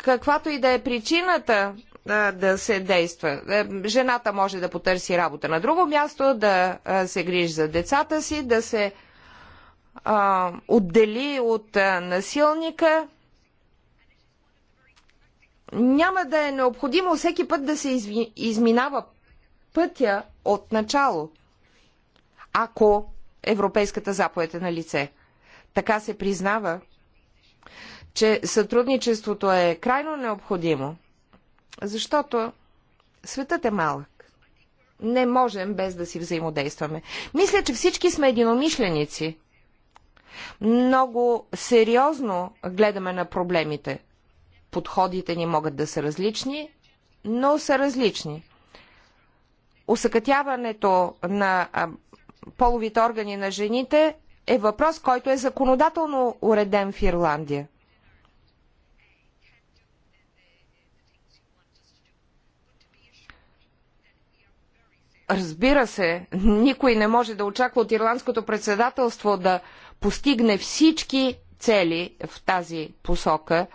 каквато и да е причината да се действа. Е, жената може да потърси работа на друго място, да се грижи за децата си, да се а, отдели от насилника. Няма да е необходимо всеки път да се изминава пътя от начало, ако Европейската заповед е на лице. Така се признава че сътрудничеството е крайно необходимо, защото светът е малък. Не можем без да си взаимодействаме. Мисля, че всички сме единомишленици. Много сериозно гледаме на проблемите. Подходите ни могат да са различни, но са различни. Усъкътяването на половите органи на жените е въпрос, който е законодателно уреден в Ирландия. Разбира се, никой не може да очаква от ирландското председателство да постигне всички цели в тази посока.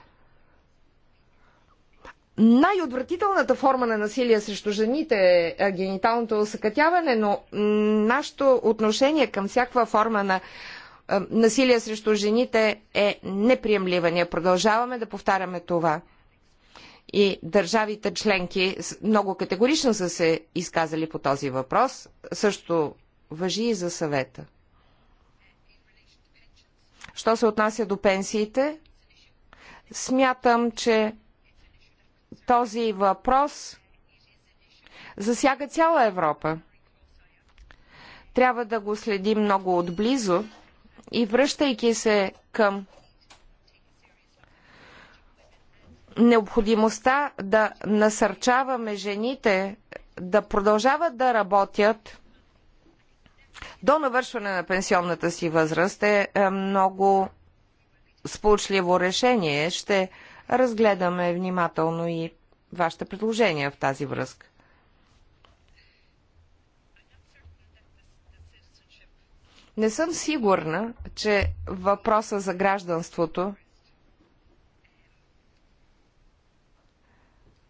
Най-отвратителната форма на насилие срещу жените е, е гениталното осъкътяване, но нашето отношение към всякаква форма на е, насилие срещу жените е неприемлива. Ние продължаваме да повтаряме това. И държавите членки много категорично са се изказали по този въпрос. Също въжи и за съвета. Що се отнася до пенсиите, смятам, че този въпрос засяга цяла Европа. Трябва да го следим много отблизо и връщайки се към необходимостта да насърчаваме жените да продължават да работят до навършване на пенсионната си възраст е, е много сполучливо решение. Ще разгледаме внимателно и вашите предложения в тази връзка. Не съм сигурна, че въпроса за гражданството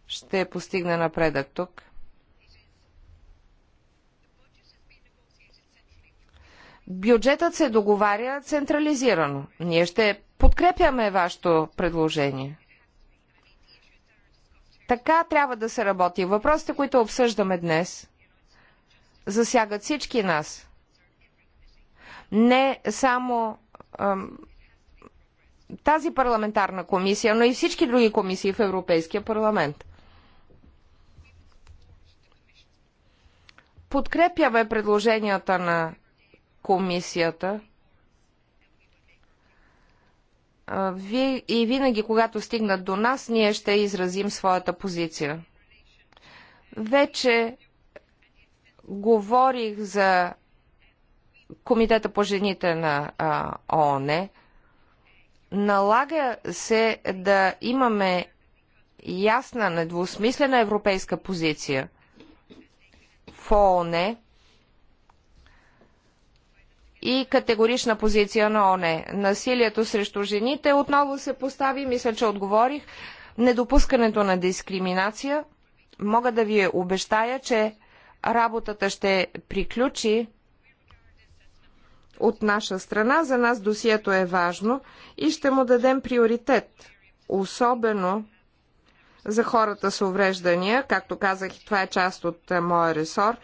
ще постигне напредък тук? Бюджетът се договаря централизирано. Ние ще подкрепяме вашето предложение. Така трябва да се работи. Въпросите, които обсъждаме днес, засягат всички нас. Не само ам, тази парламентарна комисия, но и всички други комисии в Европейския парламент. подкрепяме предложенията на комисията. И винаги, когато стигнат до нас, ние ще изразим своята позиция. Вече говорих за Комитета по жените на ООН. Налага се да имаме ясна, недвусмислена европейска позиция – фоне и категорична позиция на ОНЕ. Насилието срещу жените отново се постави, мисля, че отговорих. Недопускането на дискриминация. Мога да ви обещая, че работата ще приключи от наша страна. За нас досието е важно и ще му дадем приоритет, особено за хората с увреждания. Както казах, това е част от е, моя ресор.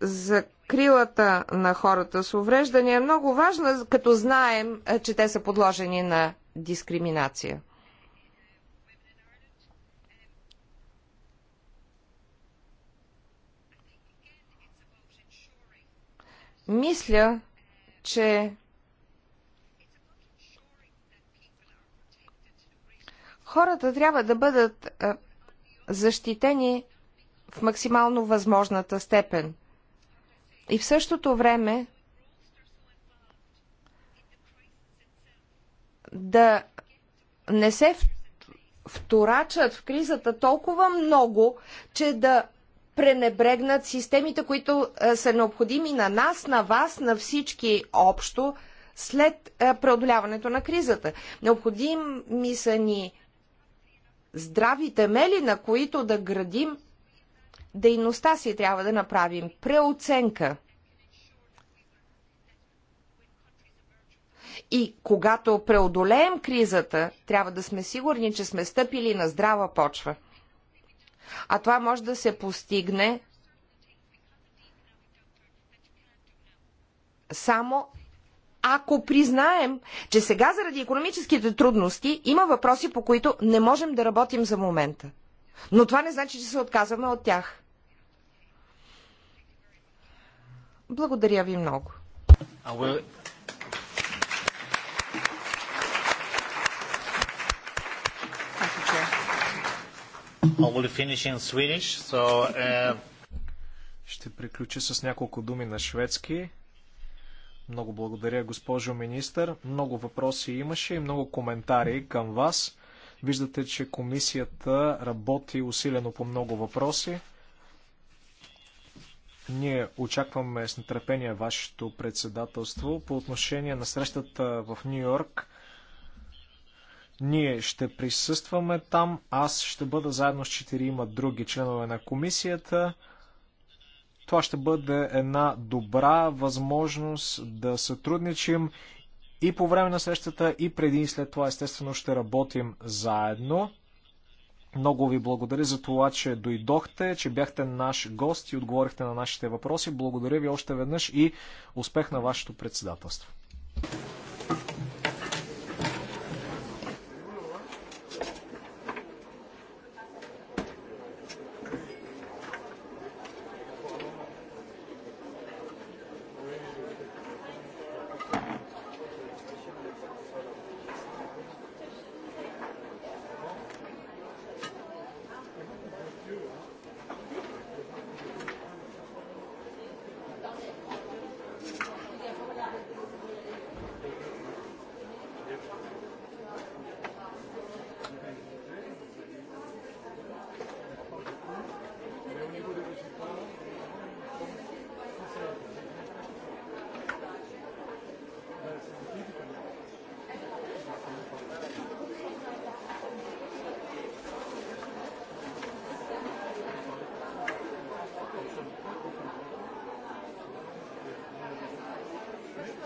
За крилата на хората с увреждания е много важна, като знаем, е, че те са подложени на дискриминация. Мисля, че Хората трябва да бъдат е, защитени в максимално възможната степен. И в същото време да не се вторачат в кризата толкова много, че да пренебрегнат системите, които е, са необходими на нас, на вас, на всички общо след е, преодоляването на кризата. Необходими са ни здрави темели, на които да градим дейността си, трябва да направим преоценка. И когато преодолеем кризата, трябва да сме сигурни, че сме стъпили на здрава почва. А това може да се постигне само ако признаем, че сега заради економическите трудности има въпроси, по които не можем да работим за момента. Но това не значи, че се отказваме от тях. Благодаря ви много. Uh, Ще приключа с няколко думи на шведски. Много благодаря, госпожо министър. Много въпроси имаше и много коментари към вас. Виждате, че комисията работи усилено по много въпроси. Ние очакваме с нетърпение вашето председателство. По отношение на срещата в Нью Йорк, ние ще присъстваме там. Аз ще бъда заедно с четирима други членове на комисията. Това ще бъде една добра възможност да сътрудничим и по време на срещата, и преди и след това, естествено, ще работим заедно. Много ви благодаря за това, че дойдохте, че бяхте наш гост и отговорихте на нашите въпроси. Благодаря ви още веднъж и успех на вашето председателство.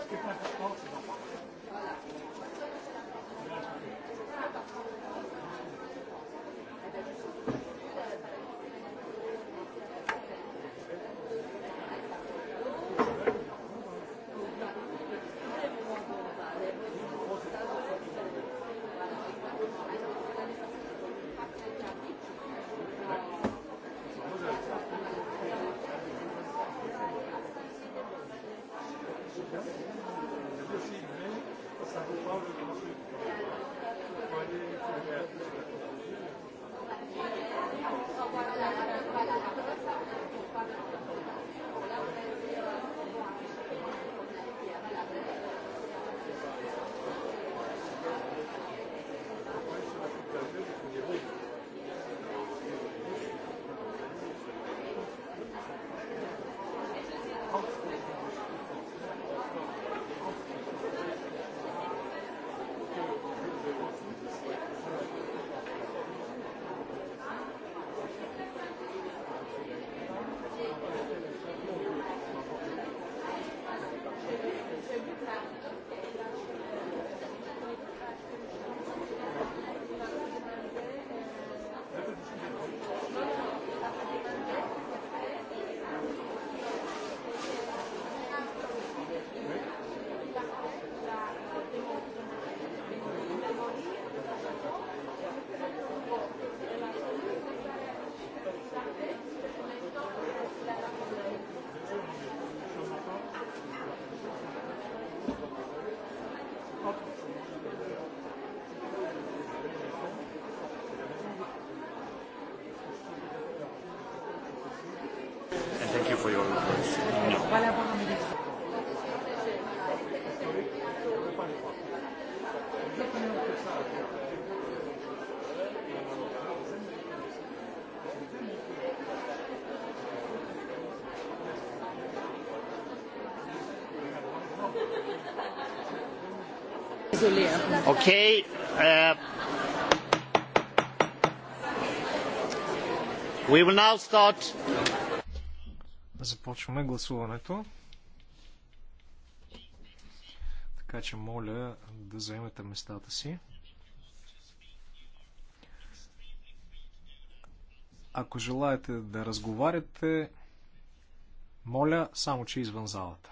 Thank you. Thank you for your advice. No. Okay. Uh, we will now start Започваме гласуването. Така че моля да заемете местата си. Ако желаете да разговаряте, моля, само че извън залата.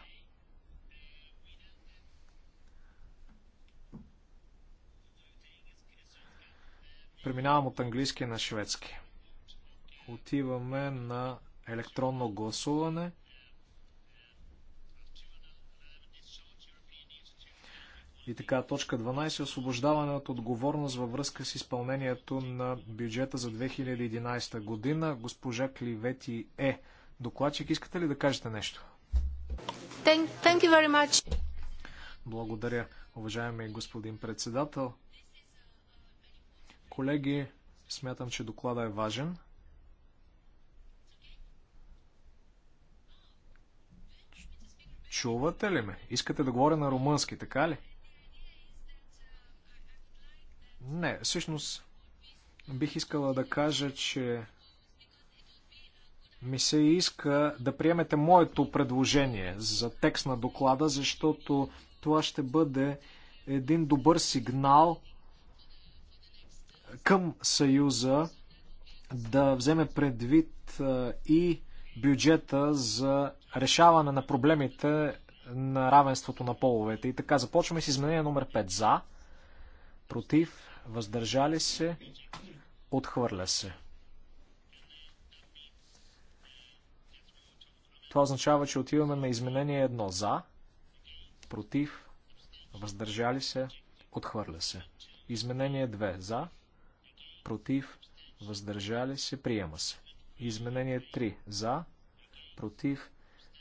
Преминавам от английски на шведски. Отиваме на електронно гласуване. И така, точка 12. Е освобождаване от отговорност във връзка с изпълнението на бюджета за 2011 година. Госпожа Кливети е. Докладчик, искате ли да кажете нещо? Thank, thank you very much. Благодаря, уважаеми господин председател. Колеги, смятам, че доклада е важен. Чувате ли ме? Искате да говоря на румънски, така ли? Не, всъщност бих искала да кажа, че ми се иска да приемете моето предложение за текст на доклада, защото това ще бъде един добър сигнал към Съюза да вземе предвид и бюджета за решаване на проблемите на равенството на половете. И така, започваме с изменение номер 5. За, против, въздържали се, отхвърля се. Това означава, че отиваме на изменение 1. За, против, въздържали се, отхвърля се. Изменение 2. За, против, въздържали се, приема се. Изменение 3. За, против,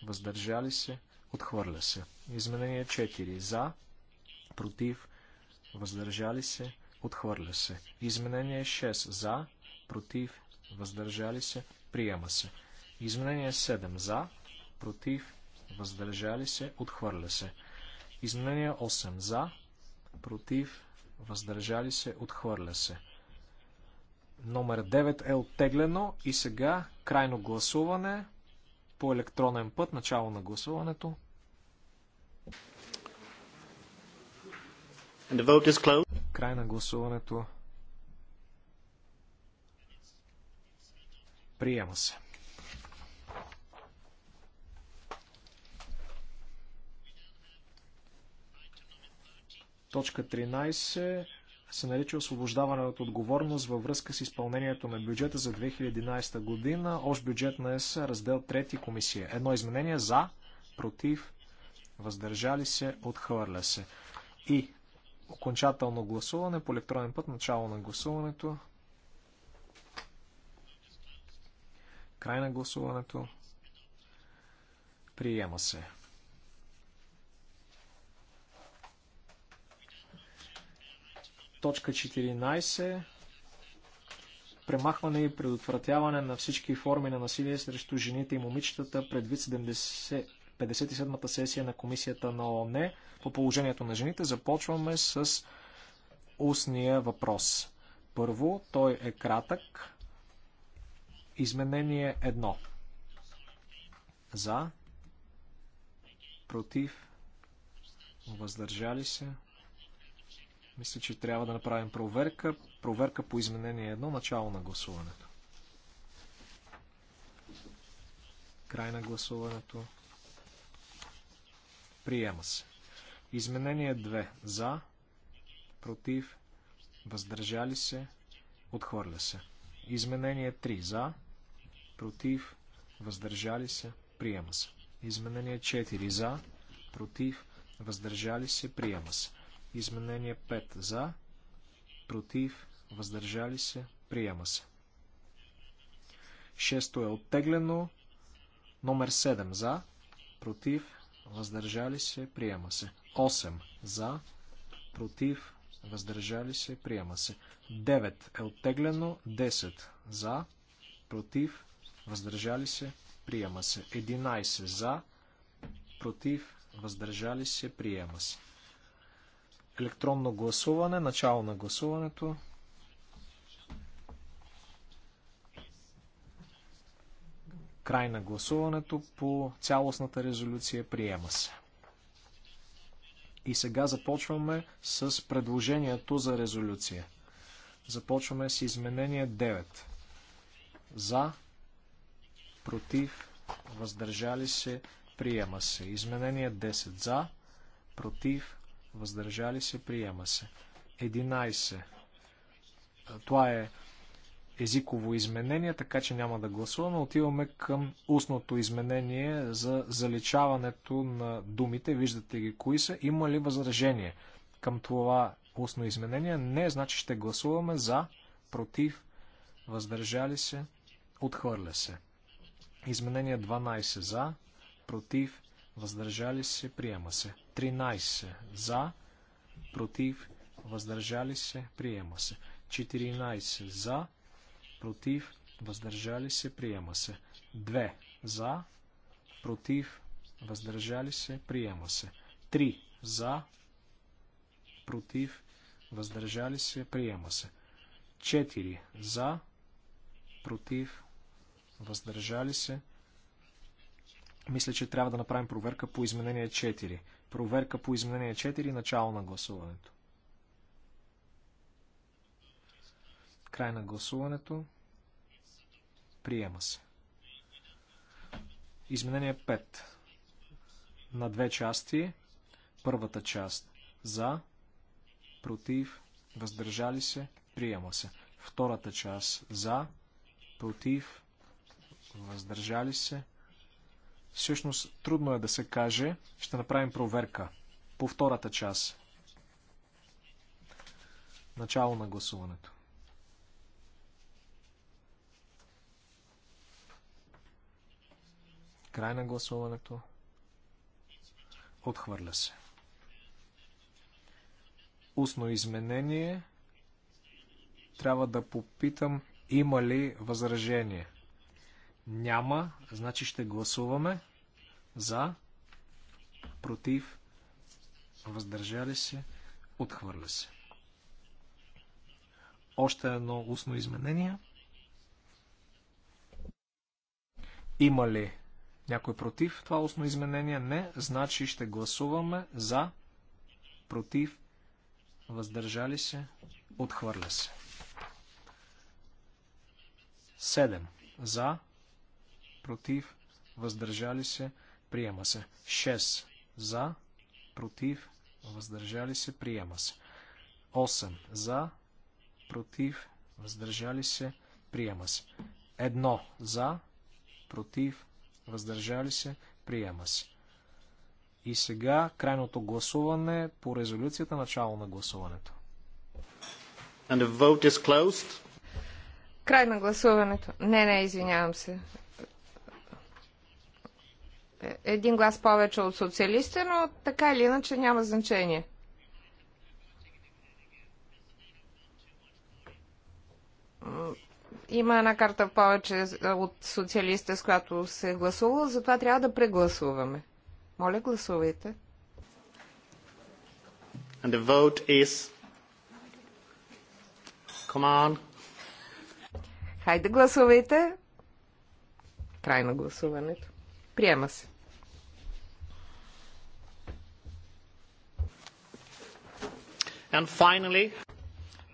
въздържали се, отхвърля се. Изменение 4 за, против, въздържали се, отхвърля се. Изменение 6 за, против, въздържали се, приема се. Изменение 7 за, против, въздържали се, отхвърля се. Изменение 8 за, против, въздържали се, отхвърля се. Номер 9 е оттеглено и сега крайно гласуване по електронен път. Начало на гласуването. Край на гласуването. Приема се. Точка 13 се нарича освобождаване от отговорност във връзка с изпълнението на бюджета за 2011 година. Ош бюджет на ЕС, раздел 3, комисия. Едно изменение за, против, въздържали се, отхвърля се. И окончателно гласуване по електронен път, начало на гласуването. Край на гласуването. Приема се. Точка 14. Премахване и предотвратяване на всички форми на насилие срещу жените и момичетата предвид 57-та сесия на комисията на ООН по положението на жените. Започваме с устния въпрос. Първо, той е кратък. Изменение 1. За. Против. Въздържали се. Мисля, че трябва да направим проверка. Проверка по изменение 1, начало на гласуването. Край на гласуването. Приема се. Изменение 2. За, против, въздържали се, отхвърля се. Изменение 3. За, против, въздържали се, приема се. Изменение 4. За, против, въздържали се, приема се. Изменение 5 за, против, въздържали се, приема се. Шесто е оттеглено. Номер 7 за, против, въздържали се, приема се. 8 за, против, въздържали се, приема се. 9 е оттеглено, 10 за, против, въздържали се, приема се. 11 за, против, въздържали се, приема се електронно гласуване, начало на гласуването. Край на гласуването по цялостната резолюция приема се. И сега започваме с предложението за резолюция. Започваме с изменение 9. За, против, въздържали се, приема се. Изменение 10. За, против, въздържали се, приема се. 11. Това е езиково изменение, така че няма да гласуваме. Отиваме към устното изменение за заличаването на думите. Виждате ги кои са. Има ли възражение към това устно изменение? Не, значи ще гласуваме за, против, въздържали се, отхвърля се. Изменение 12 за, против, въздържали се, приема се. 13 за, против, въздържали се, приема се. 14 за, против, въздържали се, приема се. 2 за, против, въздържали се, приема се. 3 за, против, въздържали се, приема се. 4 за, против, въздържали се, приема се. Мисля, че трябва да направим проверка по изменение 4. Проверка по изменение 4, начало на гласуването. Край на гласуването. Приема се. Изменение 5. На две части. Първата част. За. Против. Въздържали се. Приема се. Втората част. За. Против. Въздържали се. Всъщност трудно е да се каже. Ще направим проверка по втората част. Начало на гласуването. Край на гласуването. Отхвърля се. Устно изменение. Трябва да попитам има ли възражение. Няма. Значи ще гласуваме за, против, въздържали се, отхвърля се. Още едно устно изменение. Има ли някой против това устно изменение? Не. Значи ще гласуваме за, против, въздържали се, отхвърля се. 7. За, против, въздържали се, приема се. 6 за, против, въздържали се, приема се. 8 за, против, въздържали се, приема се. 1 за, против, въздържали се, приема се. И сега крайното гласуване по резолюцията начало на гласуването. And the vote is closed. Край на гласуването. Не, не, извинявам се един глас повече от социалиста, но така или иначе няма значение. Има една карта повече от социалиста, с която се е гласувало, затова трябва да прегласуваме. Моля, гласувайте. And the vote is... Come on. Хайде гласувайте. Край на гласуването. Приема се.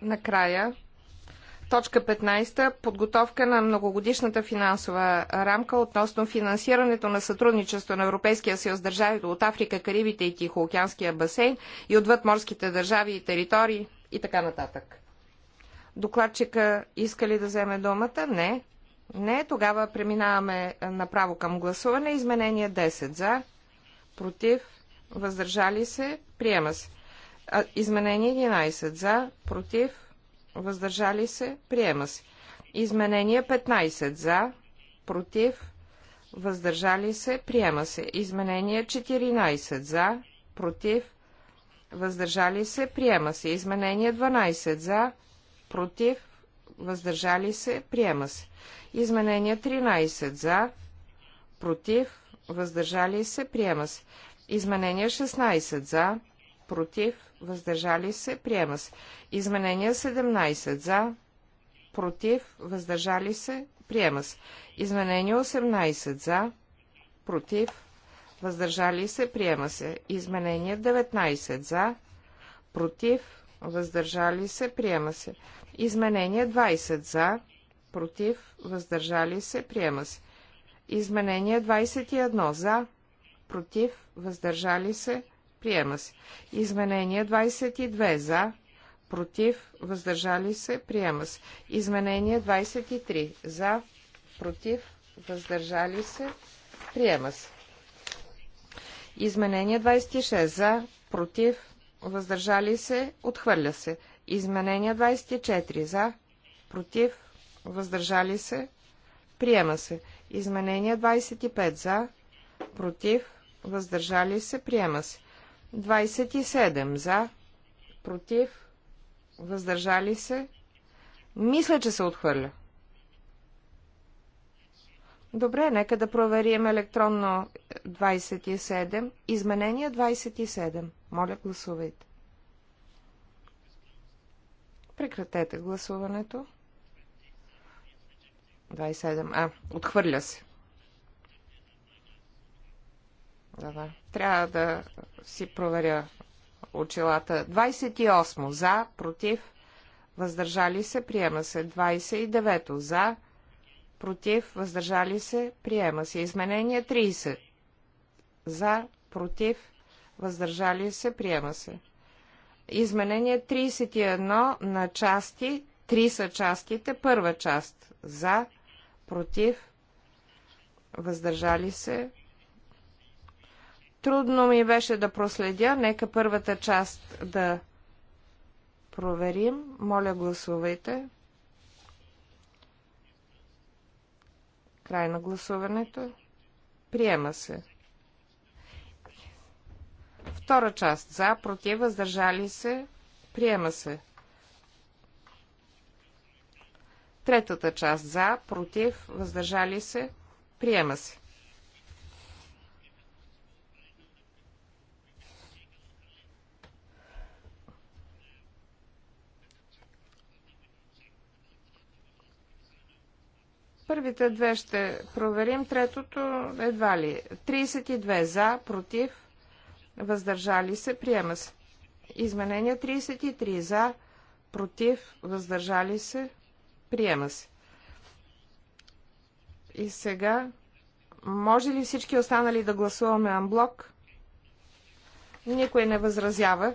Накрая, Точка 15. Подготовка на многогодишната финансова рамка относно финансирането на сътрудничество на Европейския съюз държави от Африка, Карибите и Тихоокеанския басейн и отвъд морските държави и територии и така нататък. Докладчика иска ли да вземе думата? Не. Не. Тогава преминаваме направо към гласуване. Изменение 10 за, против, въздържали се, приема се. Изменение 11 за, против, въздържали се, приема се. Изменение 15 за, против, въздържали се, приема се. Изменение 14 за, против, въздържали се, приема се. Изменение 12 за, против, въздържали се, приема се. Изменение 13 за, против, въздържали се, приема се. Изменение 16 за, против, въздържали се, приема се. Изменение 17 за, против, въздържали се, приема се. Изменение 18 за, против, въздържали се, приема се. Изменение 19 за, против, въздържали се, приема се. Изменение 20 за, против, въздържали се, приема се. Изменение 21 за, против, въздържали се, Приема се. Изменение 22 за, против, въздържали се, приема се. Изменение 23 за, против, въздържали се, приема се. Изменение 26 за, против, въздържали се, отхвърля се. Изменение 24 за, против, въздържали се, приема се. Изменение 25 за, против, въздържали се, приема се. 27 за, против, въздържали се. Мисля, че се отхвърля. Добре, нека да проверим електронно 27. Изменение 27. Моля, гласувайте. Прекратете гласуването. 27. А, отхвърля се. Да, да. Трябва да си проверя очилата. 28 за, против, въздържали се, приема се. 29 за, против, въздържали се, приема се. Изменение 30 за, против, въздържали се, приема се. Изменение 31 на части, три са частите, първа част за, против, въздържали се, Трудно ми беше да проследя. Нека първата част да проверим. Моля, гласувайте. Край на гласуването. Приема се. Втора част. За, против, въздържали се. Приема се. Третата част. За, против, въздържали се. Приема се. Първите две ще проверим, третото едва ли. 32 за, против, въздържали се, приема се. Изменение 33 за, против, въздържали се, приема се. И сега, може ли всички останали да гласуваме анблок? Никой не възразява.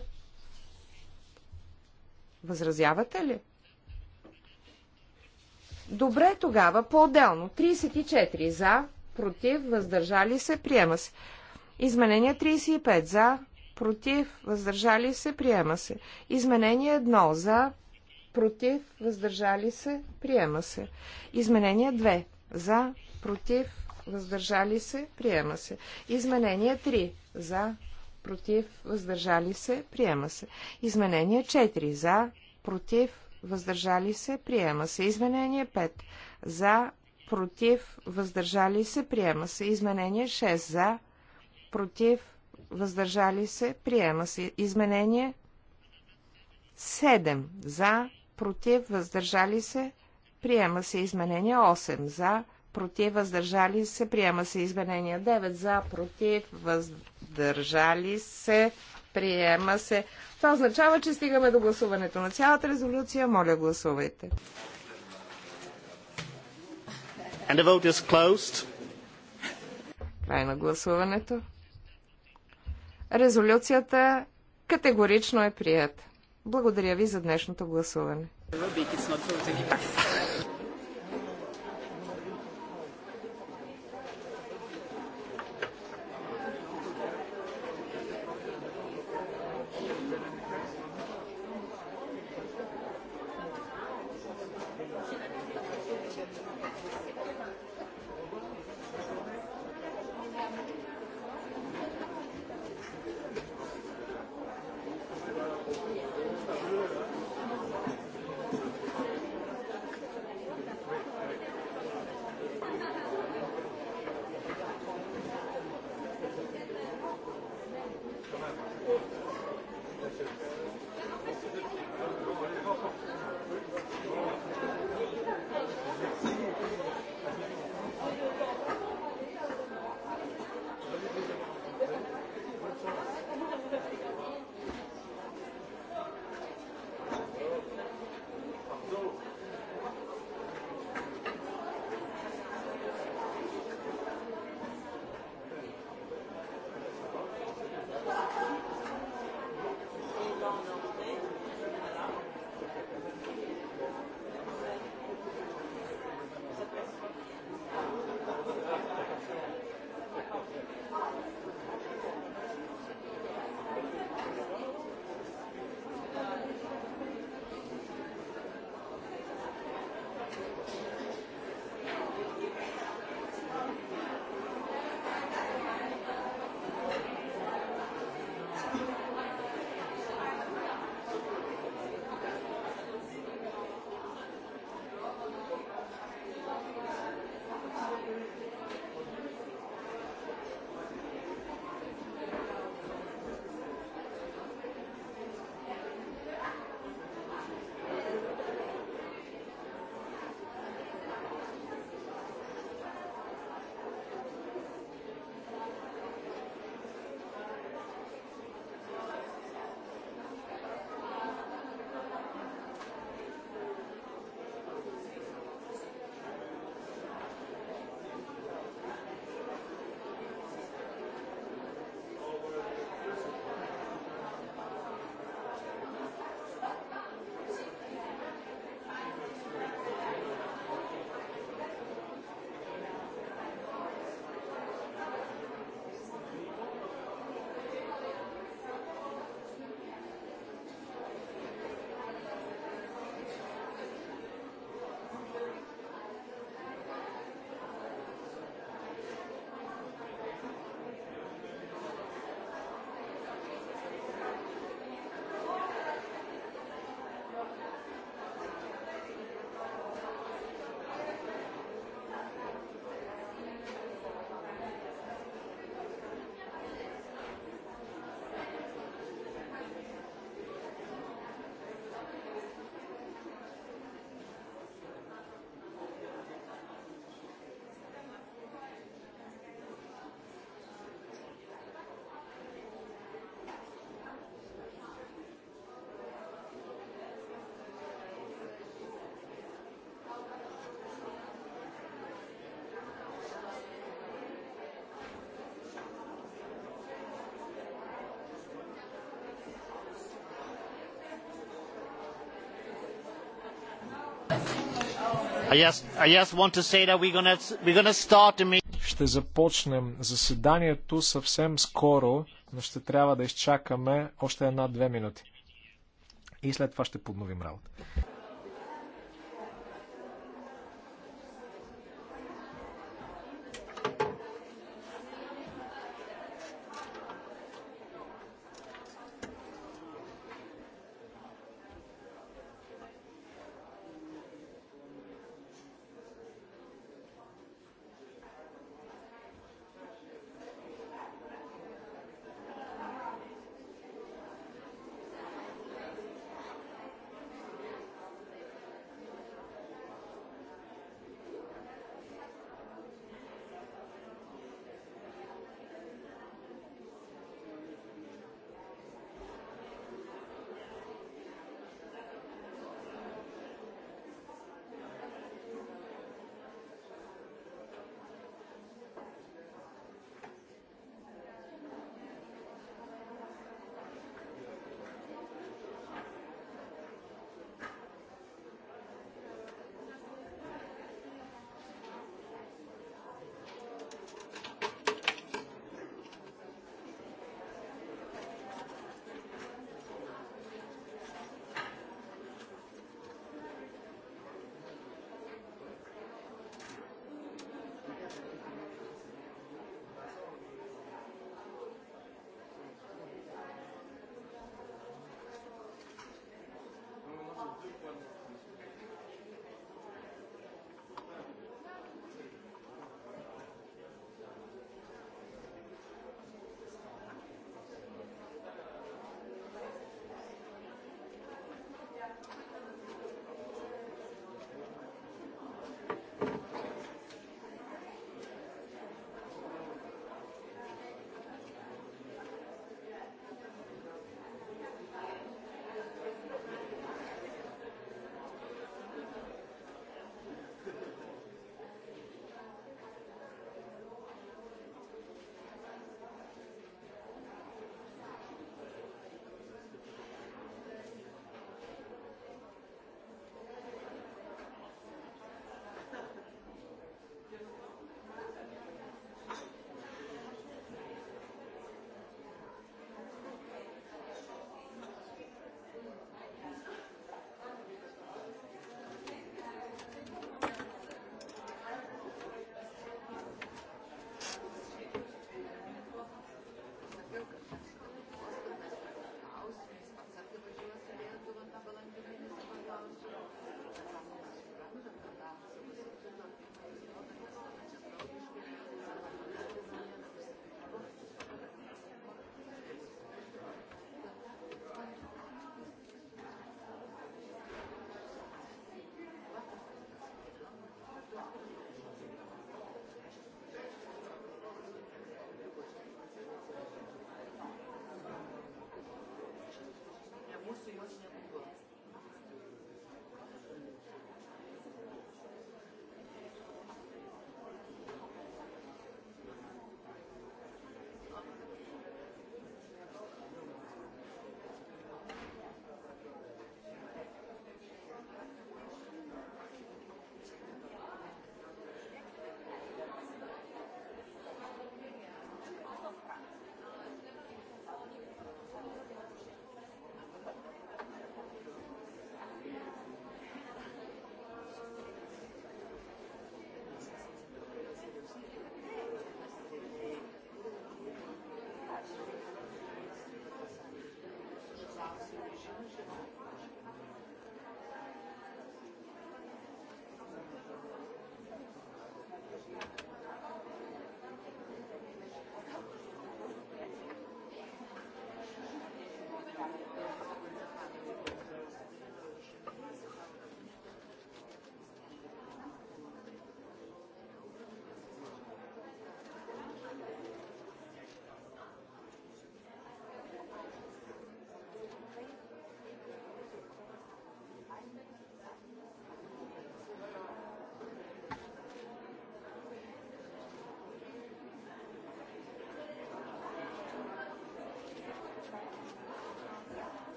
Възразявате ли? Добре тогава, по-отделно. 34 за, против, въздържали се, приема се. Изменение 35 за, против, въздържали се, приема се. Изменение 1 за, против, въздържали се, приема се. Изменение 2 за, против, въздържали се, приема се. Изменение 3 за, против, въздържали се, приема се. Изменение 4 за, против, въздържали се, приема се. Изменение 5 за, против, въздържали се, приема се. Изменение 6 за, против, въздържали се, приема се. Изменение 7 за, против, въздържали се, приема се. Изменение 8 за, против, въздържали се, приема се. Изменение 9 за, против, въздържали се, Приема се. Това означава, че стигаме до гласуването на цялата резолюция. Моля, гласувайте. And the vote is closed. Край на гласуването. Резолюцията категорично е прията. Благодаря ви за днешното гласуване. Ще започнем заседанието съвсем скоро, но ще трябва да изчакаме още една-две минути. И след това ще подновим работа.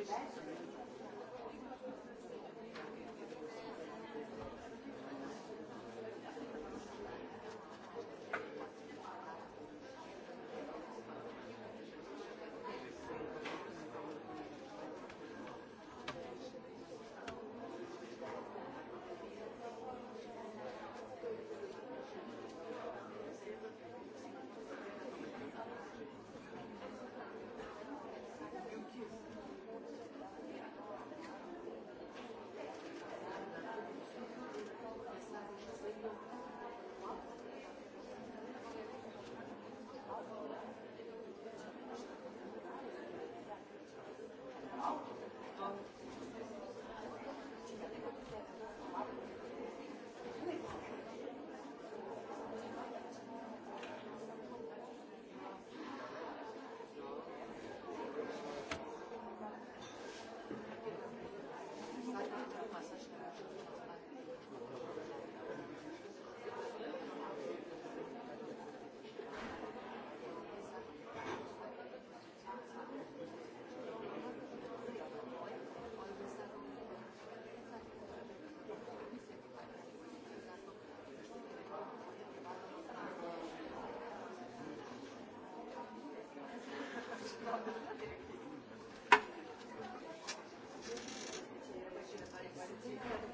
Leistung Thank you.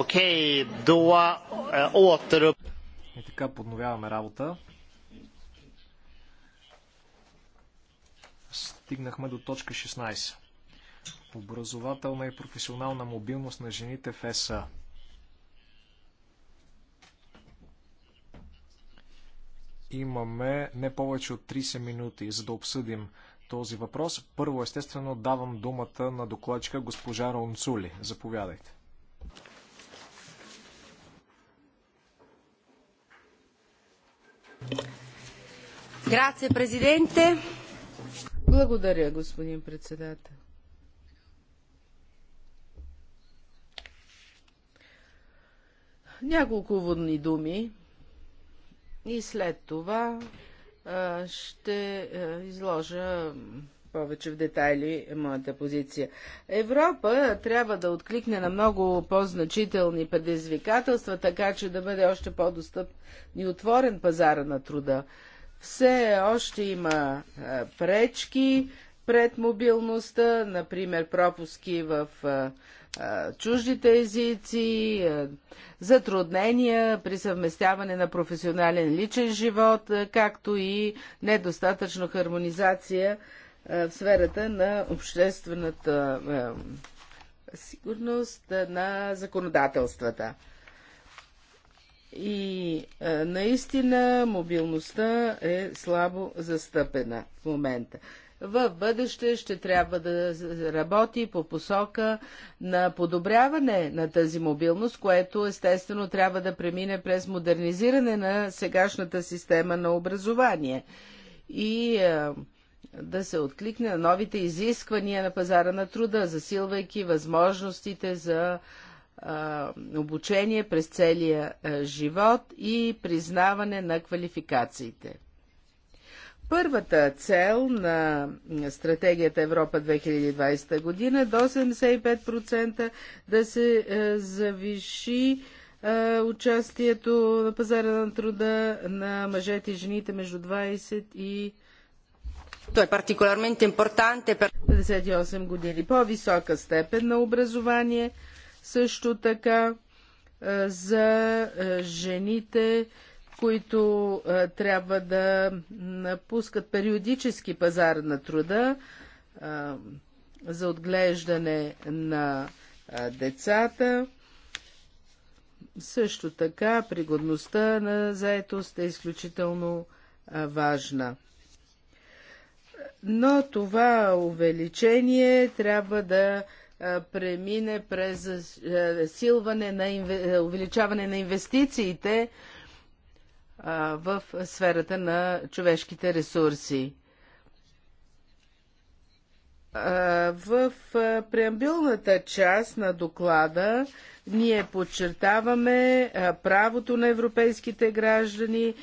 Окей, до е, отъръп. И така подновяваме работа. Стигнахме до точка 16. Образователна и професионална мобилност на жените в ЕСА. Имаме не повече от 30 минути, за да обсъдим този въпрос. Първо, естествено, давам думата на докладчика госпожа Ронцули. Заповядайте. Грация, президенте. Благодаря, господин председател. Няколко водни думи и след това ще изложа повече в детайли моята позиция. Европа трябва да откликне на много по-значителни предизвикателства, така че да бъде още по-достъп и отворен пазара на труда. Все още има е, пречки пред мобилността, например пропуски в е, е, чуждите езици, затруднения при съвместяване на професионален личен живот, както и недостатъчно хармонизация в сферата на обществената сигурност на законодателствата. И а, е, наистина мобилността е слабо застъпена в момента. В бъдеще ще трябва да работи по посока на подобряване на тази мобилност, което естествено трябва да премине през модернизиране на сегашната система на образование. И а, е, да се откликне на новите изисквания на пазара на труда, засилвайки възможностите за а, е, обучение през целия живот и признаване на квалификациите. Първата цел на стратегията Европа 2020 година е до 75% да се завиши участието на пазара на труда на мъжете и жените между 20 и е партикулярно 58 години. По-висока степен на образование – също така за жените, които трябва да напускат периодически пазар на труда за отглеждане на децата. Също така пригодността на заетост е изключително важна. Но това увеличение трябва да премине през силване на увеличаване на инвестициите в сферата на човешките ресурси. В преамбилната част на доклада ние подчертаваме правото на европейските граждани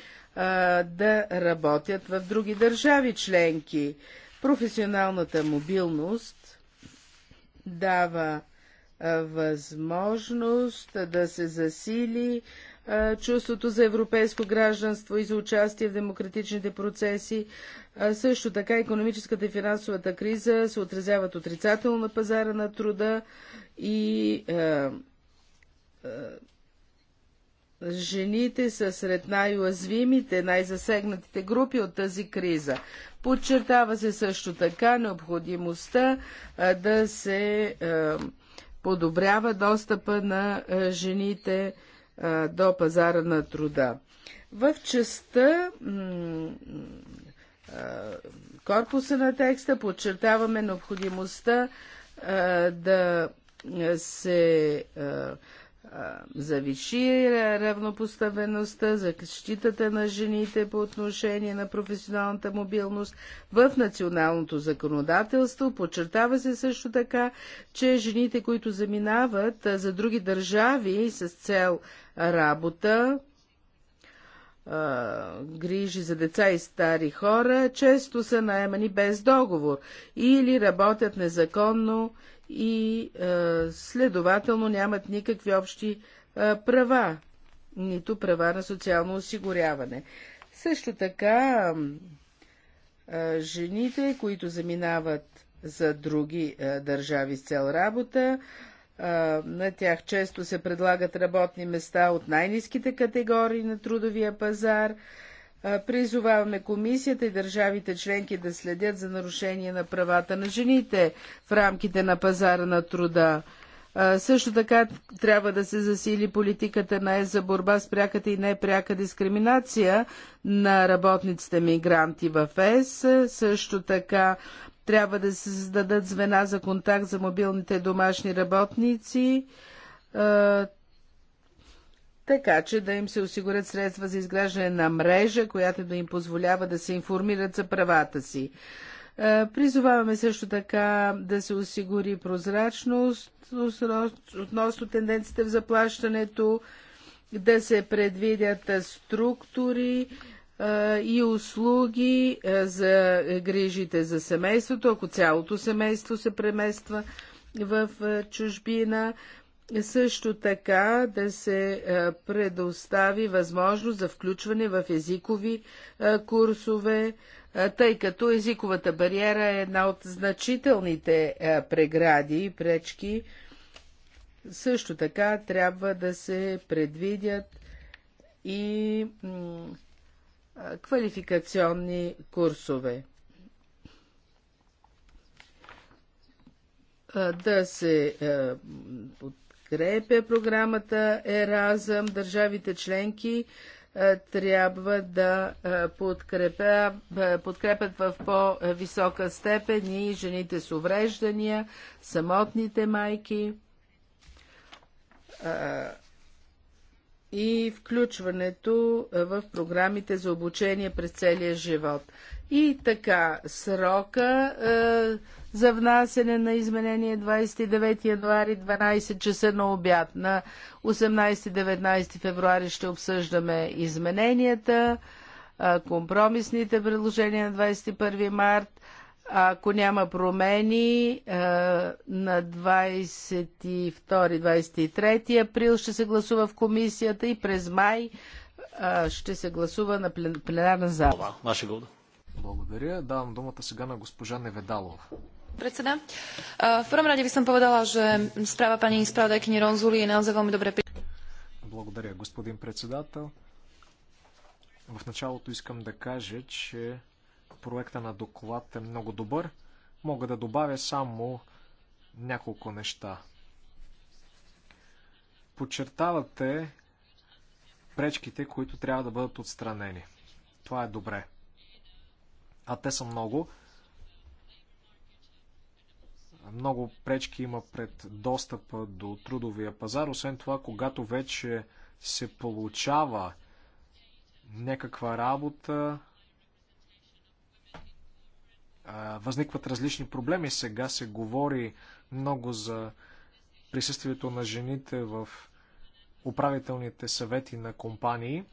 да работят в други държави членки. Професионалната мобилност дава възможност да се засили чувството за европейско гражданство и за участие в демократичните процеси. Също така економическата и финансовата криза се отразяват отрицателно на пазара на труда и Жените са сред най-уязвимите, най-засегнатите групи от тази криза. Подчертава се също така необходимостта да се подобрява достъпа на жените до пазара на труда. В частта корпуса на текста подчертаваме необходимостта да се завиши равнопоставеността, защитата на жените по отношение на професионалната мобилност в националното законодателство. Подчертава се също така, че жените, които заминават за други държави с цел работа, грижи за деца и стари хора, често са наемани без договор или работят незаконно и е, следователно нямат никакви общи е, права, нито права на социално осигуряване. Също така, е, жените, които заминават за други държави с цел работа, на тях често се предлагат работни места от най-низките категории на трудовия пазар, Призоваваме комисията и държавите членки да следят за нарушение на правата на жените в рамките на пазара на труда. Също така трябва да се засили политиката на ЕС за борба с пряката и непряка дискриминация на работниците мигранти в ЕС. Също така трябва да се създадат звена за контакт за мобилните домашни работници така че да им се осигурят средства за изграждане на мрежа, която да им позволява да се информират за правата си. Е, призоваваме също така да се осигури прозрачност относно тенденциите в заплащането, да се предвидят структури е, и услуги е, за грижите за семейството, ако цялото семейство се премества в чужбина, също така да се е, предостави възможност за включване в езикови е, курсове, е, тъй като езиковата бариера е една от значителните прегради и пречки. Също така трябва да се предвидят и квалификационни курсове. Да се подкрепя програмата Еразъм. Държавите членки е, трябва да е, подкрепя, е, подкрепят в по-висока степен и жените с увреждания, самотните майки и включването в програмите за обучение през целия живот. И така, срока е, за внасене на изменение 29 е януари 12 часа на обяд. На 18-19 февруари ще обсъждаме измененията, е, компромисните предложения на 21 март, ако няма промени, е, на 22-23 април ще се гласува в комисията и през май е, ще се гласува на пленарна зала. Благодаря. Давам думата сега на госпожа Неведалова. Predseda. V prvom rade by som povedala, že správa pani spravodajkyni Ronzuli je naozaj veľmi dobre Благодаря, господин председател. В началото искам да кажа, че проекта на доклад е много добър. Мога да добавя само няколко неща. Подчертавате пречките, които трябва да бъдат отстранени. Това е добре. А те са много. Много пречки има пред достъпа до трудовия пазар. Освен това, когато вече се получава някаква работа, възникват различни проблеми. Сега се говори много за присъствието на жените в управителните съвети на компании.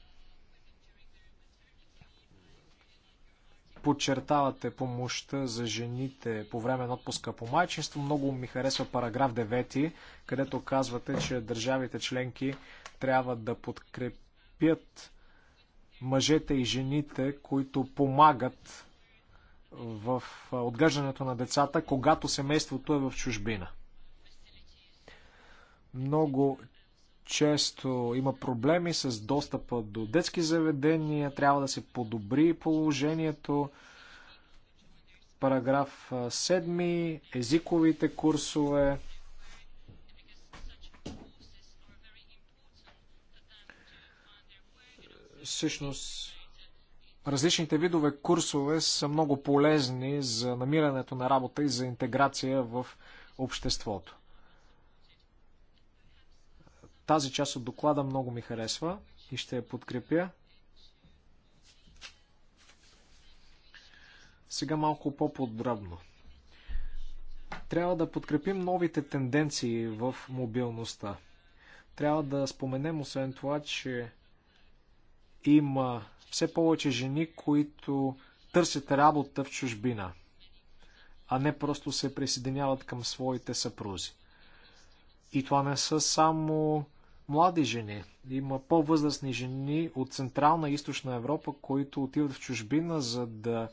Подчертавате помощта за жените по време на отпуска по майчинство. Много ми харесва параграф 9, където казвате, че държавите членки трябва да подкрепят мъжете и жените, които помагат в отглеждането на децата, когато семейството е в чужбина. Много често има проблеми с достъпа до детски заведения, трябва да се подобри положението. Параграф 7, езиковите курсове. Всъщност, Различните видове курсове са много полезни за намирането на работа и за интеграция в обществото. Тази част от доклада много ми харесва и ще я подкрепя. Сега малко по-подробно. Трябва да подкрепим новите тенденции в мобилността. Трябва да споменем, освен това, че има все повече жени, които търсят работа в чужбина, а не просто се присъединяват към своите съпрузи. И това не са само млади жени. Има по-възрастни жени от Централна и Източна Европа, които отиват в чужбина, за да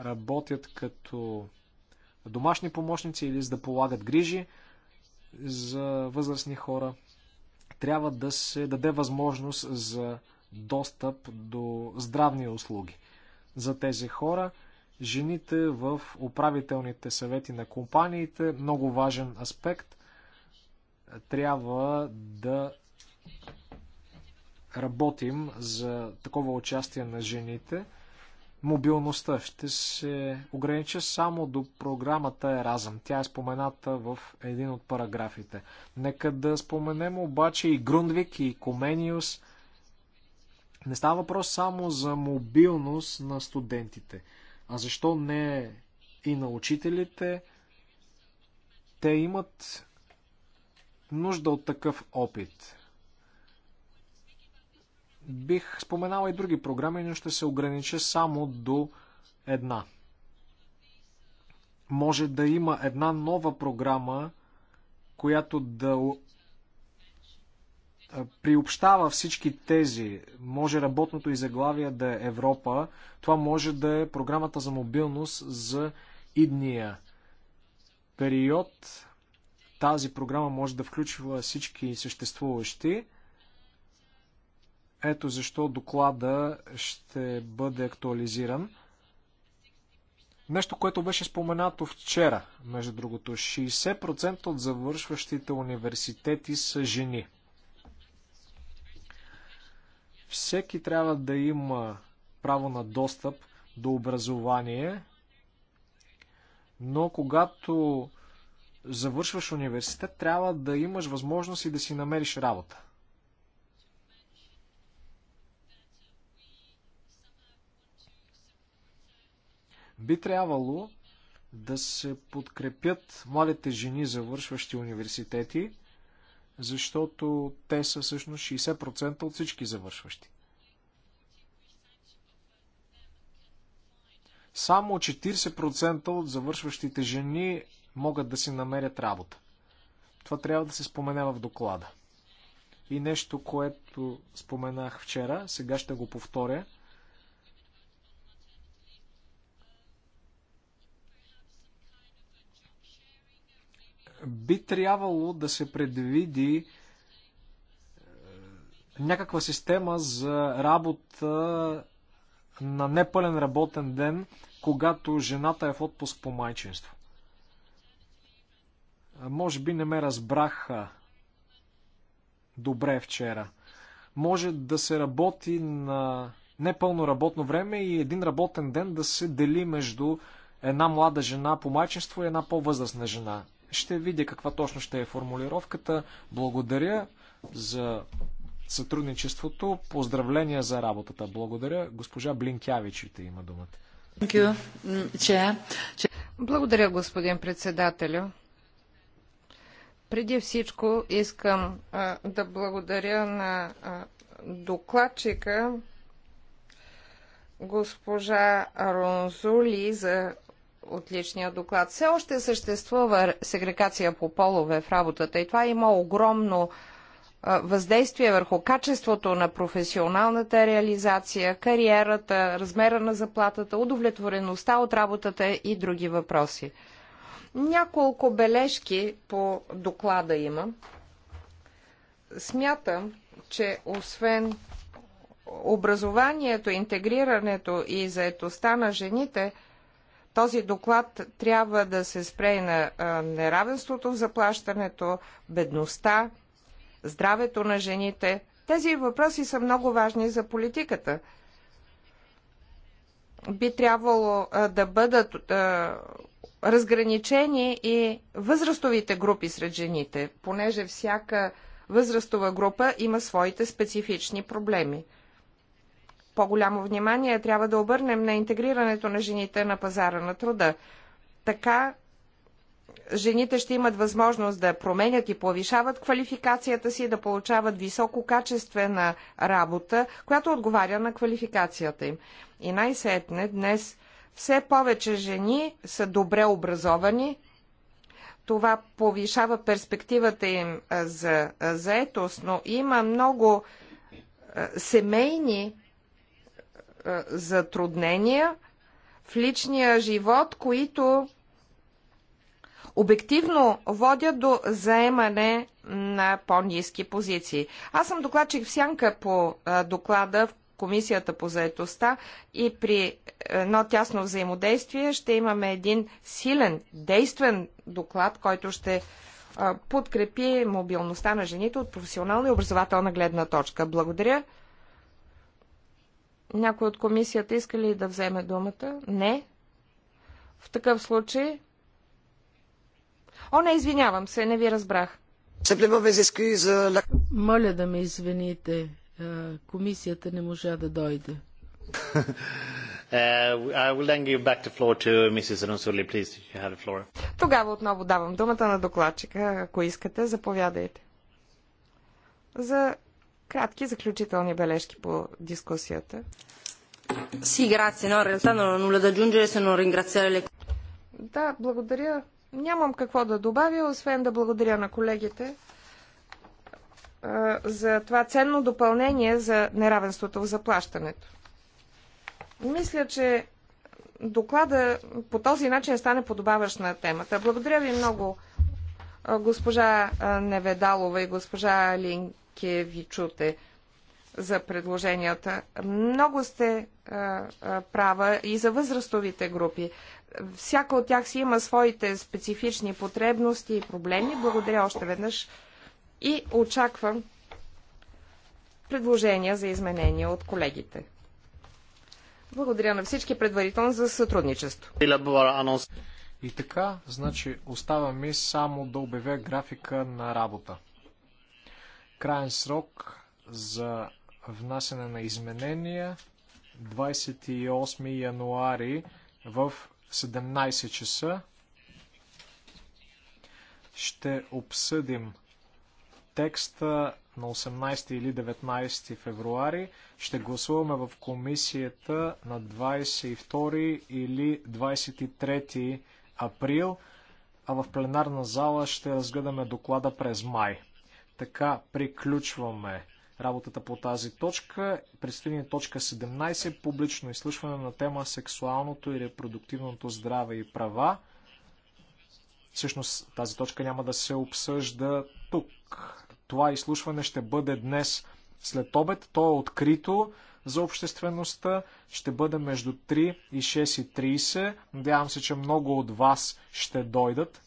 работят като домашни помощници или за да полагат грижи за възрастни хора. Трябва да се даде възможност за достъп до здравни услуги за тези хора. Жените в управителните съвети на компаниите, много важен аспект, трябва да работим за такова участие на жените. Мобилността ще се огранича само до програмата Еразъм. Тя е спомената в един от параграфите. Нека да споменем обаче и Грундвик, и Комениус – не става въпрос само за мобилност на студентите. А защо не и на учителите? Те имат нужда от такъв опит. Бих споменала и други програми, но ще се огранича само до една. Може да има една нова програма, която да приобщава всички тези, може работното и заглавие да е Европа, това може да е програмата за мобилност за идния период. Тази програма може да включва всички съществуващи. Ето защо доклада ще бъде актуализиран. Нещо, което беше споменато вчера, между другото, 60% от завършващите университети са жени – всеки трябва да има право на достъп до образование, но когато завършваш университет, трябва да имаш възможност и да си намериш работа. Би трябвало да се подкрепят младите жени, завършващи университети, защото те са всъщност 60% от всички завършващи. Само 40% от завършващите жени могат да си намерят работа. Това трябва да се споменава в доклада. И нещо, което споменах вчера, сега ще го повторя – би трябвало да се предвиди е, някаква система за работа на непълен работен ден, когато жената е в отпуск по майчинство. Е, може би не ме разбраха добре вчера. Може да се работи на непълно работно време и един работен ден да се дели между една млада жена по майчинство и една по-възрастна жена. Ще видя каква точно ще е формулировката. Благодаря за сътрудничеството. Поздравления за работата. Благодаря. Госпожа Блинкявичите има думата. Благодаря, господин председателю. Преди всичко искам а, да благодаря на а, докладчика госпожа Ронзули за отличния доклад. Все още съществува сегрегация по полове в работата и това има огромно въздействие върху качеството на професионалната реализация, кариерата, размера на заплатата, удовлетвореността от работата и други въпроси. Няколко бележки по доклада има. Смятам, че освен образованието, интегрирането и заетостта на жените – този доклад трябва да се спре на неравенството в заплащането, бедността, здравето на жените. Тези въпроси са много важни за политиката. Би трябвало да бъдат разграничени и възрастовите групи сред жените, понеже всяка възрастова група има своите специфични проблеми по-голямо внимание трябва да обърнем на интегрирането на жените на пазара на труда. Така жените ще имат възможност да променят и повишават квалификацията си, да получават висококачествена работа, която отговаря на квалификацията им. И най-сетне днес все повече жени са добре образовани, това повишава перспективата им за заетост, но има много семейни е, затруднения в личния живот, които обективно водят до заемане на по-низки позиции. Аз съм докладчик в сянка по е, доклада в Комисията по заедостта и при е, едно тясно взаимодействие ще имаме един силен, действен доклад, който ще подкрепи мобилността на жените от професионална и образователна гледна точка. Благодаря. Някой от комисията иска ли да вземе думата? Не. В такъв случай... О, не, извинявам се, не ви разбрах. Моля да ме извините. Комисията не можа да дойде. Uh, Тогава отново давам думата на докладчика. Ако искате, заповядайте. За Кратки заключителни бележки по дискусията. Си, грация. Но, реалта, но нула да джунджере се, но ринграция Да, благодаря. Нямам какво да добавя, освен да благодаря на колегите за това ценно допълнение за неравенството в заплащането. Мисля, че доклада по този начин стане подобаващ на темата. Благодаря ви много, госпожа Неведалова и госпожа Лин Ке ви чуте за предложенията. Много сте а, а, права и за възрастовите групи. Всяка от тях си има своите специфични потребности и проблеми. Благодаря още веднъж и очаквам предложения за изменения от колегите. Благодаря на всички предварително за сътрудничество. И така, значи, оставаме само да обявя графика на работа. Крайен срок за внасяне на изменения 28 януари в 17 часа. Ще обсъдим текста на 18 или 19 февруари. Ще гласуваме в комисията на 22 или 23 април, а в пленарна зала ще разгледаме доклада през май. Така приключваме работата по тази точка. Предстои ни точка 17 публично изслушване на тема сексуалното и репродуктивното здраве и права. Всъщност тази точка няма да се обсъжда тук. Това изслушване ще бъде днес след обед. То е открито за обществеността. Ще бъде между 3 и 6.30. Надявам се, че много от вас ще дойдат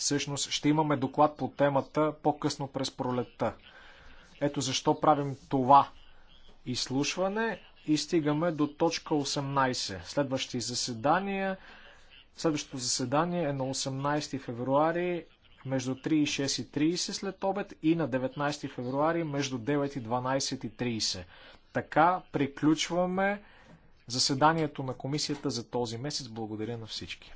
Всъщност ще имаме доклад по темата по-късно през пролетта. Ето защо правим това изслушване и стигаме до точка 18. Следващи заседания. Следващото заседание е на 18 февруари между 3 и 6.30 след обед и на 19 февруари между 9 и 12.30. Така приключваме заседанието на комисията за този месец. Благодаря на всички.